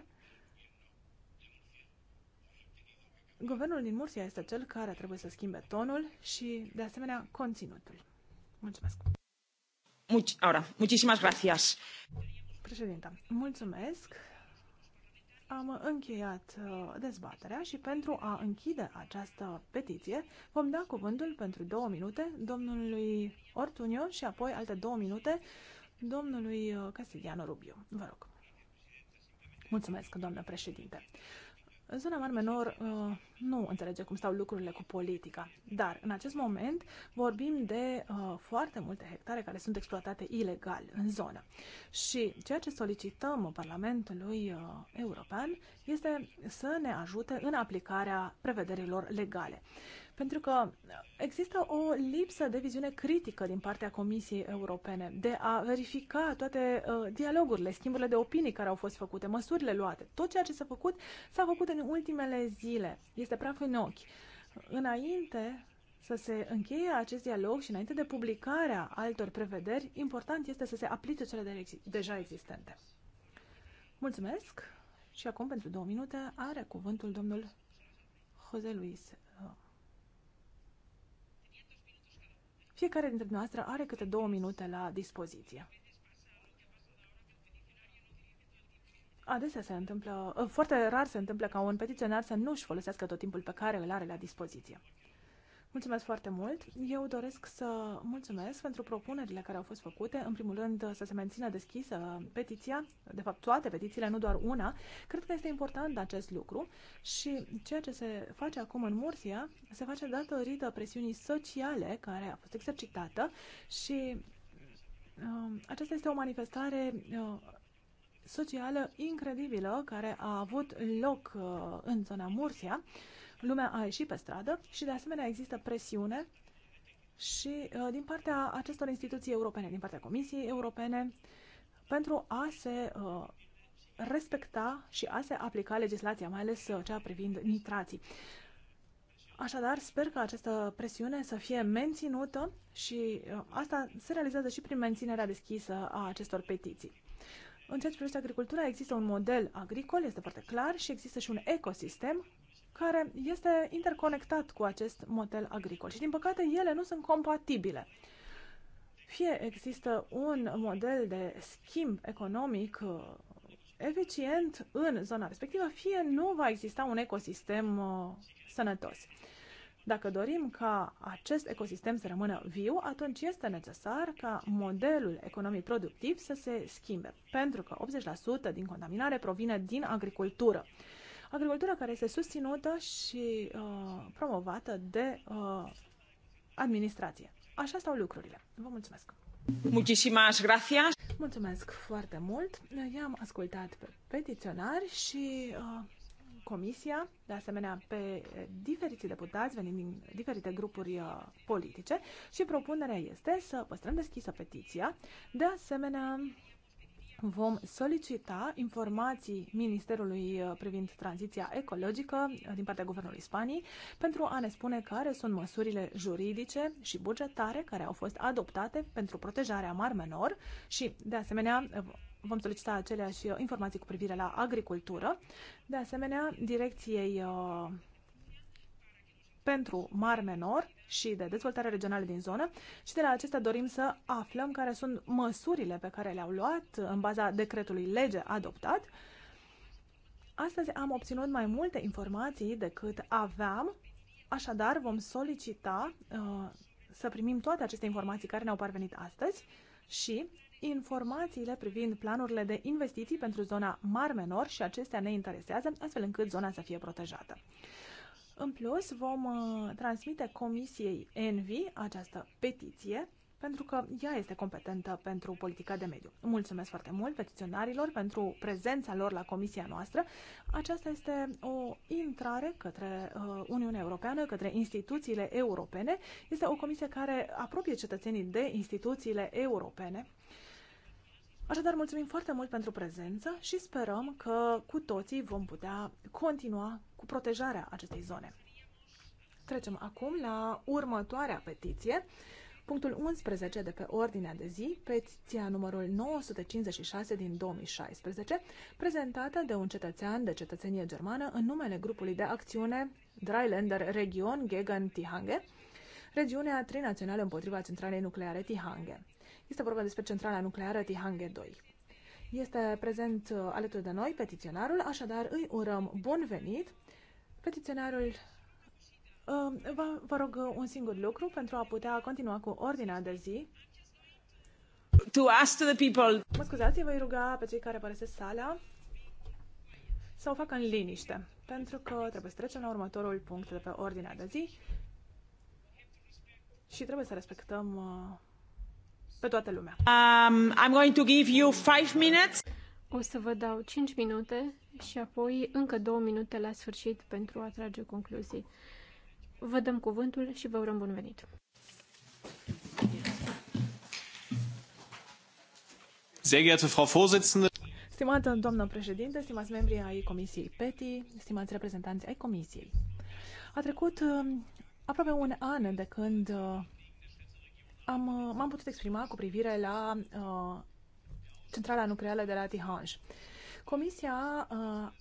Speaker 4: Guvernul din Mursia este cel care trebuie să schimbe tonul și, de asemenea, conținutul. Mulțumesc. Much, ahora, muchísimas gracias. Președinta, mulțumesc. Am încheiat uh, dezbaterea și pentru a închide această petiție vom da cuvântul pentru două minute domnului Ortunio și apoi alte două minute domnului uh, Castigliano Rubio. Vă rog. Mulțumesc, doamnă președinte. În zona mare Menor uh, nu înțelege cum stau lucrurile cu politica, dar în acest moment vorbim de uh, foarte multe hectare care sunt exploatate ilegal în zonă. Și ceea ce solicităm Parlamentului uh, European este să ne ajute în aplicarea prevederilor legale. Pentru că există o lipsă de viziune critică din partea Comisiei Europene de a verifica toate uh, dialogurile, schimburile de opinii care au fost făcute, măsurile luate. Tot ceea ce s-a făcut s-a făcut în ultimele zile. Este praf în ochi. Înainte să se încheie acest dialog și înainte de publicarea altor prevederi, important este să se aplice cele de ex deja existente. Mulțumesc și acum pentru două minute are cuvântul domnul Jose Luis Fiecare dintre noastre are câte două minute la dispoziție. Adesea se întâmplă, foarte rar se întâmplă ca un petiționar să nu-și folosească tot timpul pe care îl are la dispoziție. Mulțumesc foarte mult! Eu doresc să mulțumesc pentru propunerile care au fost făcute. În primul rând, să se mențină deschisă petiția, de fapt toate petițiile, nu doar una. Cred că este important acest lucru și ceea ce se face acum în Mursia se face datorită presiunii sociale care a fost exercitată și uh, aceasta este o manifestare uh, socială incredibilă care a avut loc uh, în zona Mursia. Uh, lumea a ieșit pe stradă și de asemenea există presiune și uh, din partea acestor instituții europene, din partea Comisiei Europene, pentru a se uh, respecta și a se aplica legislația, mai ales uh, cea privind nitrații. Așadar, sper că această presiune să fie menținută și asta se realizează și prin menținerea deschisă a acestor petiții. În ceea ce privește agricultura, există un model agricol, este foarte clar, și există și un ecosistem care este interconectat cu acest model agricol și, din păcate, ele nu sunt compatibile. Fie există un model de schimb economic uh, eficient în zona respectivă, fie nu va exista un ecosistem uh, sănătos. Dacă dorim ca acest ecosistem să rămână viu, atunci este necesar ca modelul economic productiv să se schimbe, pentru că 80% din contaminare provine din agricultură. Agricultura care este susținută și uh, promovată de uh, administrație. Așa stau lucrurile. Vă mulțumesc! Muchísimas gracias! Mulțumesc foarte mult! I-am ascultat pe petiționari și uh, comisia, de asemenea pe diferiți deputați venind din diferite grupuri uh, politice și propunerea este să păstrăm deschisă petiția. De asemenea, vom solicita informații Ministerului uh, privind tranziția ecologică uh, din partea Guvernului Spaniei pentru a ne spune care sunt măsurile juridice și bugetare care au fost adoptate pentru protejarea mar menor și, de asemenea, uh, vom solicita aceleași informații cu privire la agricultură, de asemenea, direcției pentru mari Menor și de dezvoltare regională din zonă și de la acestea dorim să aflăm care sunt măsurile pe care le-au luat în baza decretului lege adoptat. Astăzi am obținut mai multe informații decât aveam, așadar vom solicita uh, să primim toate aceste informații care ne-au parvenit astăzi și informațiile privind planurile de investiții pentru zona Mar Menor și acestea ne interesează, astfel încât zona să fie protejată. În plus, vom uh, transmite Comisiei ENVI această petiție pentru că ea este competentă pentru politica de mediu. Mulțumesc foarte mult petiționarilor pentru prezența lor la comisia noastră. Aceasta este o intrare către uh, Uniunea Europeană, către instituțiile europene. Este o comisie care apropie cetățenii de instituțiile europene Așadar, mulțumim foarte mult pentru prezență și sperăm că cu toții vom putea continua cu protejarea acestei zone. Trecem acum la următoarea petiție. Punctul 11 de pe ordinea de zi, petiția numărul 956 din 2016, prezentată de un cetățean de cetățenie germană în numele grupului de acțiune Dreiländer Region Gegen Tihange, regiunea trinațională împotriva centralei nucleare Tihange. Este vorba despre centrala nucleară Tihange 2. Este prezent uh, alături de noi petiționarul, așadar îi urăm bun venit. Petiționarul um, Vă, vă rog uh, un singur lucru pentru a putea continua cu ordinea de zi. To ask to the people. Mă scuzați, voi ruga pe cei care părăsesc sala să o facă în liniște, pentru că trebuie să trecem la următorul punct de pe ordinea de zi și trebuie să respectăm uh, pe toată lumea.
Speaker 1: Um, I'm going to give you five minutes. O să vă dau 5 minute și apoi încă 2 minute la sfârșit pentru a trage concluzii. Vă dăm cuvântul și vă urăm bun venit.
Speaker 2: Sehr geehrte Frau Vorsitzende,
Speaker 4: Stimată doamnă președinte, stimați membri ai Comisiei PETI, stimați reprezentanți ai Comisiei, a trecut um, aproape un an de când uh, am, uh, m-am putut exprima cu privire la uh, centrala nucleară de la Tihange. Comisia uh,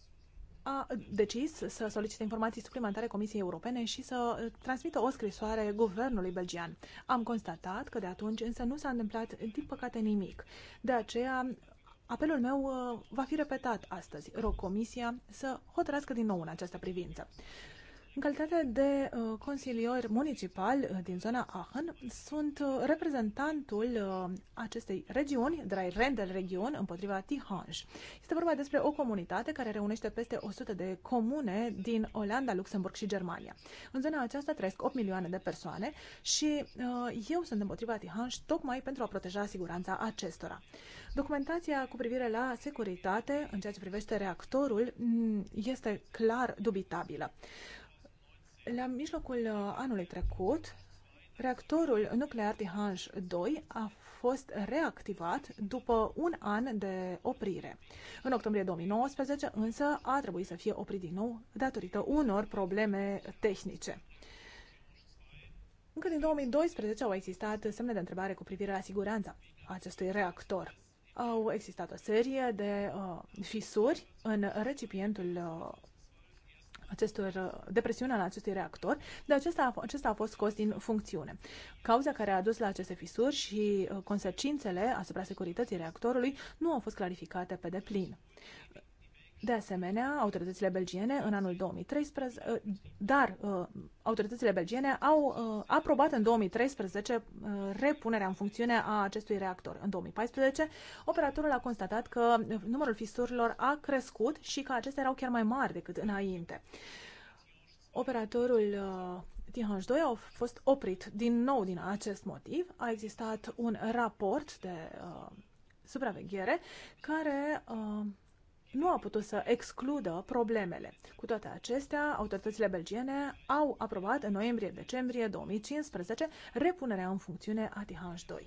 Speaker 4: a decis să solicite informații suplimentare Comisiei Europene și să uh, transmită o scrisoare guvernului belgian. Am constatat că de atunci însă nu s-a întâmplat, din păcate, nimic. De aceea, apelul meu uh, va fi repetat astăzi. Rog Comisia să hotărască din nou în această privință. În calitate de uh, consilier municipal uh, din zona Aachen, sunt uh, reprezentantul uh, acestei regiuni, Drei Rendel Region, împotriva Tihange. Este vorba despre o comunitate care reunește peste 100 de comune din Olanda, Luxemburg și Germania. În zona aceasta trăiesc 8 milioane de persoane și uh, eu sunt împotriva Tihange tocmai pentru a proteja siguranța acestora. Documentația cu privire la securitate în ceea ce privește reactorul mm, este clar dubitabilă. La mijlocul uh, anului trecut, reactorul nuclear Tihanj 2 a fost reactivat după un an de oprire. În octombrie 2019 însă a trebuit să fie oprit din nou datorită unor probleme tehnice. Încă din 2012 au existat semne de întrebare cu privire la siguranța acestui reactor. Au existat o serie de uh, fisuri în recipientul uh, acestor, uh, depresiunea la acestui reactor, de acesta, acesta a fost scos din funcțiune. Cauza care a dus la aceste fisuri și uh, consecințele asupra securității reactorului nu au fost clarificate pe deplin. De asemenea, autoritățile belgiene în anul 2013, uh, dar uh, autoritățile belgiene au uh, aprobat în 2013 repunerea în funcțiune a acestui reactor. În 2014, operatorul a constatat că numărul fisurilor a crescut și că acestea erau chiar mai mari decât înainte. Operatorul Tihanj 2 a fost oprit din nou din acest motiv. A existat un raport de supraveghere care uh, nu a putut să excludă problemele. Cu toate acestea, autoritățile belgiene au aprobat în noiembrie-decembrie 2015 repunerea în funcțiune a TH2.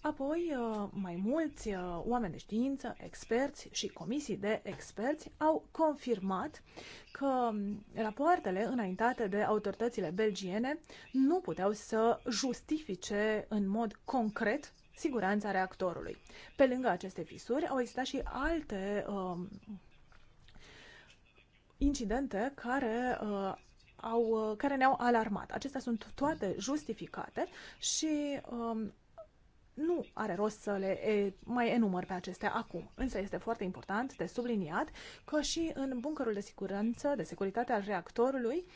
Speaker 4: Apoi, uh, mai mulți uh, oameni de știință, experți și comisii de experți au confirmat că rapoartele înaintate de autoritățile belgiene nu puteau să justifice în mod concret siguranța reactorului. Pe lângă aceste fisuri au existat și alte uh, incidente care uh, au, uh, care ne-au alarmat. Acestea sunt toate justificate și um, nu are rost să le e, mai enumăr pe acestea acum. Însă este foarte important de subliniat că și în buncărul de siguranță, de securitate al reactorului, uh,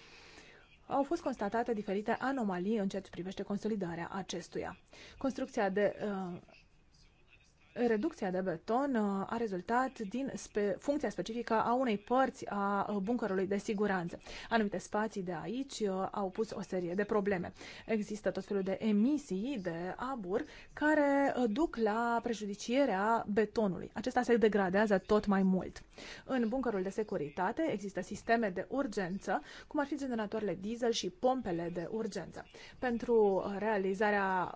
Speaker 4: au fost constatate diferite anomalii în ceea ce privește consolidarea acestuia. Construcția de uh, Reducția de beton uh, a rezultat din spe- funcția specifică a unei părți a uh, buncărului de siguranță. Anumite spații de aici uh, au pus o serie de probleme. Există tot felul de emisii de abur care duc la prejudicierea betonului. Acesta se degradează tot mai mult. În buncărul de securitate există sisteme de urgență, cum ar fi generatoarele diesel și pompele de urgență. Pentru realizarea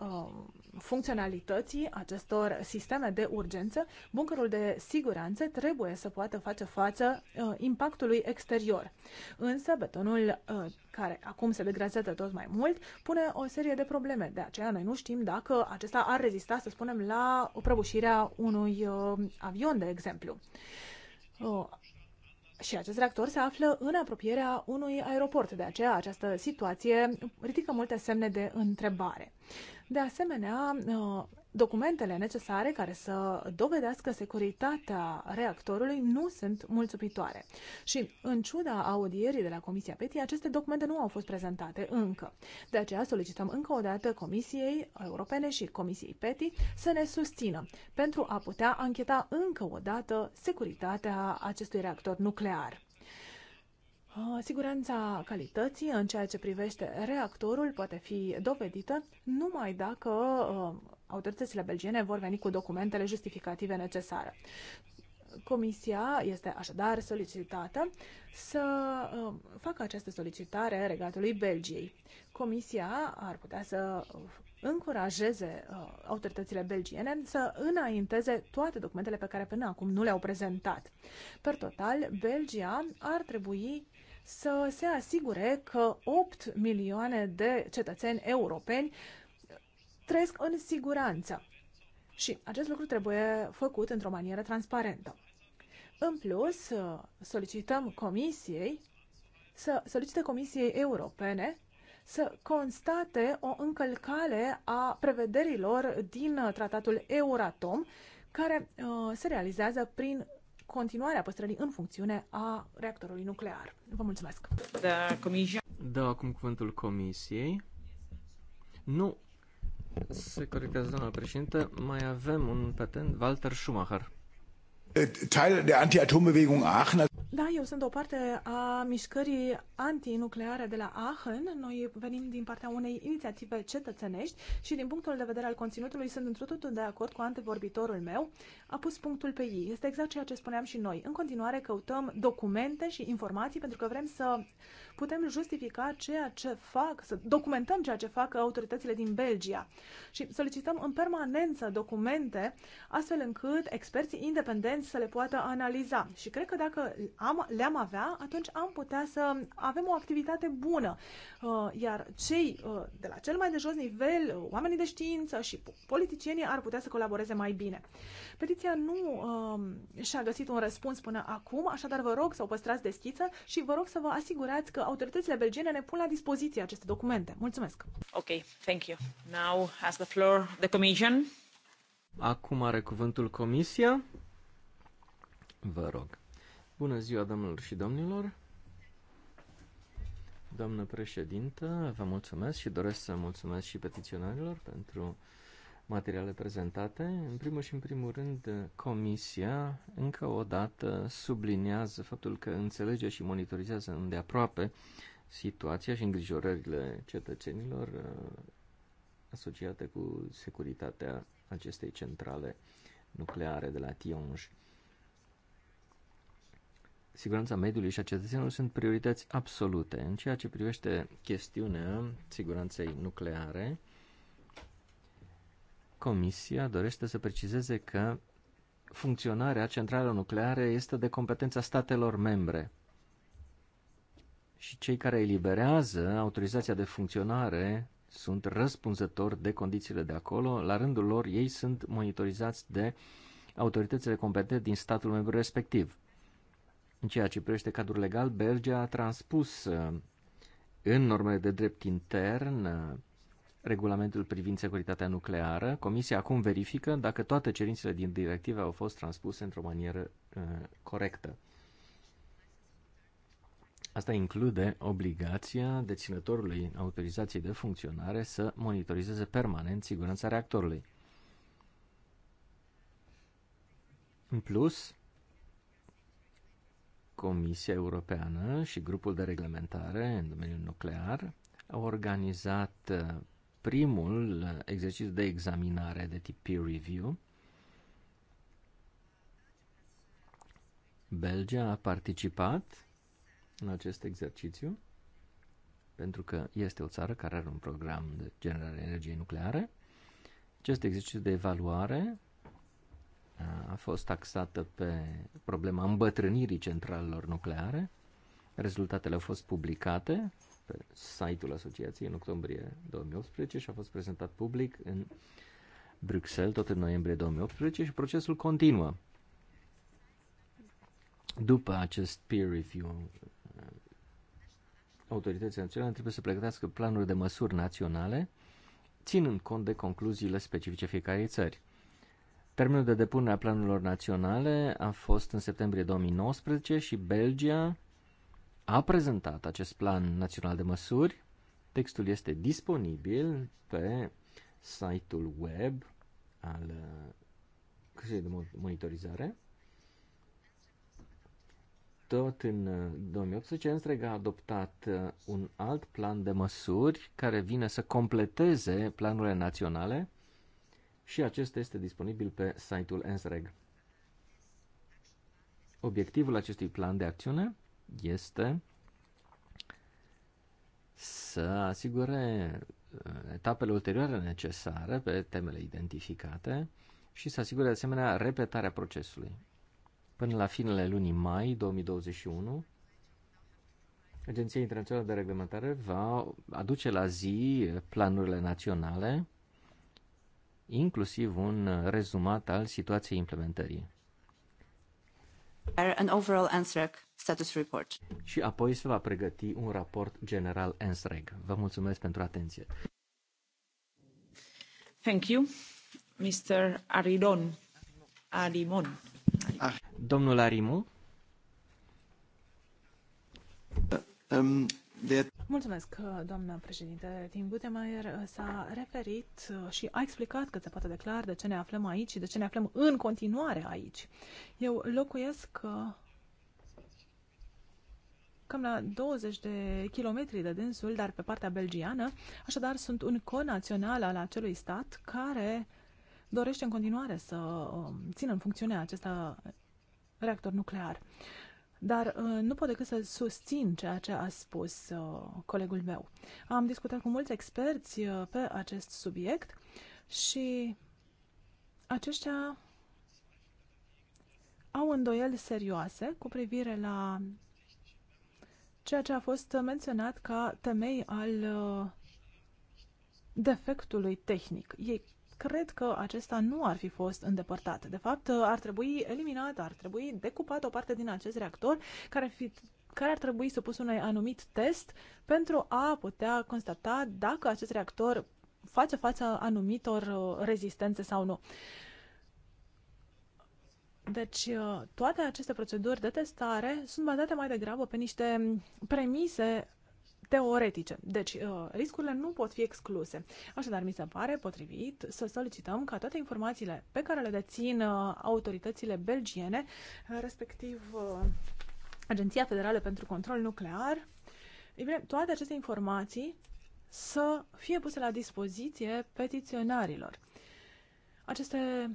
Speaker 4: funcționalității acestor sisteme Europeană de Urgență, bunkerul de siguranță trebuie să poată face față uh, impactului exterior. Însă betonul uh, care acum se degradează tot mai mult pune o serie de probleme. De aceea noi nu știm dacă acesta ar rezista, să spunem, la prăbușirea unui uh, avion, de exemplu. Uh, și acest reactor se află în apropierea unui aeroport, de aceea această situație ridică multe semne de întrebare. De asemenea, uh, documentele necesare care să dovedească securitatea reactorului nu sunt mulțumitoare. Și, în ciuda audierii de la Comisia PETI, aceste documente nu au fost prezentate încă. De aceea solicităm încă o dată Comisiei Europene și Comisiei PETI să ne susțină pentru a putea ancheta încă o dată securitatea acestui reactor nuclear. Ah, siguranța calității în ceea ce privește reactorul poate fi dovedită numai dacă uh, autoritățile belgiene vor veni cu documentele justificative necesare. Comisia este așadar solicitată să uh, facă această solicitare regatului Belgiei. Comisia ar putea să încurajeze uh, autoritățile belgiene să înainteze toate documentele pe care până acum nu le-au prezentat. Per total, Belgia ar trebui să se asigure că 8 milioane de cetățeni europeni trăiesc în siguranță. Și acest lucru trebuie făcut într-o manieră transparentă. În plus, solicităm Comisiei să solicite Comisiei Europene să constate o încălcare a prevederilor din tratatul Euratom, care uh, se realizează prin continuarea păstrării în funcțiune a reactorului nuclear. Vă mulțumesc! Da,
Speaker 2: comisia. Da, acum cuvântul comisiei. Nu, se corectează, doamna președinte. mai avem un patent, Walter Schumacher. Äh, Teil der Anti-Atom-Bewegung Aachen.
Speaker 4: Da, eu sunt o parte a mișcării antinucleare de la Aachen. Noi venim din partea unei inițiative cetățenești și din punctul de vedere al conținutului sunt într totul de acord cu antevorbitorul meu. A pus punctul pe ei. Este exact ceea ce spuneam și noi. În continuare căutăm documente și informații pentru că vrem să putem justifica ceea ce fac, să documentăm ceea ce fac autoritățile din Belgia și solicităm în permanență documente astfel încât experții independenți Parlament să le poată analiza. Și cred că dacă am, le-am avea, atunci am putea să avem o activitate bună. Uh, iar cei uh, de la cel mai de jos nivel, uh, oamenii de știință și politicienii ar putea să colaboreze mai bine. Petiția nu um, și-a găsit un răspuns până acum, așadar vă rog să o păstrați deschisă și vă rog să vă asigurați că autoritățile belgiene ne pun la dispoziție aceste documente. Mulțumesc! Ok, thank you. Now has the floor the Commission.
Speaker 2: Acum are cuvântul Comisia. Vă rog. Bună ziua, domnilor și domnilor. Doamnă președintă, vă mulțumesc și doresc să mulțumesc și petiționarilor pentru materiale prezentate. În primul și în primul rând, Comisia încă o dată subliniază faptul că înțelege și monitorizează îndeaproape situația și îngrijorările cetățenilor uh, asociate cu securitatea acestei centrale nucleare de la Tionj siguranța mediului și a cetățenilor sunt priorități absolute. În ceea ce privește chestiunea siguranței nucleare, Comisia dorește să precizeze că funcționarea centralelor nucleare este de competența statelor membre și cei care eliberează autorizația de funcționare sunt răspunzători de condițiile de acolo. La rândul lor, ei sunt monitorizați de autoritățile competente din statul membru respectiv. În ceea ce privește cadrul legal, Belgia a transpus uh, în normele de drept intern uh, regulamentul privind securitatea nucleară. Comisia acum verifică dacă toate cerințele din directive au fost transpuse într-o manieră uh, corectă. Asta include obligația deținătorului autorizației de funcționare să monitorizeze permanent siguranța reactorului. În plus, Comisia Europeană și grupul de reglementare în domeniul nuclear au organizat uh, primul uh, exercițiu de examinare de tip peer review. Belgia a participat în acest exercițiu pentru că este o țară care are un program de generare energiei nucleare. Acest exercițiu de evaluare a fost taxată pe problema îmbătrânirii centralelor nucleare. Rezultatele au fost publicate pe site-ul asociației în octombrie 2018 și a fost prezentat public în Bruxelles tot în noiembrie 2018 și procesul continuă. După acest peer review, autoritățile naționale trebuie să pregătească planuri de măsuri naționale, ținând cont de concluziile specifice fiecarei țări. Termenul de depunere a planurilor naționale a fost în septembrie 2019 și Belgia a prezentat acest plan național de măsuri. Textul este disponibil pe site-ul web al uh, Consiliului de Monitorizare. Tot în 2018, uh, Enstreg a adoptat uh, un alt plan de măsuri care vine să completeze planurile naționale și acesta este disponibil pe site-ul NSREG. Obiectivul acestui plan de acțiune este să asigure uh, etapele ulterioare necesare pe temele identificate și să asigure de asemenea repetarea procesului. Până la finele lunii mai 2021, Agenția Internațională de Reglementare va aduce la zi planurile naționale inclusiv un uh, rezumat al situației implementării. An overall NSREG status report. Și apoi se va pregăti un raport general NSREG. Vă mulțumesc pentru atenție.
Speaker 4: Thank you, Mr. Aridon. Arimon.
Speaker 2: Domnul Arimu? Uh, um, de...
Speaker 4: Mulțumesc, doamnă președinte. Tim Gutemeyer s-a referit uh, și a explicat cât se poate de clar de ce ne aflăm aici și de ce ne aflăm în continuare aici. Eu locuiesc uh, cam la 20 de kilometri de dânsul, dar pe partea belgiană, așadar sunt un conațional al acelui stat care dorește în continuare să um, țină în funcțiune acesta reactor nuclear. Uh, dar uh, nu pot decât să susțin ceea ce a spus uh, colegul meu. Am discutat cu mulți experți uh, pe acest subiect și aceștia au îndoieli serioase cu privire la ceea ce a fost menționat ca temei al defectului tehnic. Ei cred că acesta nu ar fi fost îndepărtat. De fapt, ar trebui eliminat, ar trebui decupat o parte din acest reactor care ar fi care ar trebui supus unui anumit test pentru a putea constata dacă acest reactor face față anumitor uh, rezistențe sau nu. Deci, uh, toate aceste proceduri de testare sunt bazate mai degrabă pe niște premise teoretice. Deci, uh, riscurile nu pot fi excluse. Așadar, mi se pare potrivit să solicităm ca toate informațiile pe care le dețin uh, autoritățile belgiene, uh, respectiv Agenția Federală pentru Control Nuclear, toate aceste informații să fie puse la dispoziție petiționarilor. Aceste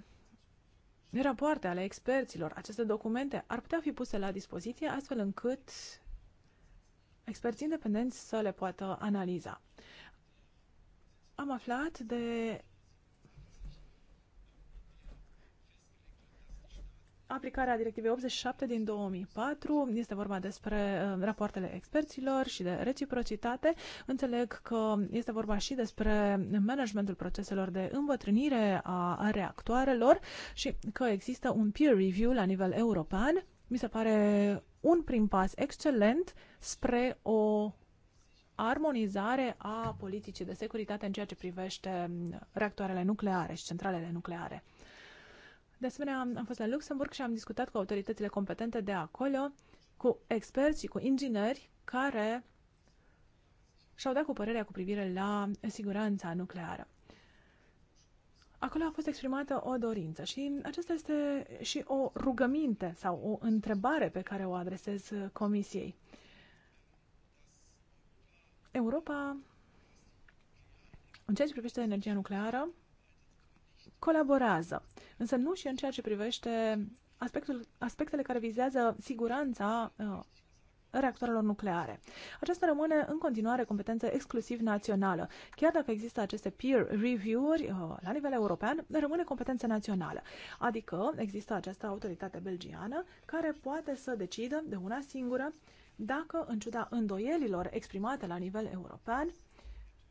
Speaker 4: rapoarte ale experților, aceste documente ar putea fi puse la dispoziție astfel încât experți independenți să le poată analiza. Am aflat de aplicarea directivei 87 din 2004. Este vorba despre uh, rapoartele experților și de reciprocitate. Înțeleg că este vorba și despre managementul proceselor de îmbătrânire a reactoarelor și că există un peer review la nivel european. Mi se pare un prim pas excelent spre o armonizare a politicii de securitate în ceea ce privește mm, reactoarele nucleare și centralele nucleare. De asemenea, am fost la Luxemburg și am discutat cu autoritățile competente de acolo, cu experți și cu ingineri care și-au dat cu părerea cu privire la siguranța nucleară. Acolo a fost exprimată o dorință și aceasta este și o rugăminte sau o întrebare pe care o adresez uh, Comisiei. Europa, în ceea ce privește energia nucleară, colaborează, însă nu și în ceea ce privește aspectul, aspectele care vizează siguranța uh, reactoarelor nucleare. Aceasta rămâne în continuare competență exclusiv națională. Chiar dacă există aceste peer review-uri uh, la nivel european, rămâne competență națională. Adică există această autoritate belgiană care poate să decidă de una singură dacă, în ciuda îndoielilor exprimate la nivel european,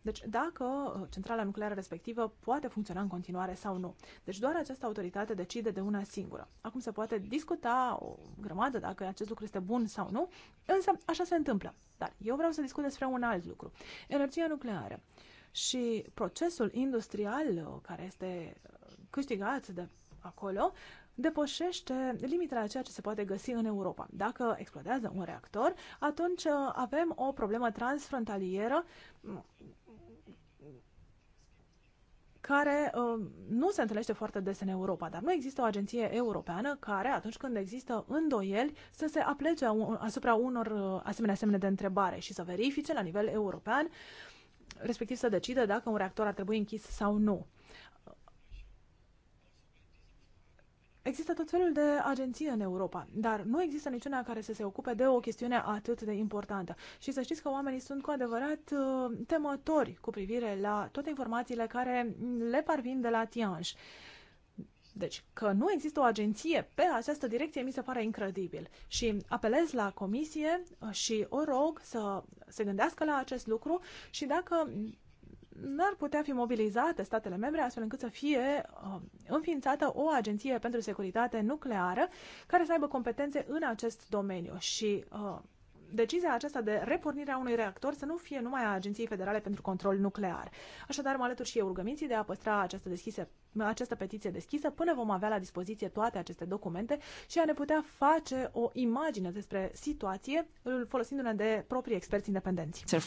Speaker 4: deci dacă uh, centrala nucleară respectivă poate funcționa în continuare sau nu. Deci doar această autoritate decide de una singură. Acum se poate discuta o grămadă dacă acest lucru este bun sau nu, însă așa se întâmplă. Dar eu vreau să discut despre un alt lucru. Energia nucleară și procesul industrial uh, care este uh, câștigat de acolo depășește limitele a ceea ce se poate găsi în Europa. Dacă explodează un reactor, atunci avem o problemă transfrontalieră care um, nu se întâlnește foarte des în Europa, dar nu există o agenție europeană care, atunci când există îndoieli, să se aplece asupra unor uh, asemenea semne de întrebare și să verifice la nivel european, respectiv să decide dacă un reactor ar trebui închis sau nu. Există tot felul de agenții în Europa, dar nu există niciuna care să se ocupe de o chestiune atât de importantă. Și să știți că oamenii sunt cu adevărat uh, temători cu privire la toate informațiile care le parvin de la Tianj. Deci, că nu există o agenție pe această direcție mi se pare incredibil. Și apelez la comisie uh, și o rog să se gândească la acest lucru și dacă n-ar putea fi mobilizate statele membre astfel încât să fie uh, înființată o agenție pentru securitate nucleară care să aibă competențe în acest domeniu și uh, decizia aceasta de repornire a unui reactor să nu fie numai a Agenției Federale pentru Control Nuclear. Așadar, mă alătur și eu rugăminții de a păstra această, deschise, această petiție deschisă până vom avea la dispoziție toate aceste documente și a ne putea face o imagine despre situație folosindu-ne de proprii experți independenți. Sir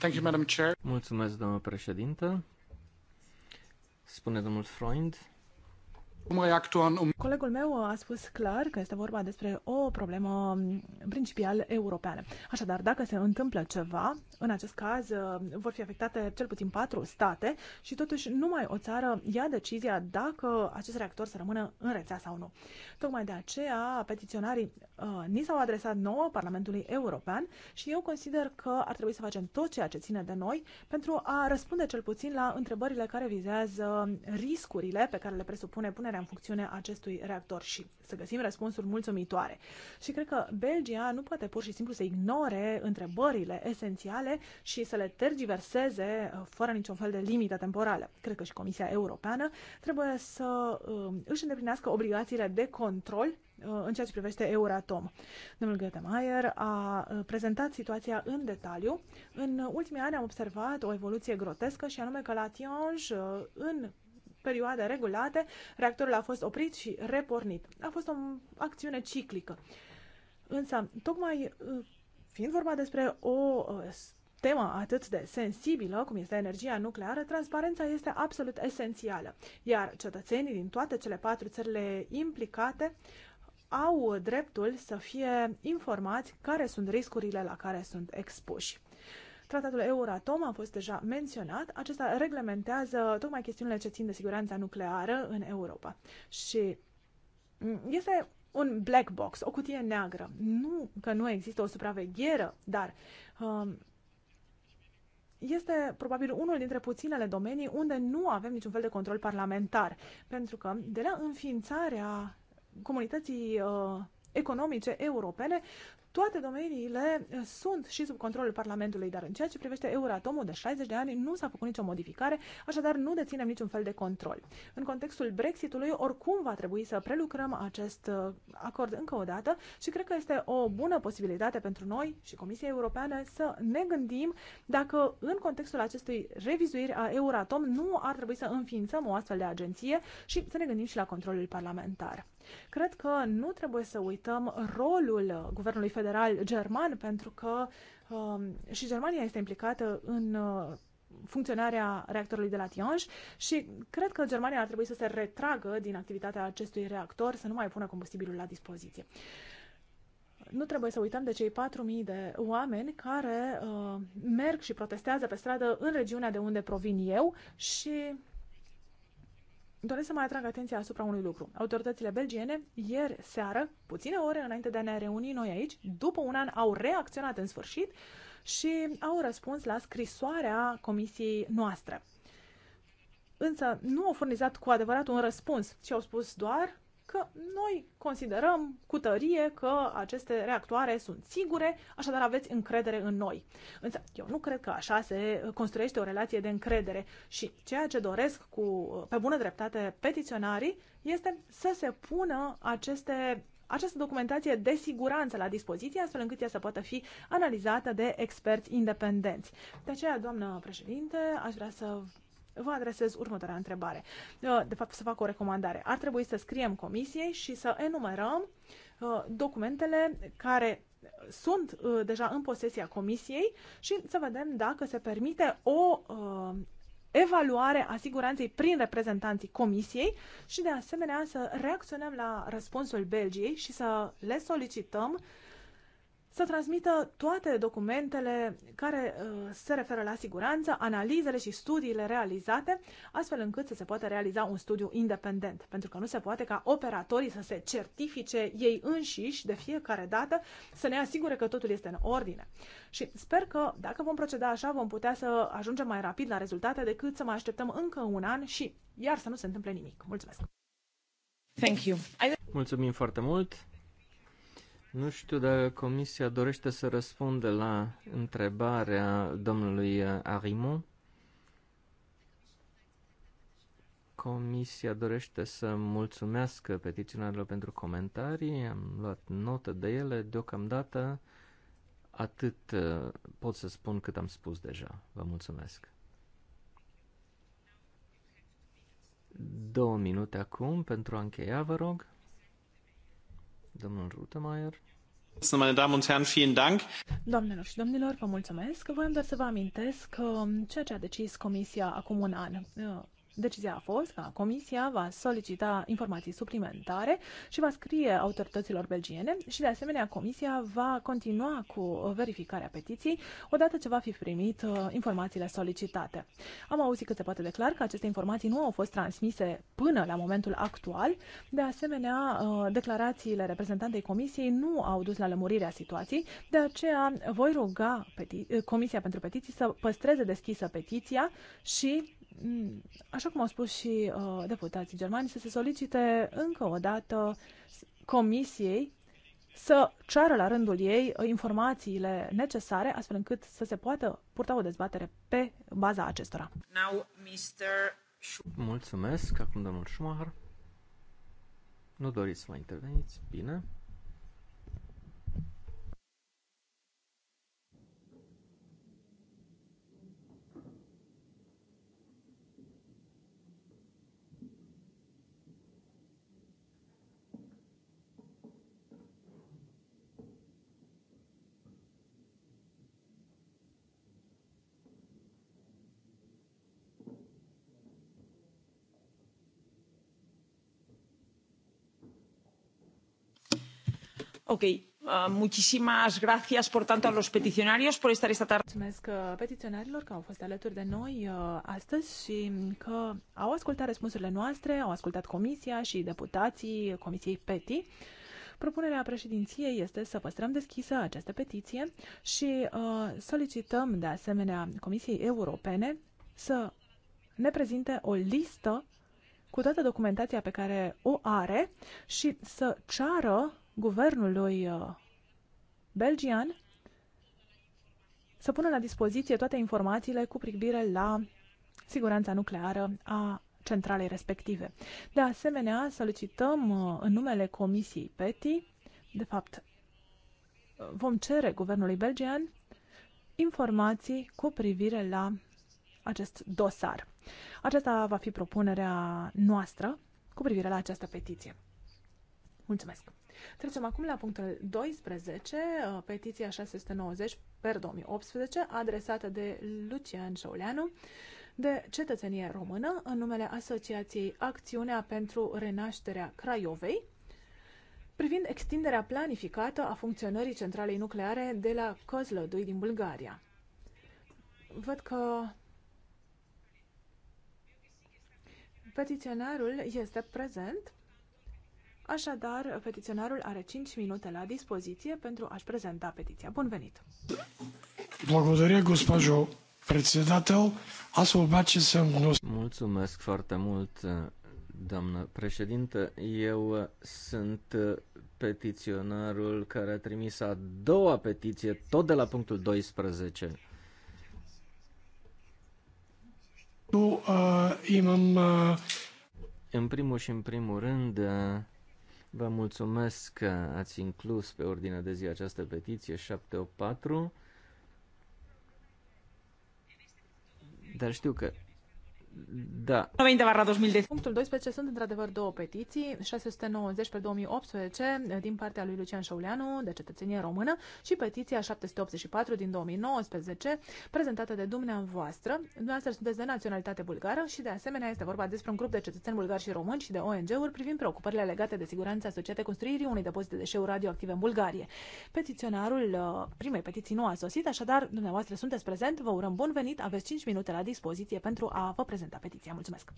Speaker 3: Thank you, Madam
Speaker 2: Chair. Mulțumesc, doamnă președintă. Spune domnul Freund.
Speaker 4: Colegul meu a spus clar că este vorba despre o problemă principal europeană. Așadar, dacă se întâmplă ceva, în acest caz uh, vor fi afectate cel puțin patru state și totuși numai o țară ia decizia dacă acest reactor să rămână în rețea sau nu. Tocmai de aceea, petiționarii uh, ni s-au adresat nouă Parlamentului European și eu consider că ar trebui să facem tot ceea ce ține de noi pentru a răspunde cel puțin la întrebările care vizează riscurile pe care le presupune punerea punerea în funcțiune a acestui reactor și să găsim răspunsuri mulțumitoare. Și cred că Belgia nu poate pur și simplu să ignore întrebările esențiale și să le tergiverseze uh, fără niciun fel de limită temporală. Cred că și Comisia Europeană trebuie să um, își îndeplinească obligațiile de control uh, în ceea ce privește Euratom. Domnul Mayer a uh, prezentat situația în detaliu. În ultimii ani am observat o evoluție grotescă și anume că la Tionj, în perioade regulate, reactorul a fost oprit și repornit. A fost o acțiune ciclică. Însă, tocmai uh, fiind vorba despre o uh, temă atât de sensibilă cum este energia nucleară, transparența este absolut esențială, iar cetățenii din toate cele patru țările implicate au dreptul să fie informați care sunt riscurile la care sunt expuși. Tratatul Euratom a fost deja menționat. Acesta reglementează tocmai chestiunile ce țin de siguranța nucleară în Europa. Și este un black box, o cutie neagră. Nu că nu există o supraveghere, dar um, este probabil unul dintre puținele domenii unde nu avem niciun fel de control parlamentar. Pentru că de la înființarea comunității uh, economice europene, toate domeniile eh, sunt și sub controlul Parlamentului, dar în ceea ce privește Euratomul de 60 de ani nu s-a făcut nicio modificare, așadar nu deținem niciun fel de control. În contextul Brexitului, oricum va trebui să prelucrăm acest eh, acord încă o dată și cred că este o bună posibilitate pentru noi și Comisia Europeană să ne gândim dacă în contextul acestui revizuiri a Euratom nu ar trebui să înființăm o astfel de agenție și să ne gândim și la controlul parlamentar. Cred că nu trebuie să uităm rolul guvernului federal german, pentru că um, și Germania este implicată în uh, funcționarea reactorului de la Tianj și cred că Germania ar trebui să se retragă din activitatea acestui reactor, să nu mai pună combustibilul la dispoziție. Nu trebuie să uităm de cei 4.000 de oameni care uh, merg și protestează pe stradă în regiunea de unde provin eu și doresc să mai atrag atenția asupra unui lucru. Autoritățile belgiene, ieri seară, puține ore înainte de a ne reuni noi aici, după un an au reacționat în sfârșit și au răspuns la scrisoarea comisiei noastre. Însă nu au furnizat cu adevărat un răspuns, ci au spus doar că noi considerăm cu tărie că aceste reactoare sunt sigure, așadar aveți încredere în noi. Însă eu nu cred că așa se construiește o relație de încredere și ceea ce doresc cu, pe bună dreptate petiționarii este să se pună aceste această documentație de siguranță la dispoziție, astfel încât ea să poată fi analizată de experți independenți. De aceea, doamnă președinte, aș vrea să vă adresez următoarea întrebare. Uh, de fapt, să fac o recomandare. Ar trebui să scriem comisiei și să enumerăm uh, documentele care sunt uh, deja în posesia comisiei și să vedem dacă se permite o evaluare a siguranței prin reprezentanții comisiei și de asemenea să reacționăm la răspunsul Belgiei și să le solicităm uh, să transmită toate documentele care uh, se referă la siguranță, analizele și studiile realizate, astfel încât să se poată realiza un studiu independent. Pentru că nu se poate ca operatorii să se certifice ei înșiși de fiecare dată, să ne asigure că totul este în ordine. Și sper că dacă vom proceda așa, vom putea să ajungem mai rapid la rezultate decât să mai așteptăm încă un an și iar să nu se întâmple nimic. Mulțumesc! Thank you.
Speaker 2: Mulțumim foarte mult! Nu știu dacă Comisia dorește să răspundă la întrebarea domnului Arimon. Comisia dorește să mulțumească petiționarilor pentru comentarii, am luat notă de ele deocamdată. Atât uh, pot să spun cât am spus deja. Vă mulțumesc. Două minute acum pentru a încheia, vă rog. Domnul Rutemeier. Meine Dank.
Speaker 4: Doamnelor și domnilor, vă mulțumesc. am doar să vă amintesc că ceea ce a decis Comisia acum un an Decizia a fost ca Comisia va solicita informații suplimentare și va scrie autorităților belgiene și, de asemenea, Comisia va continua cu verificarea petiției odată ce va fi primit uh, informațiile solicitate. Am auzit cât se poate de clar că aceste informații nu au fost transmise până la momentul actual. De asemenea, uh, declarațiile reprezentantei Comisiei nu au dus la lămurirea situației, de aceea voi ruga Comisia pentru Petiții să păstreze deschisă petiția și Mm, așa cum au spus și uh, deputații germani, să se solicite încă o dată comisiei să ceară la rândul ei uh, informațiile necesare, astfel încât să se poată purta o dezbatere pe baza acestora.
Speaker 1: Now, Mr.
Speaker 2: Mulțumesc. Acum, domnul Schumacher. Nu doriți să mai interveniți? Bine.
Speaker 4: Ok, Mulțumesc petiționarilor că au fost alături de noi ah, astăzi și că au ascultat răspunsurile noastre, au ascultat comisia și deputații Comisiei PETI. Propunerea președinției este să păstrăm deschisă această petiție și uh, solicităm de asemenea Comisiei Europene să ne prezinte o listă cu toată documentația pe care o are și să ceară guvernului uh, belgian să pună la dispoziție toate informațiile cu privire la siguranța nucleară a centralei respective. De asemenea, solicităm uh, în numele Comisiei PETI, de fapt, vom cere guvernului belgian informații cu privire la acest dosar. Aceasta va fi propunerea noastră cu privire la această petiție. Mulțumesc! Trecem acum la punctul 12, uh, petiția 690 per 2018, adresată de Lucian Șauleanu, de cetățenie română în numele Asociației Acțiunea pentru Renașterea Craiovei, privind extinderea planificată a funcționării centralei nucleare de la Cozlădui din Bulgaria. Văd că petiționarul este prezent Așadar, petiționarul are 5 minute la dispoziție pentru a-și prezenta petiția. Bun venit!
Speaker 3: Благодаря, госпожо председател.
Speaker 2: Аз обаче съм... Mulțumesc foarte mult, doamnă președintă. Eu sunt petiționarul care a trimis a doua petiție, tot de la punctul 12. Nu, uh, imam... Uh... În primul și în primul rând, Vă mulțumesc că ați inclus pe ordinea de zi această petiție 784. Dar știu că da.
Speaker 4: 90 vara 2010. Punctul 12 sunt într-adevăr două petiții, 690 pe 2018 din partea lui Lucian Șauleanu de cetățenie română și petiția 784 din 2019 prezentată de dumneavoastră. Dumneavoastră sunteți de naționalitate bulgară și de asemenea este vorba despre un grup de cetățeni bulgari și români și de ONG-uri privind preocupările legate de siguranța asociate construirii unui depozit de deșeuri radioactive în Bulgarie. Petiționarul uh, primei petiții nu a sosit, așadar dumneavoastră sunteți prezent, vă urăm bun venit, aveți 5 minute la dispoziție pentru a vă prezenta prezenta petiția. Mulțumesc!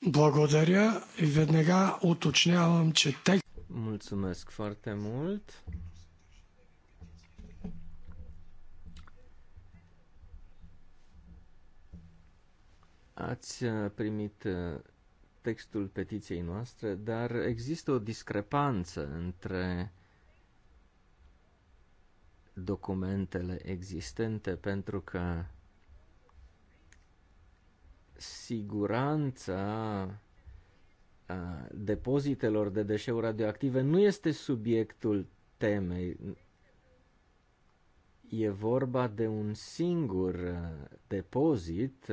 Speaker 3: Благодаря веднага уточнявам, че текст...
Speaker 2: Mulțumesc foarte mult. Ați uh, primit uh, textul petiției noastre, dar există o discrepanță între documentele existente pentru că siguranța depozitelor de deșeuri radioactive nu este subiectul temei. E vorba de un singur depozit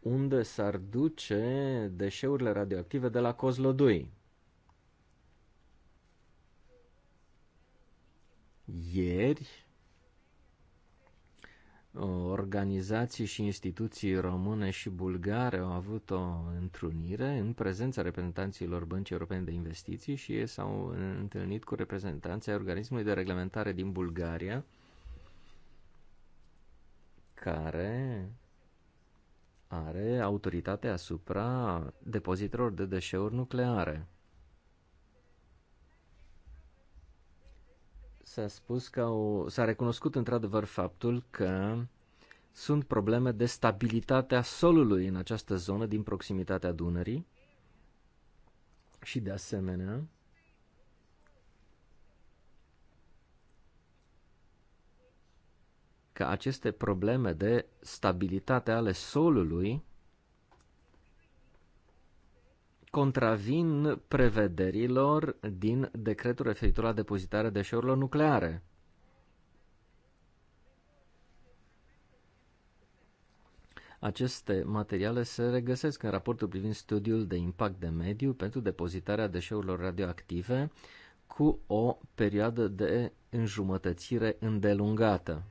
Speaker 2: unde s-ar duce deșeurile radioactive de la Cozlodui. Ieri, organizații și instituții române și bulgare au avut o întrunire în prezența reprezentanților Băncii Europene de Investiții și ei s-au întâlnit cu reprezentanții organismului de reglementare din Bulgaria, care are autoritate asupra depozitelor de deșeuri nucleare. S-a spus că s-a recunoscut într-adevăr faptul că sunt probleme de stabilitate a solului în această zonă din proximitatea Dunării și de asemenea că aceste probleme de stabilitate ale solului contravin prevederilor din decretul referitor la depozitarea deșeurilor nucleare. Aceste materiale se regăsesc în raportul privind studiul de impact de mediu pentru depozitarea deșeurilor radioactive cu o perioadă de înjumătățire îndelungată.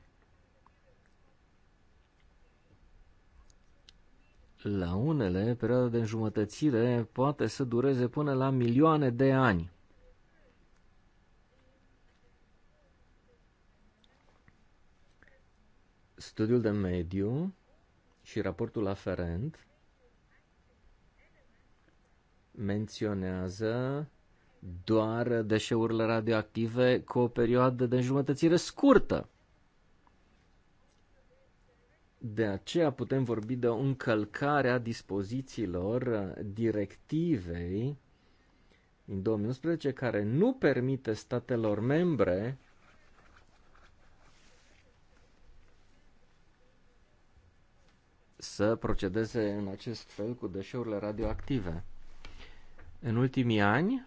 Speaker 2: La unele, perioada de înjumătățire poate să dureze până la milioane de ani. Studiul de mediu și raportul aferent menționează doar deșeurile radioactive cu o perioadă de înjumătățire scurtă. De aceea putem vorbi de o încălcare a dispozițiilor uh, directivei din 2011 care nu permite statelor membre să procedeze în acest fel cu deșeurile radioactive. În ultimii ani,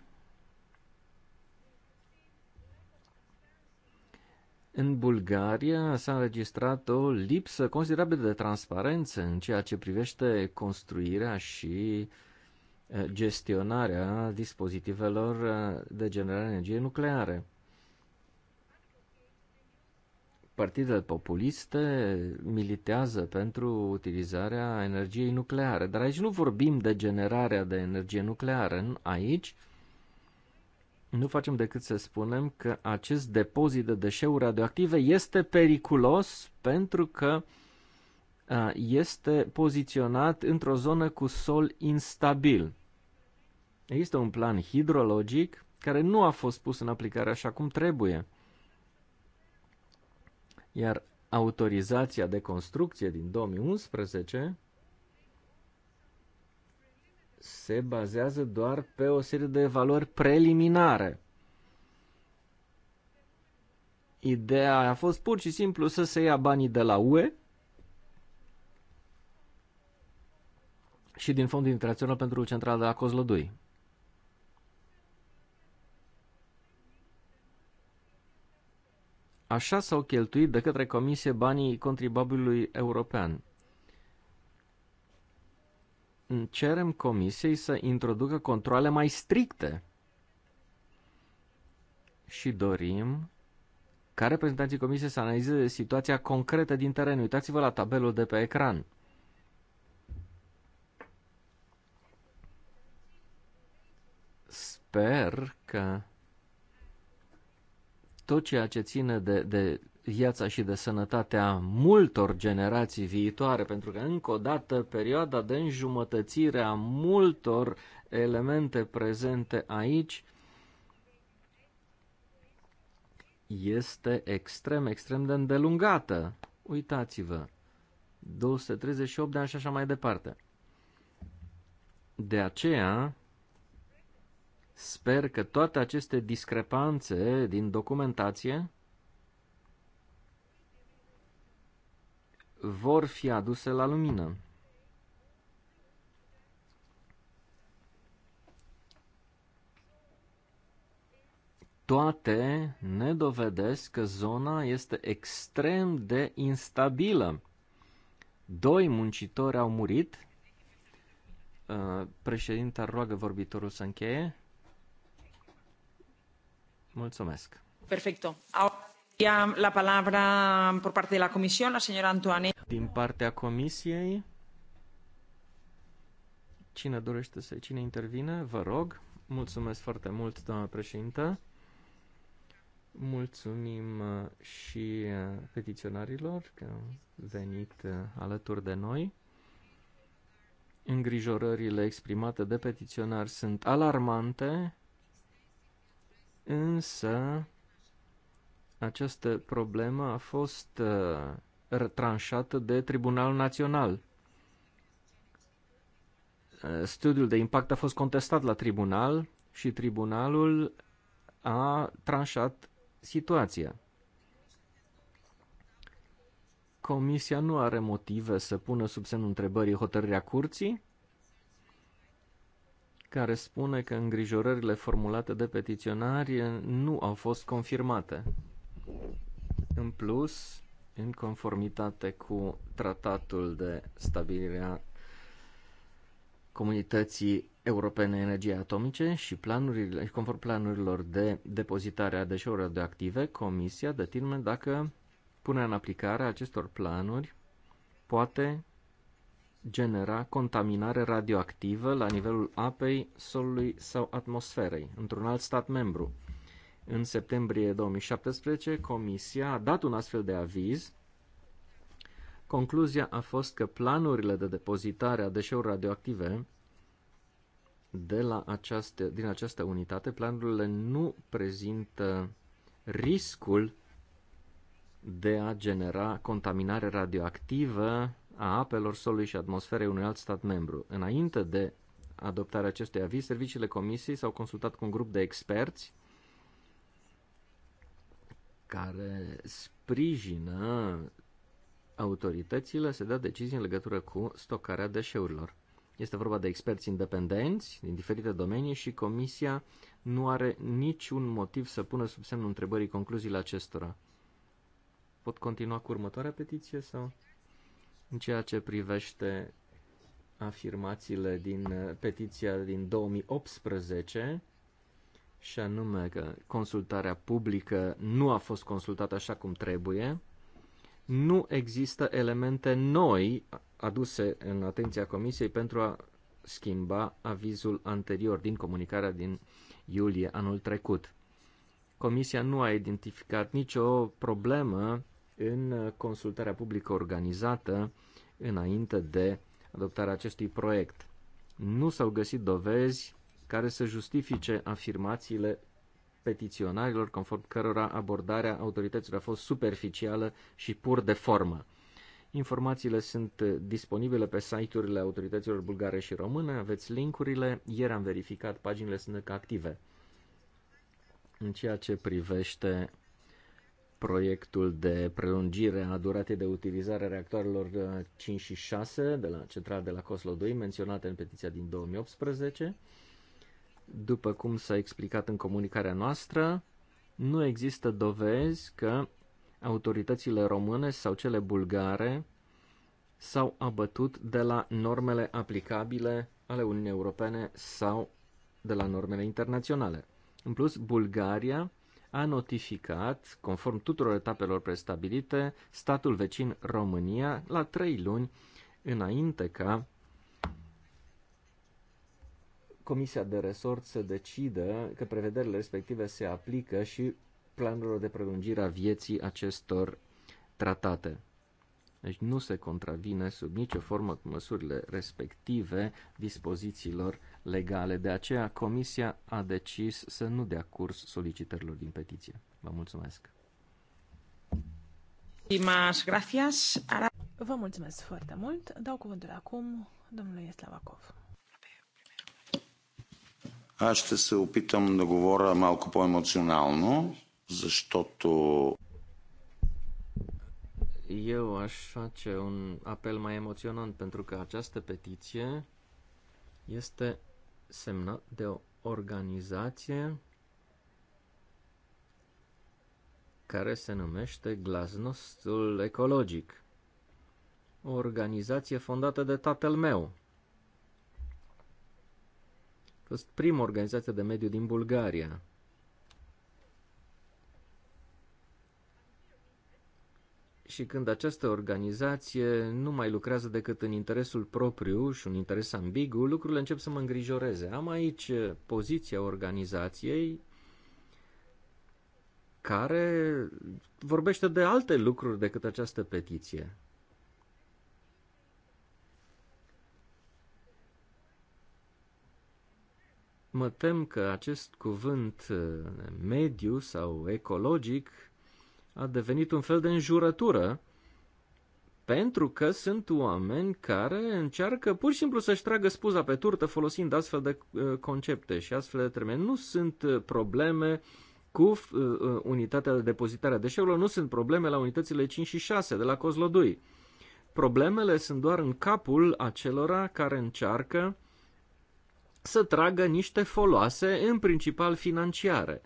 Speaker 2: În Bulgaria s-a înregistrat o lipsă considerabilă de transparență în ceea ce privește construirea și gestionarea dispozitivelor de generare energie nucleare. Partidele populiste militează pentru utilizarea energiei nucleare, dar aici nu vorbim de generarea de energie nucleară, aici nu facem decât să spunem că acest depozit de deșeuri radioactive este periculos pentru că este poziționat într-o zonă cu sol instabil. Există un plan hidrologic care nu a fost pus în aplicare așa cum trebuie. Iar autorizația de construcție din 2011 se bazează doar pe o serie de valori preliminare. Ideea a fost pur și simplu să se ia banii de la UE și din Fondul Internațional pentru Centrala de la Cozlodui. Așa s-au cheltuit de către Comisie banii contribuabilului european cerem comisiei să introducă controle mai stricte și dorim ca reprezentanții comisiei să analizeze situația concretă din teren. Uitați-vă la tabelul de pe ecran. Sper că tot ceea ce ține de, de viața și de sănătatea multor generații viitoare, pentru că încă o dată perioada de înjumătățire a multor elemente prezente aici este extrem, extrem de îndelungată. Uitați-vă, 238 de ani și așa mai departe. De aceea, sper că toate aceste discrepanțe din documentație vor fi aduse la lumină. Toate ne dovedesc că zona este extrem de instabilă. Doi muncitori au murit. Uh, președinta roagă vorbitorul să încheie. Mulțumesc.
Speaker 4: Perfecto. La palabra por parte de la comisión, la señora
Speaker 2: Din partea comisiei, cine dorește să, cine intervine, vă rog. Mulțumesc foarte mult, doamna președintă. Mulțumim uh, și uh, petiționarilor că au venit uh, alături de noi. Îngrijorările exprimate de petiționari sunt alarmante, însă această problemă a fost uh, tranșată de Tribunalul Național. Uh, studiul de impact a fost contestat la tribunal și tribunalul a tranșat situația. Comisia nu are motive să pună sub semnul întrebării hotărârea curții, care spune că îngrijorările formulate de petiționari nu au fost confirmate. În plus, în conformitate cu tratatul de stabilire a comunității europene energie atomice și planurile, conform planurilor de depozitare a deșeurilor radioactive, Comisia determină dacă punerea în aplicare a acestor planuri poate genera contaminare radioactivă la nivelul apei, solului sau atmosferei într-un alt stat membru. În septembrie 2017, Comisia a dat un astfel de aviz. Concluzia a fost că planurile de depozitare a deșeurilor radioactive de la această, din această unitate, planurile nu prezintă riscul de a genera contaminare radioactivă a apelor, solului și atmosferei unui alt stat membru. Înainte de adoptarea acestui aviz, serviciile comisiei s-au consultat cu un grup de experți care sprijină autoritățile să dea decizii în legătură cu stocarea deșeurilor. Este vorba de experți independenți din diferite domenii și comisia nu are niciun motiv să pună sub semnul întrebării concluziile acestora. Pot continua cu următoarea petiție sau? În ceea ce privește afirmațiile din uh, petiția din 2018, și anume că consultarea publică nu a fost consultată așa cum trebuie, nu există elemente noi aduse în atenția Comisiei pentru a schimba avizul anterior din comunicarea din iulie anul trecut. Comisia nu a identificat nicio problemă în consultarea publică organizată înainte de adoptarea acestui proiect. Nu s-au găsit dovezi care să justifice afirmațiile petiționarilor conform cărora abordarea autorităților a fost superficială și pur de formă. Informațiile sunt disponibile pe site-urile autorităților bulgare și române, aveți linkurile, ieri am verificat, paginile sunt active. În ceea ce privește proiectul de prelungire a duratei de utilizare a reactoarelor 5 uh, și 6 de la centrala de la Coslo 2, menționate în petiția din 2018, după cum s-a explicat în comunicarea noastră, nu există dovezi că autoritățile române sau cele bulgare s-au abătut de la normele aplicabile ale Uniunii Europene sau de la normele internaționale. În plus, Bulgaria a notificat, conform tuturor etapelor prestabilite, statul vecin România la trei luni înainte ca comisia de resort să decidă că prevederile respective se aplică și planurilor de prelungire a vieții acestor tratate. Deci nu se contravine sub nicio formă cu măsurile respective dispozițiilor legale. De aceea, Comisia a decis să nu dea curs solicitărilor din petiție. Vă mulțumesc!
Speaker 4: Vă mulțumesc foarte mult. Dau cuvântul acum domnului Eslavakov.
Speaker 3: Аз ще се опитам да говоря малко по-емоционално, защото...
Speaker 2: Eu aș face un apel mai emoționant pentru că această petiție este semnat de o organizație care se numește Glasnostul Ecologic. O organizație fondată de tatăl meu, fost prima organizație de mediu din Bulgaria. Și când această organizație nu mai lucrează decât în interesul propriu și un interes ambigu, lucrurile încep să mă îngrijoreze. Am aici eh, poziția organizației care vorbește de alte lucruri decât această petiție. mă tem că acest cuvânt uh, mediu sau ecologic a devenit un fel de înjurătură pentru că sunt oameni care încearcă pur și simplu să-și tragă spuza pe turtă folosind astfel de uh, concepte și astfel de termeni. Nu sunt uh, probleme cu unitatea de depozitare a deșeurilor, nu sunt probleme la unitățile 5 și 6 de la Cozlodui. Problemele sunt doar în capul acelora care încearcă să tragă niște foloase, în principal financiare.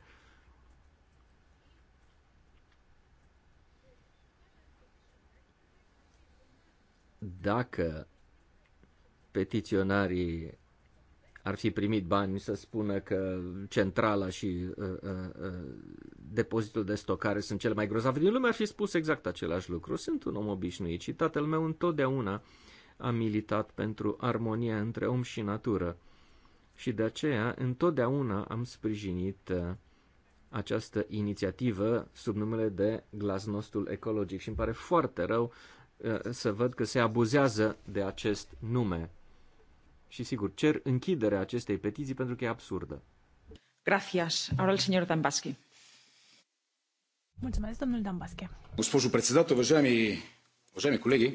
Speaker 2: Dacă petiționarii ar fi primit bani să spună că centrala și uh, uh, uh, depozitul de stocare sunt cele mai grozave din lume, ar fi spus exact același lucru. Sunt un om obișnuit și tatăl meu întotdeauna a militat pentru armonia între om și natură. Și de aceea, întotdeauna am sprijinit uh, această inițiativă sub numele de glasnostul ecologic și îmi pare foarte rău uh, să văd că se abuzează de acest nume. Și sigur, cer închiderea acestei petiții pentru că e absurdă.
Speaker 4: Gracias. Ahora el señor Dambaschi. Mulțumesc, domnul Dambaschi.
Speaker 2: Госпожо председател, уважаеми, уважаеми колеги.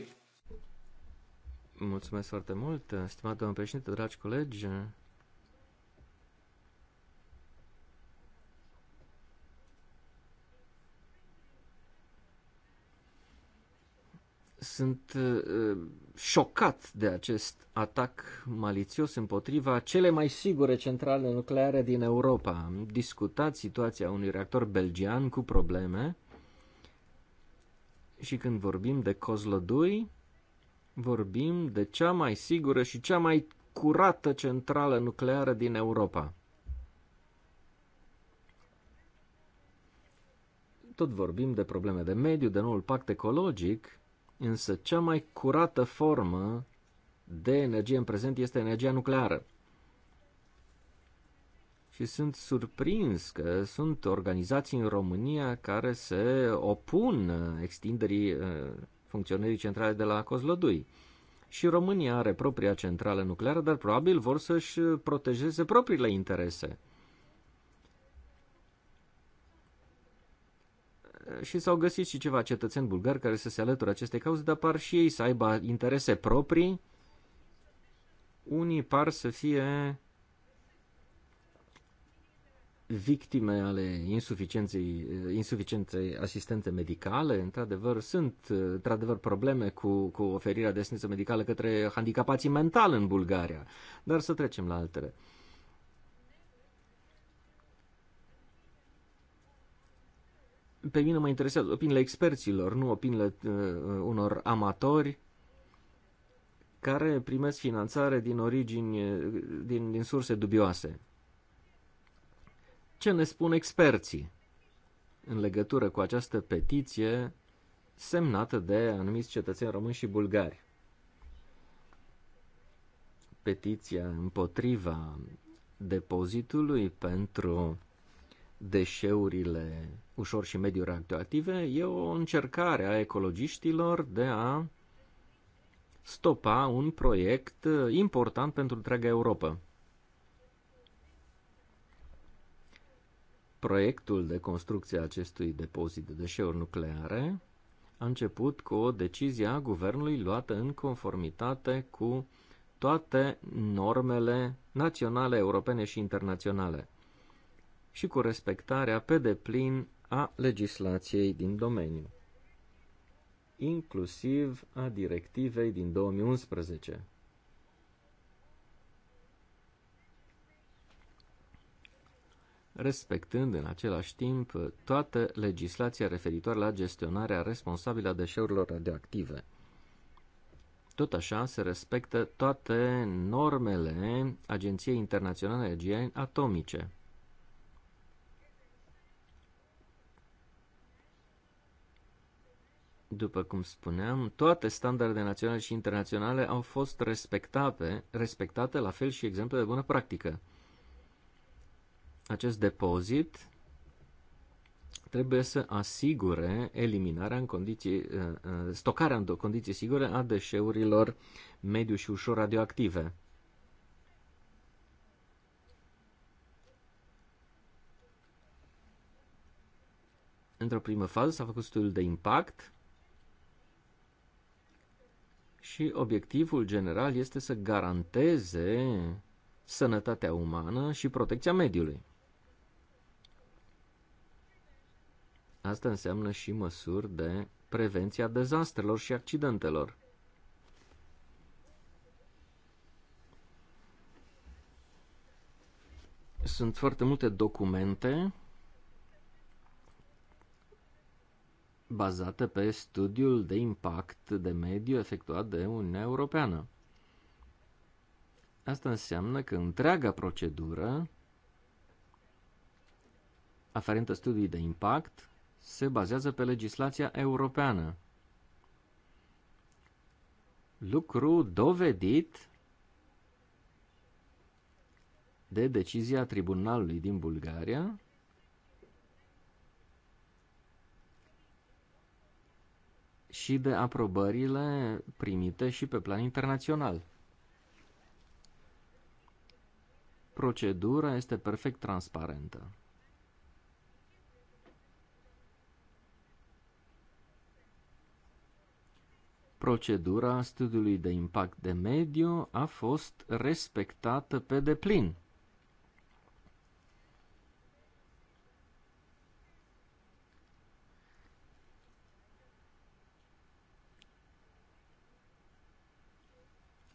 Speaker 2: Mulțumesc foarte mult, stimat domnul președinte, dragi colegi. Sunt uh, șocat de acest atac malițios împotriva cele mai sigure centrale nucleare din Europa. Am discutat situația unui reactor belgian cu probleme și când vorbim de Kozlodui, vorbim de cea mai sigură și cea mai curată centrală nucleară din Europa. Tot vorbim de probleme de mediu, de noul pact ecologic, Însă cea mai curată formă de energie în prezent este energia nucleară. Și sunt surprins că sunt organizații în România care se opun uh, extinderii uh, funcționării centrale de la Cozlodui. Și România are propria centrală nucleară, dar probabil vor să-și protejeze propriile interese. și s-au găsit și ceva cetățeni bulgari care să se alăture acestei cauze, dar par și ei să aibă interese proprii. Unii par să fie victime ale insuficienței, insuficienței asistențe medicale. Într-adevăr, sunt într-adevăr probleme cu, cu oferirea de asistență medicală către handicapații mental în Bulgaria. Dar să trecem la altele. Uh, Pe mine mă interesează opiniile experților, nu opiniile uh, unor amatori care primesc finanțare din origini, uh, din, din surse dubioase. Ce ne spun experții în legătură cu această petiție semnată de anumiți cetățeni români și bulgari? Petiția împotriva depozitului pentru deșeurile ușor și mediu radioactive, e o încercare a ecologiștilor de a stopa un proiect uh, important pentru întreaga Europa. Proiectul de construcție a acestui depozit de deșeuri nucleare a început cu o decizie a guvernului luată în conformitate cu toate normele naționale, europene și internaționale și cu respectarea pe deplin a legislației din domeniu, inclusiv a directivei din 2011. respectând în același timp toată legislația referitoare la gestionarea responsabilă a deșeurilor radioactive. Tot așa se respectă toate normele Agenției Internaționale de Energiei Atomice. După cum spuneam, toate standardele naționale și internaționale au fost respectate, respectate la fel și exemple de bună practică. Acest depozit trebuie să asigure eliminarea în condiții, uh, uh, stocarea în condiții sigure a deșeurilor mediu și ușor radioactive. Într-o primă fază s-a făcut studiul de impact și obiectivul general este să garanteze sănătatea umană și protecția mediului. Asta înseamnă și măsuri de prevenția dezastrelor și accidentelor. Sunt foarte multe documente bazată pe studiul de impact de mediu efectuat de Uniunea Europeană. Asta înseamnă că întreaga procedură aferentă studiului de impact se bazează pe legislația europeană. Lucru dovedit de decizia tribunalului din Bulgaria și de aprobările primite și pe plan internațional. Procedura este perfect transparentă. Procedura studiului de impact de mediu a fost respectată pe deplin.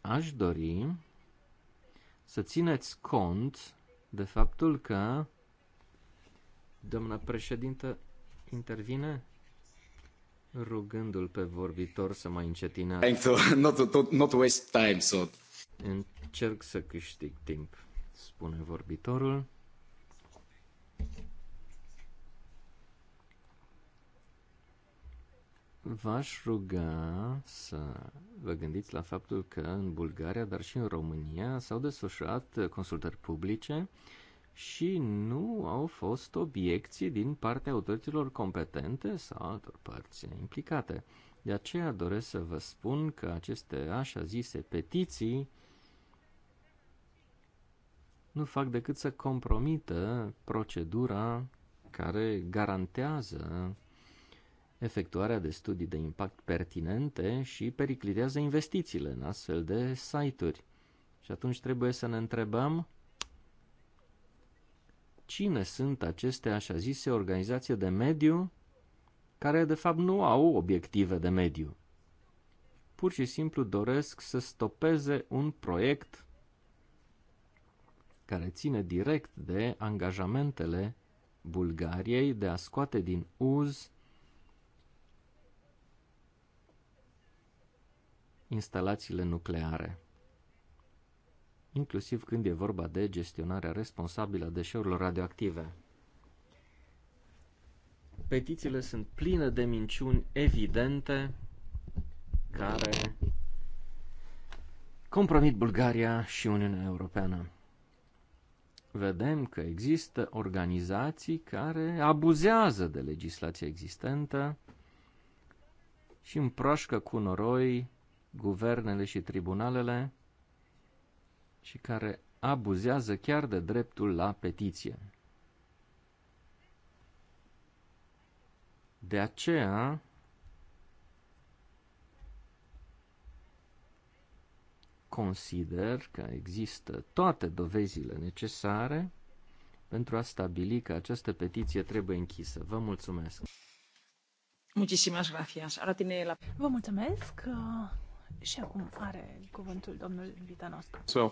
Speaker 2: aș dori să țineți cont de faptul că doamna președintă intervine rugându-l pe vorbitor să mai încetinească. Not, not, not waste time, so. Încerc să câștig timp, spune vorbitorul. V-aș ruga să vă gândiți la faptul că în Bulgaria, dar și în România, s-au desfășurat consultări publice și nu au fost obiecții din partea autorităților competente sau altor părți implicate. De aceea doresc să vă spun că aceste așa zise petiții nu fac decât să compromită procedura care garantează efectuarea de studii de impact pertinente și periclitează investițiile în astfel de site-uri. Și atunci trebuie să ne întrebăm cine sunt aceste așa zise organizații de mediu care de fapt nu au obiective de mediu. Pur și simplu doresc să stopeze un proiect care ține direct de angajamentele Bulgariei de a scoate din uz instalațiile nucleare, inclusiv când e vorba de gestionarea responsabilă a deșeurilor radioactive. Petițiile sunt pline de minciuni evidente care compromit Bulgaria și Uniunea Europeană. Vedem că există organizații care abuzează de legislația existentă și împroașcă cu noroi guvernele și tribunalele și care abuzează chiar de dreptul la petiție. De aceea, consider că există toate dovezile necesare pentru a stabili că această petiție trebuie închisă. Vă mulțumesc!
Speaker 4: Muchísimas gracias. Ahora tiene la... Vă mulțumesc!
Speaker 1: Și acum are cuvântul domnul Vitanoscu. So.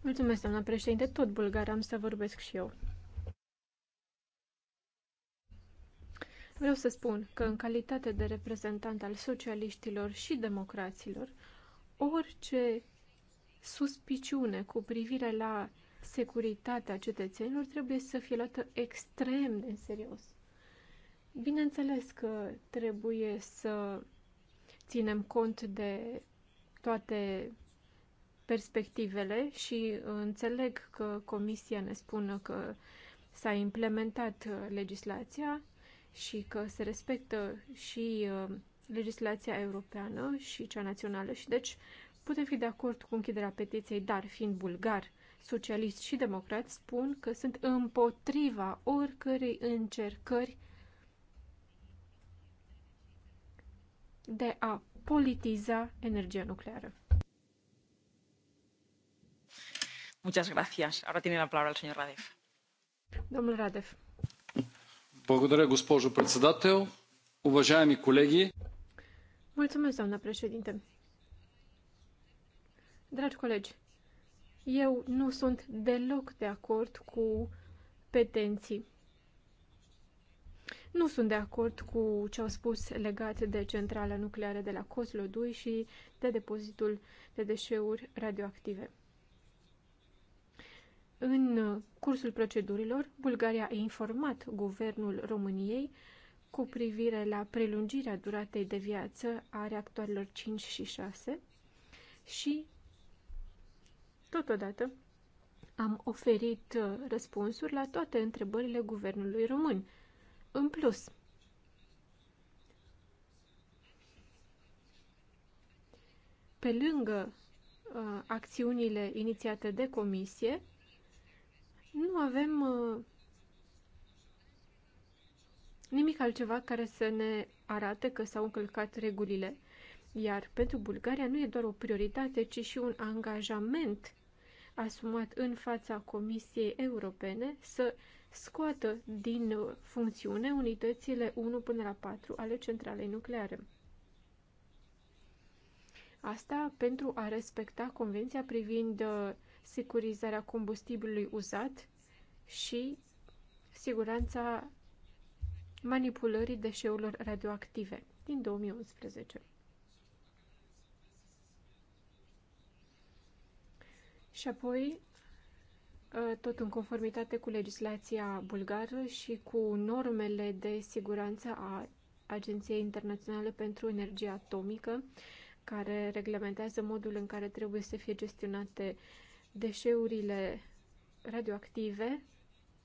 Speaker 1: Mulțumesc, doamna președinte. Tot bulgar am să vorbesc și eu. Vreau să spun că în calitate de reprezentant al socialiștilor și democraților, orice suspiciune cu privire la securitatea cetățenilor trebuie să fie luată extrem de în serios. Bineînțeles că trebuie să ținem cont de toate perspectivele și înțeleg că Comisia ne spune că s-a implementat uh, legislația și că se respectă și uh, legislația europeană și cea națională și deci putem fi de acord cu închiderea petiției, dar fiind bulgar, socialist și democrat spun că sunt împotriva oricărei încercări de a politiza energia nucleară. Muchas gracias. Ahora tiene la palabra el señor Radev. Domnul Radev.
Speaker 3: Благодаря, госпожо председател. Уважаеми колеги.
Speaker 1: Mulțumesc, doamna președinte. Dragi colegi, eu nu sunt deloc de acord cu petenții nu sunt de acord cu ce au spus legat de centrala nucleară de la Kozlodui și de depozitul de deșeuri radioactive. În cursul procedurilor, Bulgaria a informat guvernul României cu privire la prelungirea duratei de viață a reactoarelor 5 și 6 și, totodată, am oferit răspunsuri la toate întrebările guvernului român – în plus. Pe lângă uh, acțiunile inițiate de comisie, nu avem uh, nimic altceva care să ne arate că s-au încălcat regulile. Iar pentru Bulgaria nu e doar o prioritate, ci și un angajament asumat în fața Comisiei Europene să scoată din funcțiune unitățile 1 până la 4 ale centralei nucleare. Asta pentru a respecta convenția privind uh, securizarea combustibilului uzat și siguranța manipulării deșeurilor radioactive din 2011. Și apoi tot în conformitate cu legislația bulgară și cu normele de siguranță a Agenției Internaționale pentru Energie Atomică, care reglementează modul în care trebuie să fie gestionate deșeurile radioactive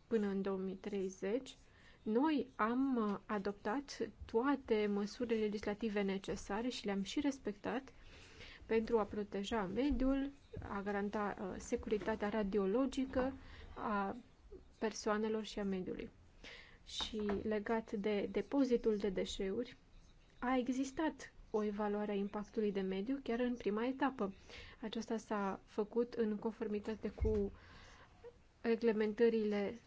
Speaker 1: până în 2030, noi am adoptat toate măsurile legislative necesare și le-am și respectat pentru a proteja mediul, a garanta uh, securitatea radiologică a persoanelor și a mediului. Și legat de depozitul de deșeuri, a existat o evaluare a impactului de mediu chiar în prima etapă. Aceasta s-a făcut în conformitate cu reglementările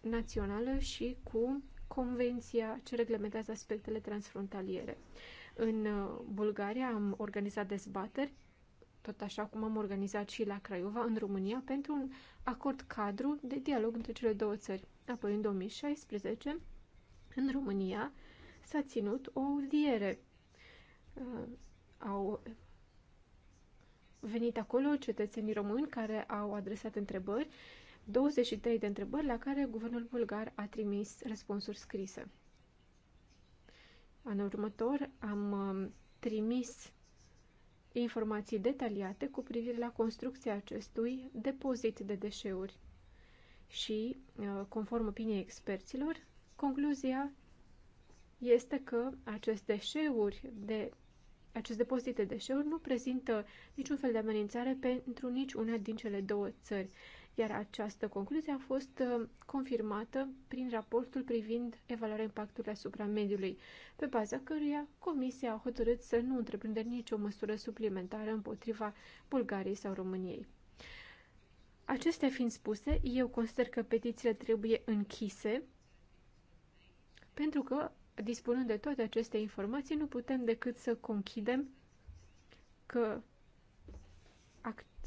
Speaker 1: naționale și cu convenția ce reglementează aspectele transfrontaliere. În uh, Bulgaria am organizat dezbateri tot așa cum am organizat și la Craiova, în România, pentru un acord cadru de dialog între cele două țări. Apoi, în 2016, în România, s-a ținut o audiere. Uh, au venit acolo cetățenii români care au adresat întrebări, 23 de întrebări la care guvernul bulgar a trimis răspunsuri scrise. Anul următor am uh, trimis informații detaliate cu privire la construcția acestui depozit de deșeuri. Și, uh, conform opiniei experților, concluzia este că acest deșeuri de acest depozit de deșeuri nu prezintă niciun fel de amenințare pentru niciuna din cele două țări iar această concluzie a fost uh, confirmată prin raportul privind evaluarea impactului asupra mediului, pe baza căruia Comisia a hotărât să nu întreprindă nicio măsură suplimentară împotriva Bulgariei sau României. Acestea fiind spuse, eu consider că petițiile trebuie închise pentru că, dispunând de toate aceste informații, nu putem decât să conchidem că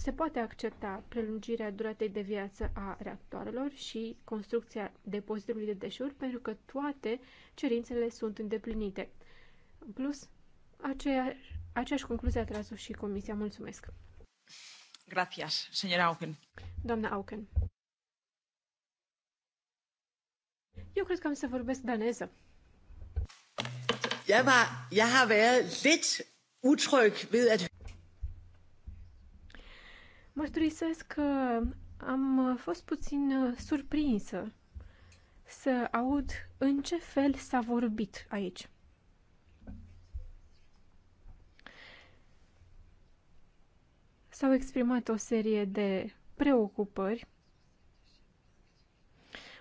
Speaker 1: se poate accepta prelungirea duratei de viață a reactoarelor și construcția depozitului de deșuri pentru că toate cerințele sunt îndeplinite. În plus, aceea, aceeași concluzie a tras și Comisia. Mulțumesc!
Speaker 4: Gracias, señora Auken.
Speaker 1: Doamna Auken. Eu cred că am să vorbesc daneză. Jeg, var, jeg har været lidt utryg ved at Mărturisesc că am fost puțin uh, surprinsă să aud în ce fel s-a vorbit aici. S-au exprimat o serie de preocupări.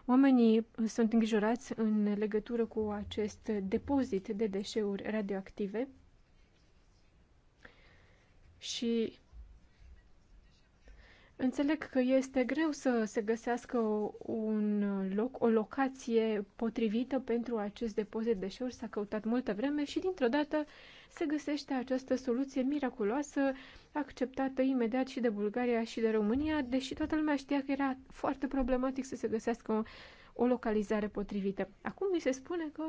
Speaker 1: Oamenii sunt îngrijorați în legătură cu acest depozit de deșeuri radioactive și Înțeleg că este greu să se găsească un loc, o locație potrivită pentru acest depozit de deșeuri. S-a căutat multă vreme și dintr-o dată se găsește această soluție miraculoasă, acceptată imediat și de Bulgaria și de România, deși toată lumea știa că era foarte problematic să se găsească o, o localizare potrivită. Acum mi se spune că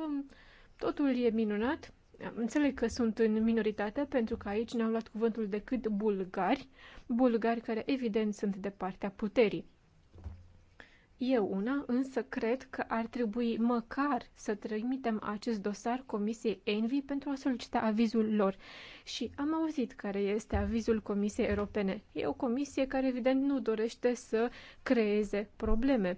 Speaker 1: totul e minunat, Înțeleg că sunt în minoritate pentru că aici ne-au luat cuvântul decât bulgari, bulgari care evident sunt de partea puterii. Eu una, însă cred că ar trebui măcar să trimitem acest dosar Comisiei Envi pentru a solicita avizul lor. Și am auzit care este avizul Comisiei Europene. E o comisie care evident nu dorește să creeze probleme.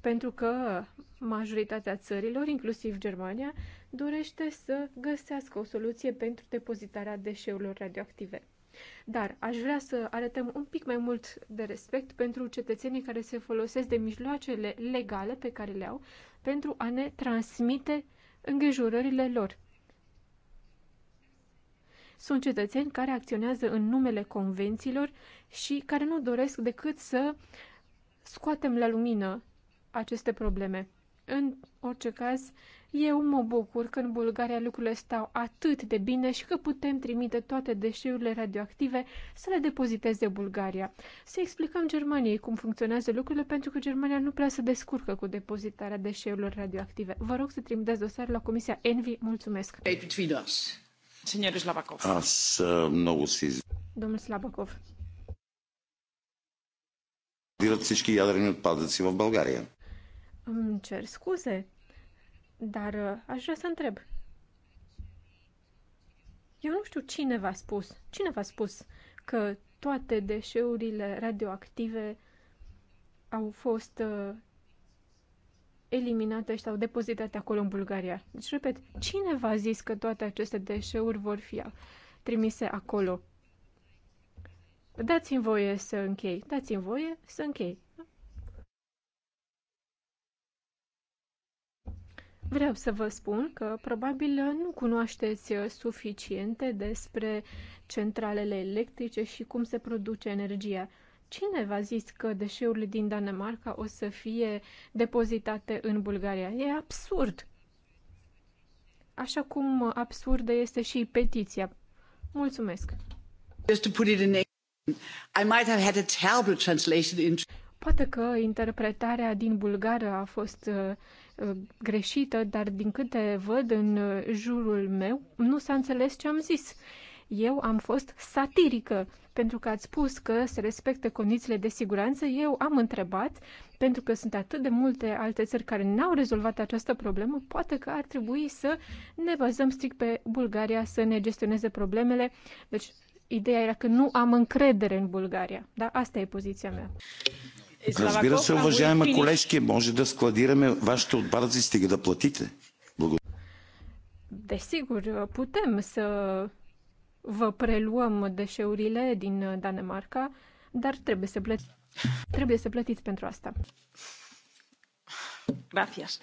Speaker 1: Pentru că majoritatea țărilor, inclusiv Germania, dorește să găsească o soluție pentru depozitarea deșeurilor radioactive. Dar aș vrea să arătăm un pic mai mult de respect pentru cetățenii care se folosesc de mijloacele legale pe care le au pentru a ne transmite îngrijorările lor. Sunt cetățeni care acționează în numele convențiilor și care nu doresc decât să scoatem la lumină aceste probleme. În orice caz, eu mă bucur că în Bulgaria lucrurile stau atât de bine și că putem trimite toate deșeurile radioactive să le depoziteze Bulgaria. Să explicăm Germaniei cum funcționează lucrurile pentru că Germania nu prea se descurcă cu depozitarea deșeurilor radioactive. Vă rog să trimiteți dosarul la Comisia Envi. Mulțumesc! Domnul Slabakov. Îmi cer scuze, dar uh, aș vrea să întreb. Eu nu știu cine v-a spus. Cine v-a spus că toate deșeurile radioactive au fost uh, eliminate și au depozitate acolo în Bulgaria. Deci, repet, cine v-a zis că toate aceste deșeuri vor fi trimise acolo? Dați-mi voie să închei. Dați-mi voie să închei. Vreau să vă spun că probabil nu cunoașteți suficiente despre centralele electrice și cum se produce energia. Cine v-a zis că deșeurile din Danemarca o să fie depozitate în Bulgaria? E absurd! Așa cum absurdă este și petiția. Mulțumesc! Poate că interpretarea din bulgară a fost uh, Uh, greșită, dar din câte văd în uh, jurul meu, nu s-a înțeles ce am zis. Eu am fost satirică, pentru că ați spus că se respectă condițiile de siguranță. Eu am întrebat, pentru că sunt atât de multe alte țări care n-au rezolvat această problemă, poate că ar trebui să ne bazăm strict pe Bulgaria să ne gestioneze problemele. Deci, ideea era că nu am încredere în Bulgaria. Da? Asta e poziția mea. Разбира се, уважаема колежки,
Speaker 3: може да складираме вашите отпадъци, стига да платите. Благодаря.
Speaker 1: Desigur, putem să vă preluăm deșeurile din Danemarca, dar trebuie să, plăti, trebuie să plătiți pentru asta. Gracias.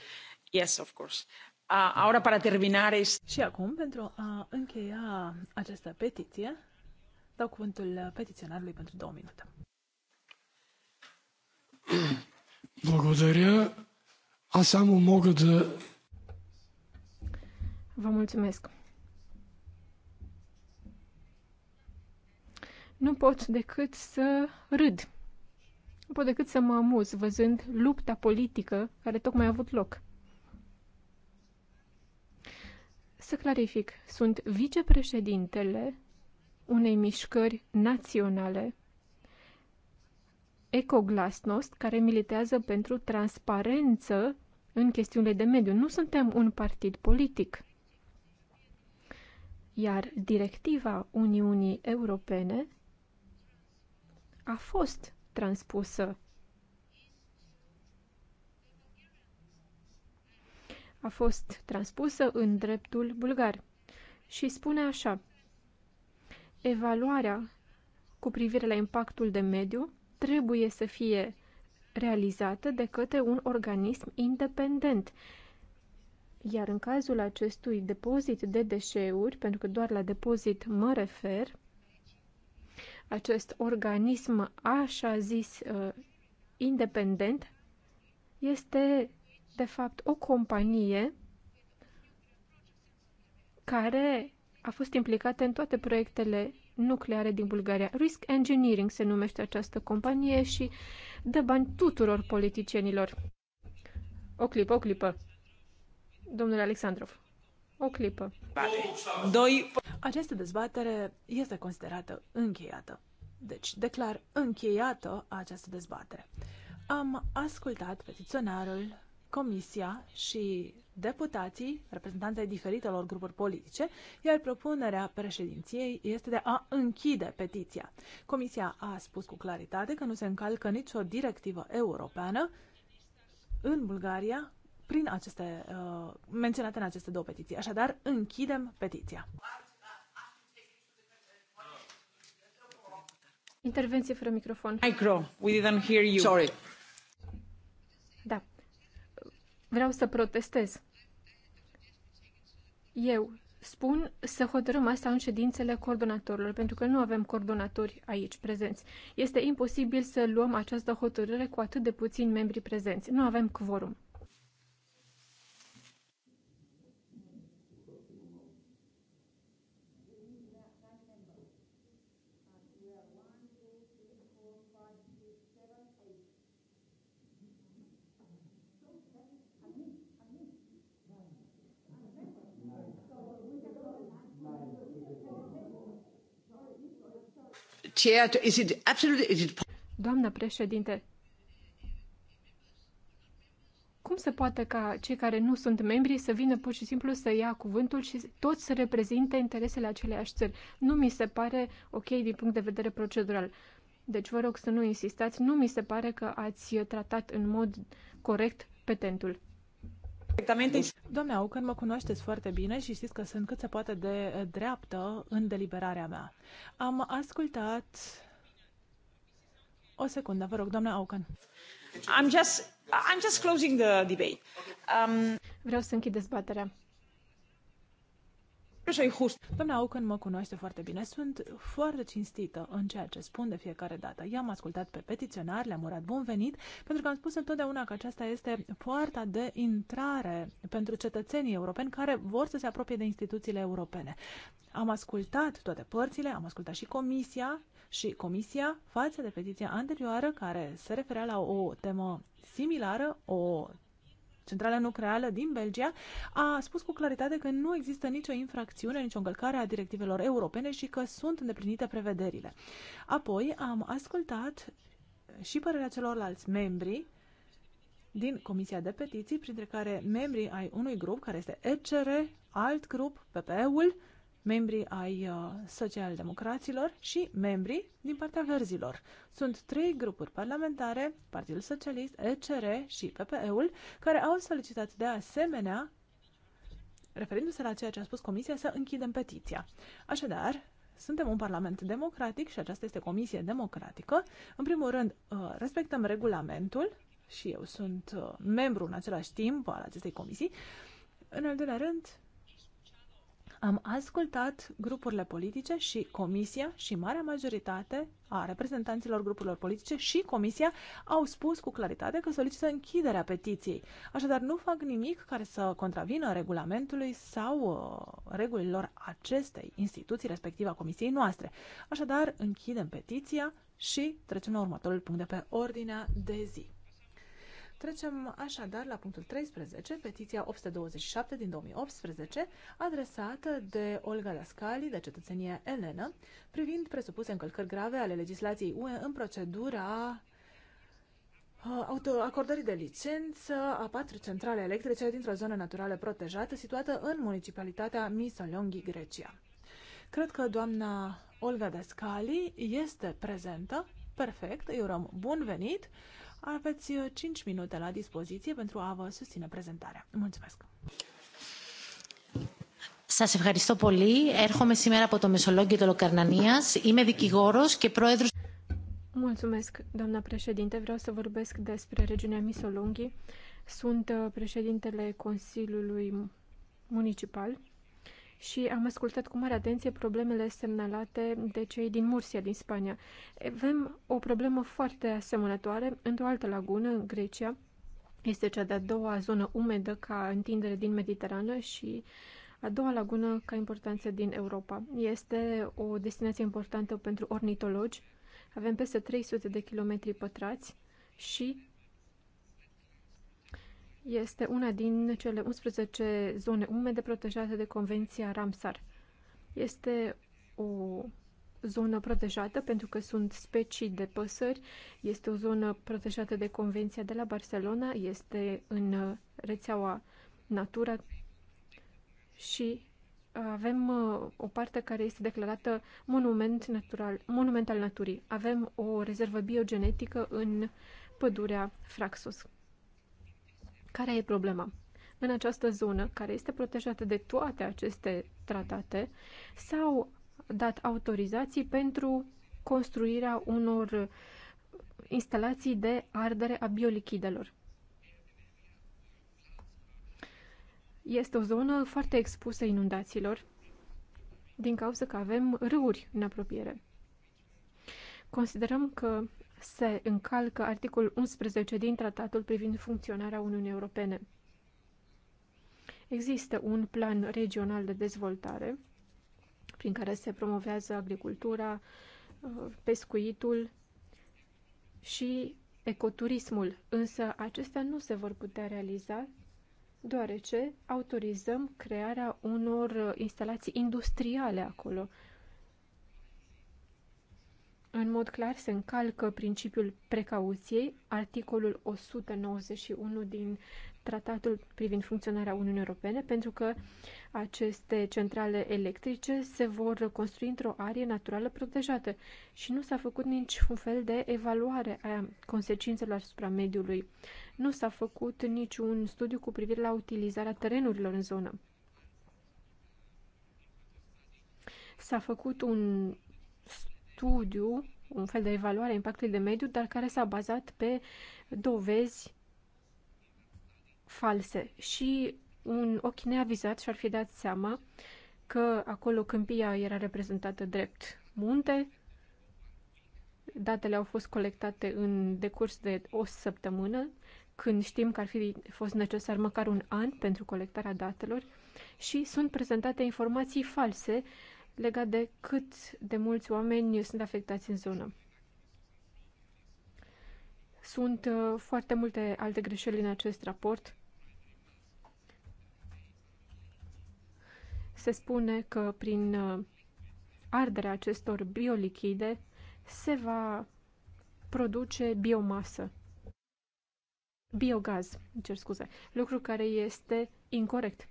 Speaker 1: Yes, of course. Uh, ahora para terminar
Speaker 4: es... Și acum, pentru a încheia această petiție, dau cuvântul uh, petiționarului pentru două minute.
Speaker 3: Благодаря. Аз само мога да...
Speaker 1: Vă mulțumesc. Nu pot decât să râd. Nu pot decât să mă amuz văzând lupta politică care tocmai a avut loc. Să clarific, sunt vicepreședintele unei mișcări naționale ecoglasnost care militează pentru transparență în chestiunile de mediu. Nu suntem un partid politic. Iar directiva Uniunii Europene a fost transpusă. A fost transpusă în dreptul bulgar și spune așa. Evaluarea cu privire la impactul de mediu trebuie să fie realizată de către un organism independent. Iar în cazul acestui depozit de deșeuri, pentru că doar la depozit mă refer, acest organism așa zis uh, independent este de fapt o companie care a fost implicată în toate proiectele nucleare din Bulgaria. Risk Engineering se numește această companie și dă bani tuturor politicienilor. O clipă, o clipă. Domnule Alexandrov, o clipă. Doi. Această dezbatere
Speaker 4: este considerată încheiată. Deci, declar încheiată această dezbatere. Am ascultat petiționarul Comisia și deputații, reprezentanții diferitelor grupuri politice, iar propunerea președinției este de a închide petiția. Comisia a spus cu claritate că nu se încalcă nicio directivă europeană în Bulgaria prin aceste, uh, menționate în aceste două petiții. Așadar, închidem petiția.
Speaker 1: Intervenție fără microfon.
Speaker 4: Micro, we didn't hear you.
Speaker 3: Sorry
Speaker 1: vreau să protestez. Eu spun să hotărâm asta în ședințele coordonatorilor, pentru că nu avem coordonatori aici prezenți. Este imposibil să luăm această hotărâre cu atât de puțini membri prezenți. Nu avem quorum. Doamnă președinte, cum se poate ca cei care nu sunt membri să vină pur și simplu să ia cuvântul și toți să reprezinte interesele aceleiași țări? Nu mi se pare ok din punct de vedere procedural. Deci vă rog să nu insistați, nu mi se pare că ați tratat în mod corect petentul. Doamne
Speaker 4: Aucan, mă cunoașteți foarte bine și știți că sunt cât se poate de eh, dreaptă în deliberarea mea. Am ascultat... O secundă, vă rog, doamna Aucan. I'm just, I'm just closing the debate. Um... Vreau să închid dezbaterea. Doamna Auken mă cunoaște foarte bine, sunt foarte cinstită în ceea ce spun de fiecare dată. I-am ascultat pe petiționar, le-am urat bun venit, pentru că am spus întotdeauna că aceasta este poarta de intrare pentru cetățenii europeni care vor să se apropie de instituțiile europene. Am ascultat toate părțile, am ascultat și comisia și comisia față de petiția anterioară care se referea la o temă similară, o centrală nucleară din Belgia, a spus cu claritate că nu există nicio infracțiune, nicio încălcare a directivelor europene și că sunt îndeplinite prevederile. Apoi am ascultat și părerea celorlalți membri din Comisia de Petiții, printre care membrii ai unui grup care este ECR, alt grup, PPE-ul, membrii ai uh, socialdemocraților și membrii din partea verzilor. Sunt trei grupuri parlamentare, Partidul Socialist, ECR și PPE-ul, care au solicitat de asemenea, referindu-se la ceea ce a spus Comisia, să închidem petiția. Așadar, suntem un parlament democratic și aceasta este comisie democratică. În primul rând, uh, respectăm regulamentul și eu sunt uh, membru în același timp al acestei comisii. În al doilea rând, am ascultat grupurile politice și comisia și marea majoritate a reprezentanților grupurilor politice și comisia au spus cu claritate că solicită închiderea petiției. Așadar, nu fac nimic care să contravină regulamentului sau uh, regulilor acestei instituții, respectiv a comisiei noastre. Așadar, închidem petiția și trecem la următorul punct de pe ordinea de zi. Trecem așadar la punctul 13, petiția 827 din 2018, adresată de Olga Lascali, de cetățenie Elena, privind presupuse încălcări grave ale legislației UE în procedura uh, acordării de licență a patru centrale electrice dintr-o zonă naturală protejată situată în municipalitatea Misolonghi, Grecia. Cred că doamna Olga Descali este prezentă. Perfect, îi urăm bun venit. Aveți 5 uh, minute la dispoziție pentru a vă susține prezentarea. Mulțumesc! Σας ευχαριστώ πολύ. Έρχομαι σήμερα από το Μεσολόγιο των Λοκαρνανίας. Είμαι δικηγόρος και πρόεδρος...
Speaker 1: Mulțumesc, doamna președinte. Vreau să vorbesc despre regiunea Misolunghi. Sunt uh, președintele Consiliului Municipal și am ascultat cu mare atenție problemele semnalate de cei din Mursia, din Spania. Avem o problemă foarte asemănătoare într-o altă lagună, în Grecia. Este cea de-a doua zonă umedă ca întindere din Mediterană și a doua lagună ca importanță din Europa. Este o destinație importantă pentru ornitologi. Avem peste 300 de kilometri pătrați și este una din cele 11 zone umede protejate de Convenția Ramsar. Este o zonă protejată pentru că sunt specii de păsări, este o zonă protejată de Convenția de la Barcelona, este în rețeaua Natura și avem uh, o parte care este declarată monument, natural, monument al naturii. Avem o rezervă biogenetică în pădurea Fraxus. Care e problema? În această zonă, care este protejată de toate aceste tratate, s-au dat autorizații pentru construirea unor instalații de ardere a biolichidelor. Este o zonă foarte expusă inundațiilor, din cauza că avem râuri în apropiere. Considerăm că se încalcă articolul 11 din tratatul privind funcționarea Uniunii Europene. Există un plan regional de dezvoltare prin care se promovează agricultura, uh, pescuitul și ecoturismul, însă acestea nu se vor putea realiza deoarece autorizăm crearea unor instalații industriale acolo, în mod clar se încalcă principiul precauției, articolul 191 din tratatul privind funcționarea Uniunii Europene, pentru că aceste centrale electrice se vor construi într-o arie naturală protejată și nu s-a făcut niciun fel de evaluare a consecințelor asupra mediului. Nu s-a făcut niciun studiu cu privire la utilizarea terenurilor în zonă. S-a făcut un studiu, un fel de evaluare a impactului de mediu, dar care s-a bazat pe dovezi false. Și un ochi neavizat și-ar fi dat seama că acolo câmpia era reprezentată drept munte, datele au fost colectate în decurs de o săptămână, când știm că ar fi fost necesar măcar un an pentru colectarea datelor, și sunt prezentate informații false legat de cât de mulți oameni sunt afectați în zonă. Sunt uh, foarte multe alte greșeli în acest raport. Se spune că prin uh, arderea acestor biolichide se va produce biomasă, biogaz, cer scuze, lucru care este incorrect,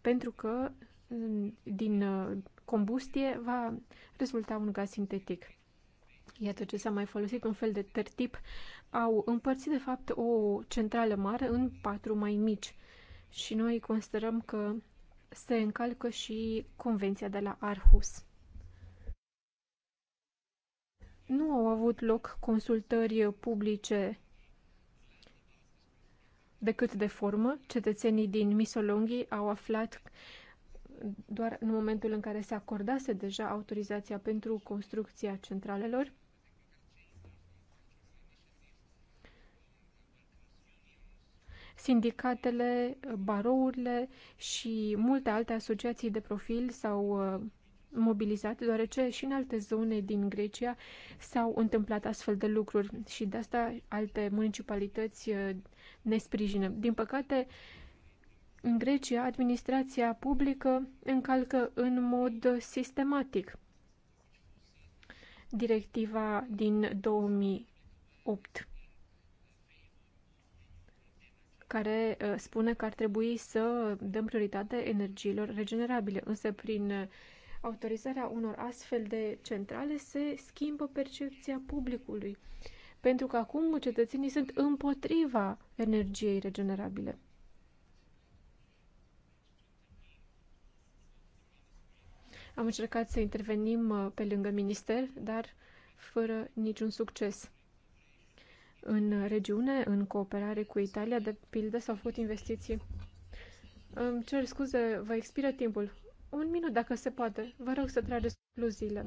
Speaker 1: pentru că din uh, combustie va rezulta un gaz sintetic. Iată ce s-a mai folosit, un fel de tertip. Au împărțit, de fapt, o centrală mare în patru mai mici și noi considerăm că se încalcă și convenția de la Arhus. Nu au avut loc consultări publice decât de formă. Cetățenii din Misolonghi au aflat doar în momentul în care se acordase deja autorizația pentru construcția centralelor. Sindicatele, barourile și multe alte asociații de profil s-au uh, mobilizat, deoarece și în alte zone din Grecia s-au întâmplat astfel de lucruri și de asta alte municipalități uh, ne sprijină. Din păcate, în Grecia, administrația publică încalcă în mod sistematic directiva din 2008 care uh, spune că ar trebui să dăm prioritate energiilor regenerabile, însă prin autorizarea unor astfel de centrale se schimbă percepția publicului, pentru că acum cetățenii sunt împotriva energiei regenerabile. Am încercat să intervenim uh, pe lângă minister, dar fără niciun succes. În regiune, în cooperare cu Italia, de pildă, s-au făcut investiții. Îmi cer scuze, vă expiră timpul. Un minut, dacă se poate. Vă rog să trageți concluziile.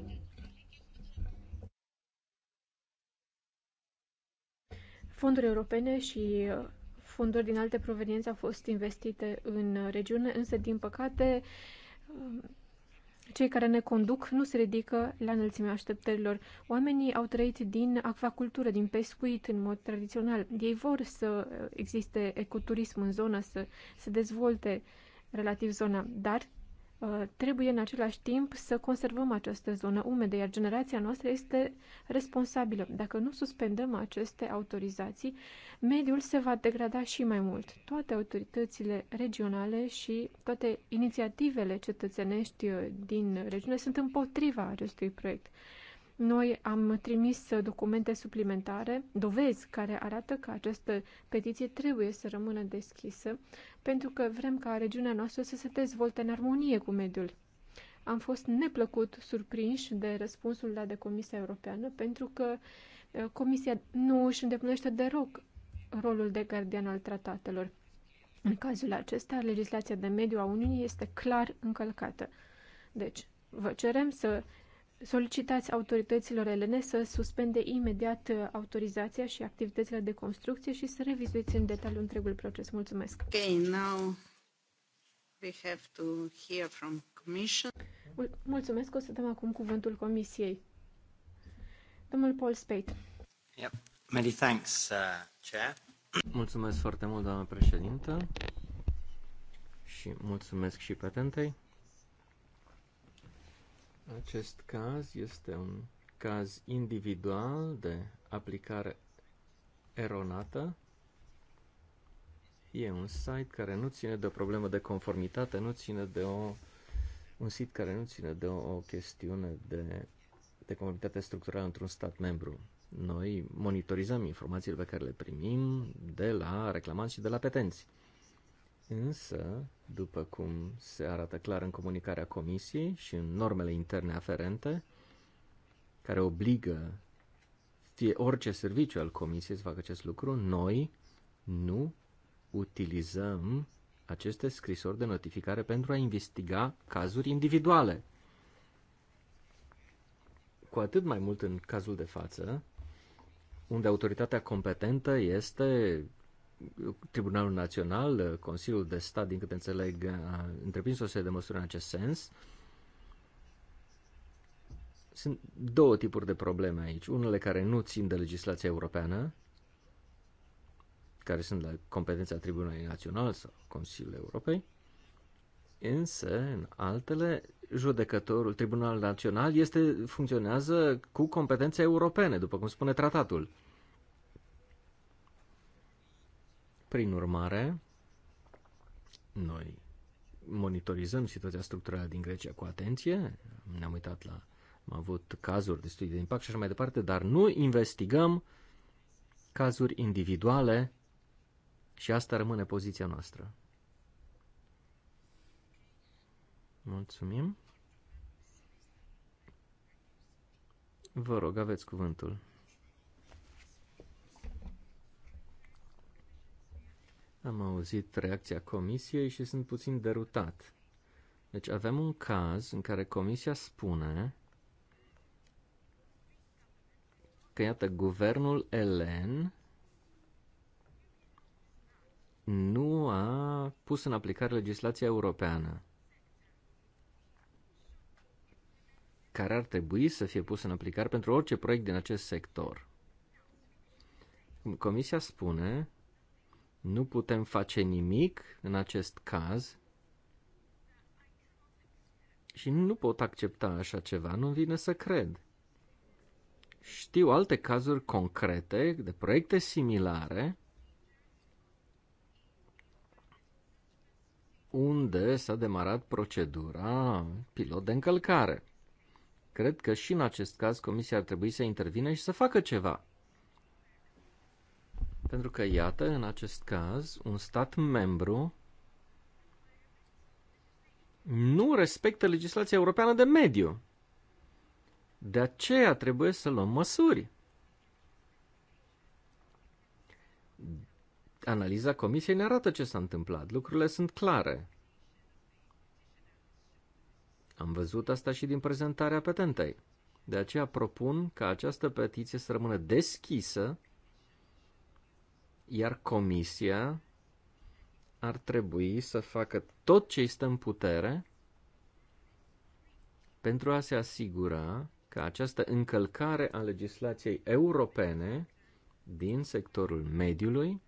Speaker 1: Fonduri europene și uh, fonduri din alte proveniențe au fost investite în regiune, însă, din păcate, uh, cei care ne conduc nu se ridică la înălțimea așteptărilor. Oamenii au trăit din acvacultură, din pescuit în mod tradițional. Ei vor să existe ecoturism în zonă, să se dezvolte relativ zona, dar Uh, trebuie în același timp să conservăm această zonă umedă, iar generația noastră este responsabilă. Dacă nu suspendăm aceste autorizații, mediul se va degrada și mai mult. Toate autoritățile regionale și toate inițiativele cetățenești uh, din regiune sunt împotriva acestui proiect. Noi am trimis documente suplimentare, dovezi care arată că această petiție trebuie să rămână deschisă, pentru că vrem ca regiunea noastră să se dezvolte în armonie cu mediul. Am fost neplăcut surprinși de răspunsul dat de Comisia Europeană, pentru că eh, Comisia nu își îndeplinește deloc rolul de gardian al tratatelor. În cazul acesta, legislația de mediu a Uniunii este clar încălcată. Deci, vă cerem să solicitați autorităților elene să suspende imediat uh, autorizația și activitățile de construcție și să revizuiți în detaliu întregul proces. Mulțumesc! Okay, now we have to hear from commission. Mulțumesc, o să dăm acum cuvântul Comisiei. Domnul Paul Spate.
Speaker 2: Yep. Many thanks, uh, Chair. Mulțumesc foarte mult, doamnă președintă, și mulțumesc și patentei. Acest caz este un caz individual de aplicare eronată. E un site care nu ține de o problemă de conformitate, nu ține de o un site care nu ține de o, o chestiune de, de conformitate structurală într-un stat membru. Noi monitorizăm informațiile pe care le primim de la reclamanți și de la petenți. Însă, după cum se arată clar în comunicarea Comisiei și în normele interne aferente, care obligă fie orice serviciu al Comisiei să facă acest lucru, noi nu utilizăm aceste scrisori de notificare pentru a investiga cazuri individuale. Cu atât mai mult în cazul de față, unde autoritatea competentă este Tribunalul Național, Consiliul de Stat, din câte înțeleg, a întreprins o serie de măsuri în acest sens. Sunt două tipuri de probleme aici. Unele care nu țin de legislația europeană, care sunt la competența Tribunalului Național sau Consiliul Europei, însă, în altele, judecătorul, Tribunalul Național este, funcționează cu competențe europene, după cum spune tratatul. Prin urmare, noi monitorizăm situația structurală din Grecia cu atenție, ne-am uitat la, am avut cazuri de studii de impact și așa mai departe, dar nu investigăm cazuri individuale și asta rămâne poziția noastră. Mulțumim. Vă rog, aveți cuvântul. Am auzit reacția comisiei și sunt puțin derutat. Deci avem un caz în care comisia spune că, iată, guvernul elen nu a pus în aplicare legislația europeană care ar trebui să fie pus în aplicare pentru orice proiect din acest sector. Comisia spune nu putem face nimic în acest caz și nu pot accepta așa ceva, nu-mi vine să cred. Știu alte cazuri concrete de proiecte similare unde s-a demarat procedura pilot de încălcare. Cred că și în acest caz Comisia ar trebui să intervine și să facă ceva. Pentru că, iată, în acest caz, un stat membru nu respectă legislația europeană de mediu. De aceea trebuie să luăm măsuri. Analiza comisiei ne arată ce s-a întâmplat. Lucrurile sunt clare. Am văzut asta și din prezentarea petentei. De aceea propun ca această petiție să rămână deschisă iar comisia ar trebui să facă tot ce este în putere pentru a se asigura că această încălcare a legislației europene din sectorul mediului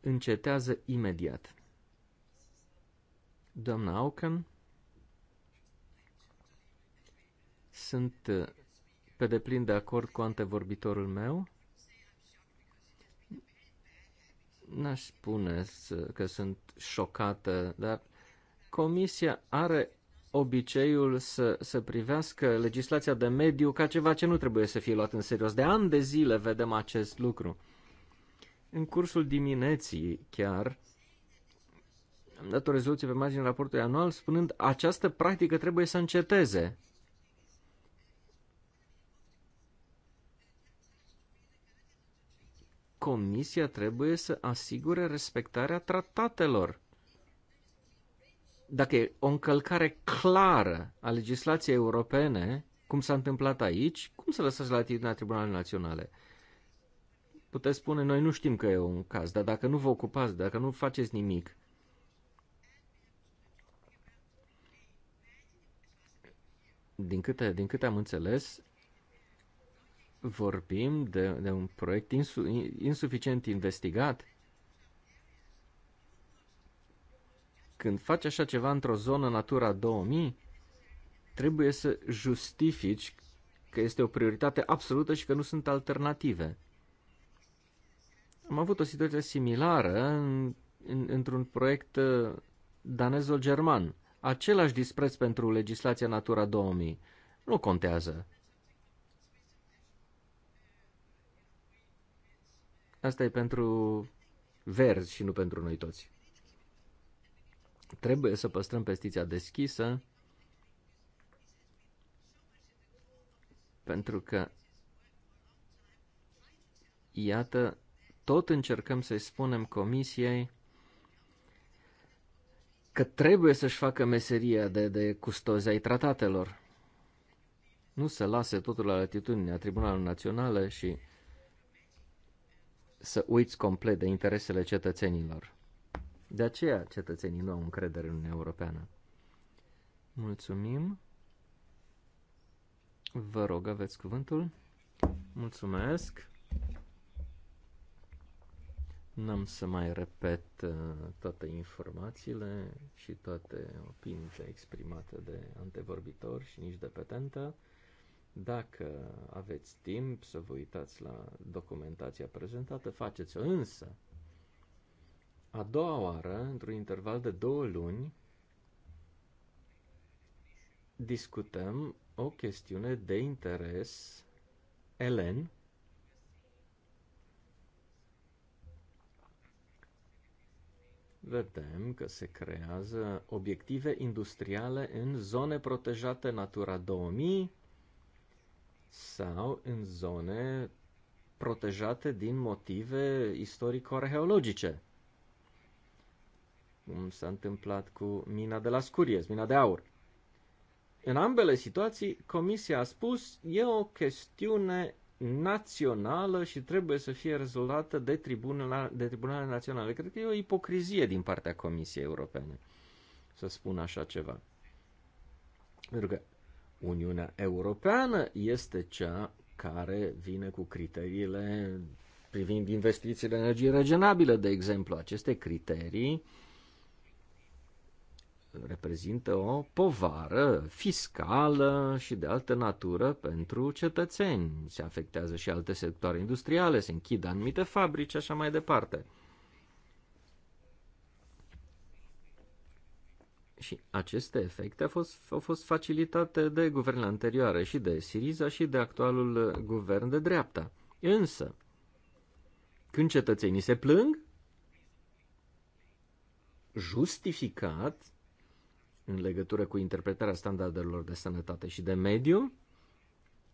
Speaker 2: încetează imediat. Doamna Auken, sunt pe deplin de acord cu antevorbitorul meu. n-aș spune că sunt șocată, dar Comisia are obiceiul să, să privească legislația de mediu ca ceva ce nu trebuie să fie luat în serios. De ani de zile vedem acest lucru. În cursul dimineții chiar am dat o rezoluție pe marginea raportului anual spunând această practică trebuie să înceteze. Comisia trebuie să asigure respectarea tratatelor. Dacă e o încălcare clară a legislației europene, cum s-a întâmplat aici, cum să lăsați la atitudinea Tribunalului Naționale? Puteți spune, noi nu știm că e un caz, dar dacă nu vă ocupați, dacă nu faceți nimic, din câte, din câte am înțeles, vorbim de, de un proiect insu, insuficient investigat. Când faci așa ceva într-o zonă Natura 2000, trebuie să justifici că este o prioritate absolută și că nu sunt alternative. Am avut o situație similară în, în, într-un proiect uh, danezo-german. Același dispreț pentru legislația Natura 2000. Nu contează. Asta e pentru verzi și nu pentru noi toți. Trebuie să păstrăm pestiția deschisă pentru că iată, tot încercăm să-i spunem comisiei că trebuie să-și facă meseria de, de custozi ai tratatelor. Nu se lase totul la latitudinea Tribunalului Naționale și să uiți complet de interesele cetățenilor. De aceea cetățenii nu au încredere în Uniunea Europeană. Mulțumim. Vă rog, aveți cuvântul. Mulțumesc. N-am să mai repet uh, toate informațiile și toate opiniile exprimate de antevorbitor și nici de petentă. Dacă aveți timp să vă uitați la documentația prezentată, faceți-o. Însă, a doua oară, într-un interval de două luni, discutăm o chestiune de interes, Elen, vedem că se creează obiective industriale în zone protejate Natura 2000, sau în zone protejate din motive istorico-arheologice, cum s-a întâmplat cu mina de la Scuries, mina de aur. În ambele situații, Comisia a spus, e o chestiune națională și trebuie să fie rezolvată de, de tribunale naționale. Cred că e o ipocrizie din partea Comisiei Europene să spun așa ceva. Pentru că Uniunea Europeană este cea care vine cu criteriile privind investițiile în energie regenerabile, de exemplu. Aceste criterii reprezintă o povară fiscală și de altă natură pentru cetățeni. Se afectează și alte sectoare industriale, se închid anumite fabrici așa mai departe. Și aceste efecte au fost, au fost facilitate de guvernele anterioare și de Siriza și de actualul guvern de dreapta. Însă, când cetățenii se plâng, justificat în legătură cu interpretarea standardelor de sănătate și de mediu,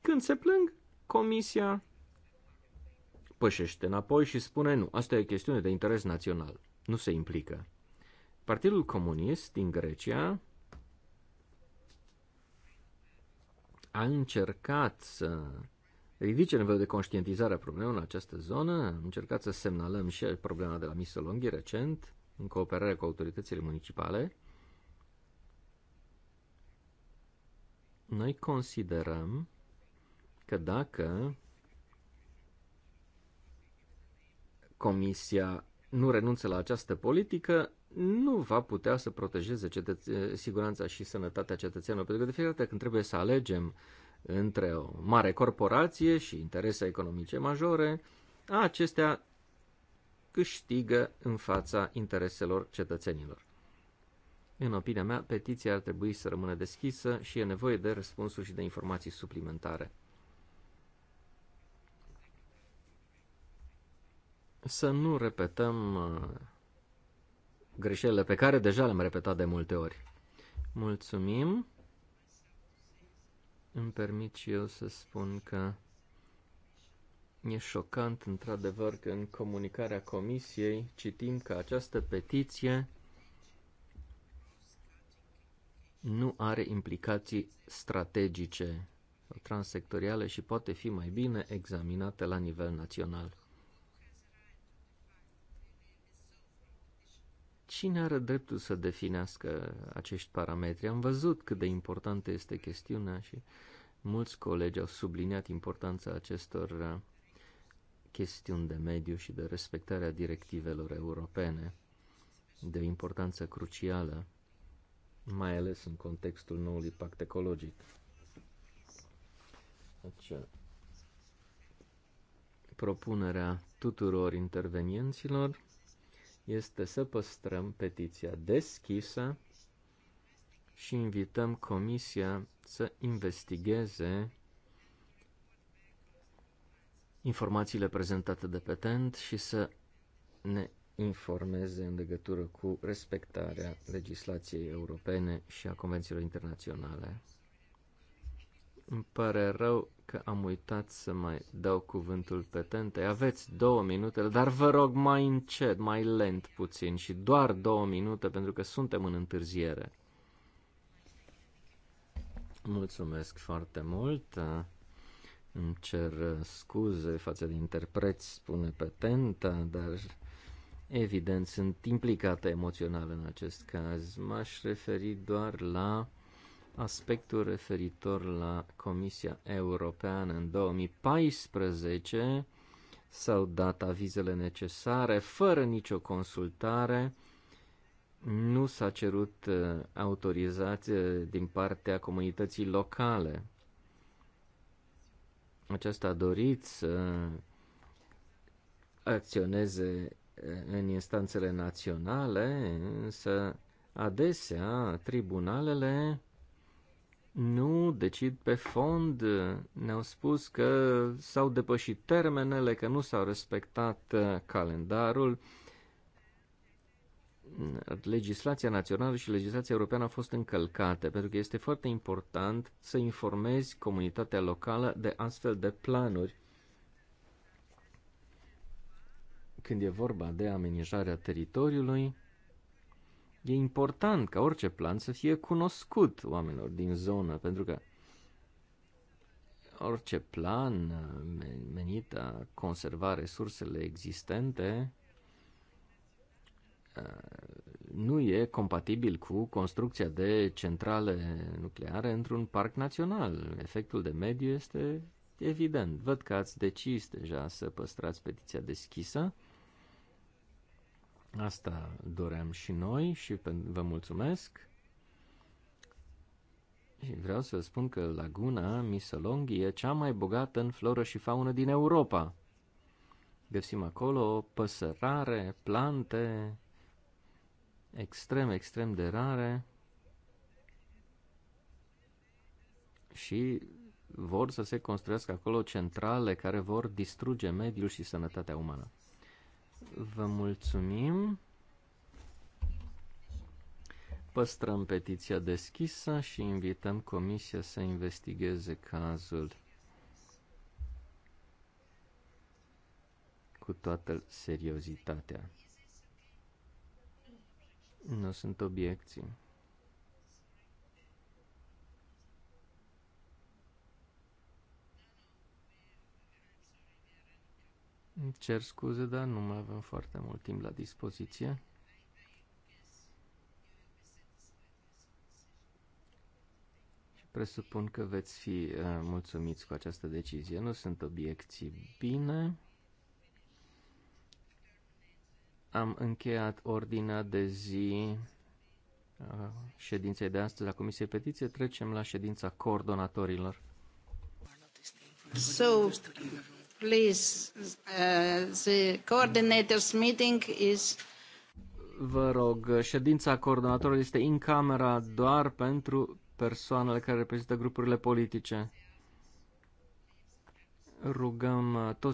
Speaker 2: când se plâng, comisia pășește înapoi și spune nu, asta e chestiune de interes național, nu se implică. Partidul Comunist din Grecia a încercat să ridice nivelul de conștientizare a problemei în această zonă. Am încercat să semnalăm și problema de la Missolonghi recent, în cooperare cu autoritățile municipale. Noi considerăm că dacă Comisia nu renunță la această politică, nu va putea să protejeze cetăț- siguranța și sănătatea cetățenilor. Pentru că de fiecare dată când trebuie să alegem între o mare corporație și interese economice majore, acestea câștigă în fața intereselor cetățenilor. În opinia mea, petiția ar trebui să rămână deschisă și e nevoie de răspunsuri și de informații suplimentare. Să nu repetăm uh, greșelile pe care deja le-am repetat de multe ori. Mulțumim. Îmi permit și eu să spun că e șocant, într-adevăr, că în comunicarea comisiei citim că această petiție nu are implicații strategice transectoriale și poate fi mai bine examinată la nivel național. Cine are dreptul să definească acești parametri? Am văzut cât de importantă este chestiunea și mulți colegi au subliniat importanța acestor uh, chestiuni de mediu și de respectarea directivelor europene, de o importanță crucială, mai ales în contextul noului pact ecologic. Deci, uh, propunerea tuturor intervenienților este să păstrăm petiția deschisă și invităm Comisia să investigheze informațiile prezentate de petent și să ne informeze în legătură cu respectarea legislației europene și a convențiilor internaționale. Îmi pare rău că am uitat să mai dau cuvântul tente. Aveți două minute, dar vă rog mai încet, mai lent puțin și doar două minute pentru că suntem în întârziere. Mulțumesc foarte mult. Îmi cer scuze față de interpreți, spune petenta, dar evident sunt implicată emoțional în acest caz. M-aș referi doar la aspectul referitor la Comisia Europeană în 2014 s-au dat avizele necesare fără nicio consultare, nu s-a cerut uh, autorizație din partea comunității locale. Aceasta a dorit să acționeze uh, în instanțele naționale, însă adesea tribunalele nu decid pe fond. Ne-au spus că s-au depășit termenele, că nu s-au respectat uh, calendarul. Legislația națională și legislația europeană au fost încălcate, pentru că este foarte important să informezi comunitatea locală de astfel de planuri. Când e vorba de amenajarea teritoriului, E important ca orice plan să fie cunoscut oamenilor din zonă, pentru că orice plan uh, menit a conserva resursele existente uh, nu e compatibil cu construcția de centrale nucleare într-un parc național. Efectul de mediu este evident. Văd că ați decis deja să păstrați petiția deschisă. Asta doream și noi și vă mulțumesc. Și vreau să spun că laguna Misolonghi e cea mai bogată în floră și faună din Europa. Găsim acolo păsărare, plante extrem, extrem de rare și vor să se construiască acolo centrale care vor distruge mediul și sănătatea umană. Vă mulțumim. Păstrăm petiția deschisă și invităm comisia să investigheze cazul cu toată seriozitatea. Nu sunt obiecții. Îmi cer scuze, dar nu mai avem foarte mult timp la dispoziție. Și presupun că veți fi uh, mulțumiți cu această decizie. Nu sunt obiecții bine. Am încheiat ordinea de zi uh, ședinței de astăzi la Comisie Petiție. Trecem la ședința coordonatorilor.
Speaker 4: So, Uh,
Speaker 2: Vă rog, ședința coordonatorului este în camera doar pentru persoanele care reprezintă grupurile politice. Rugăm uh, toți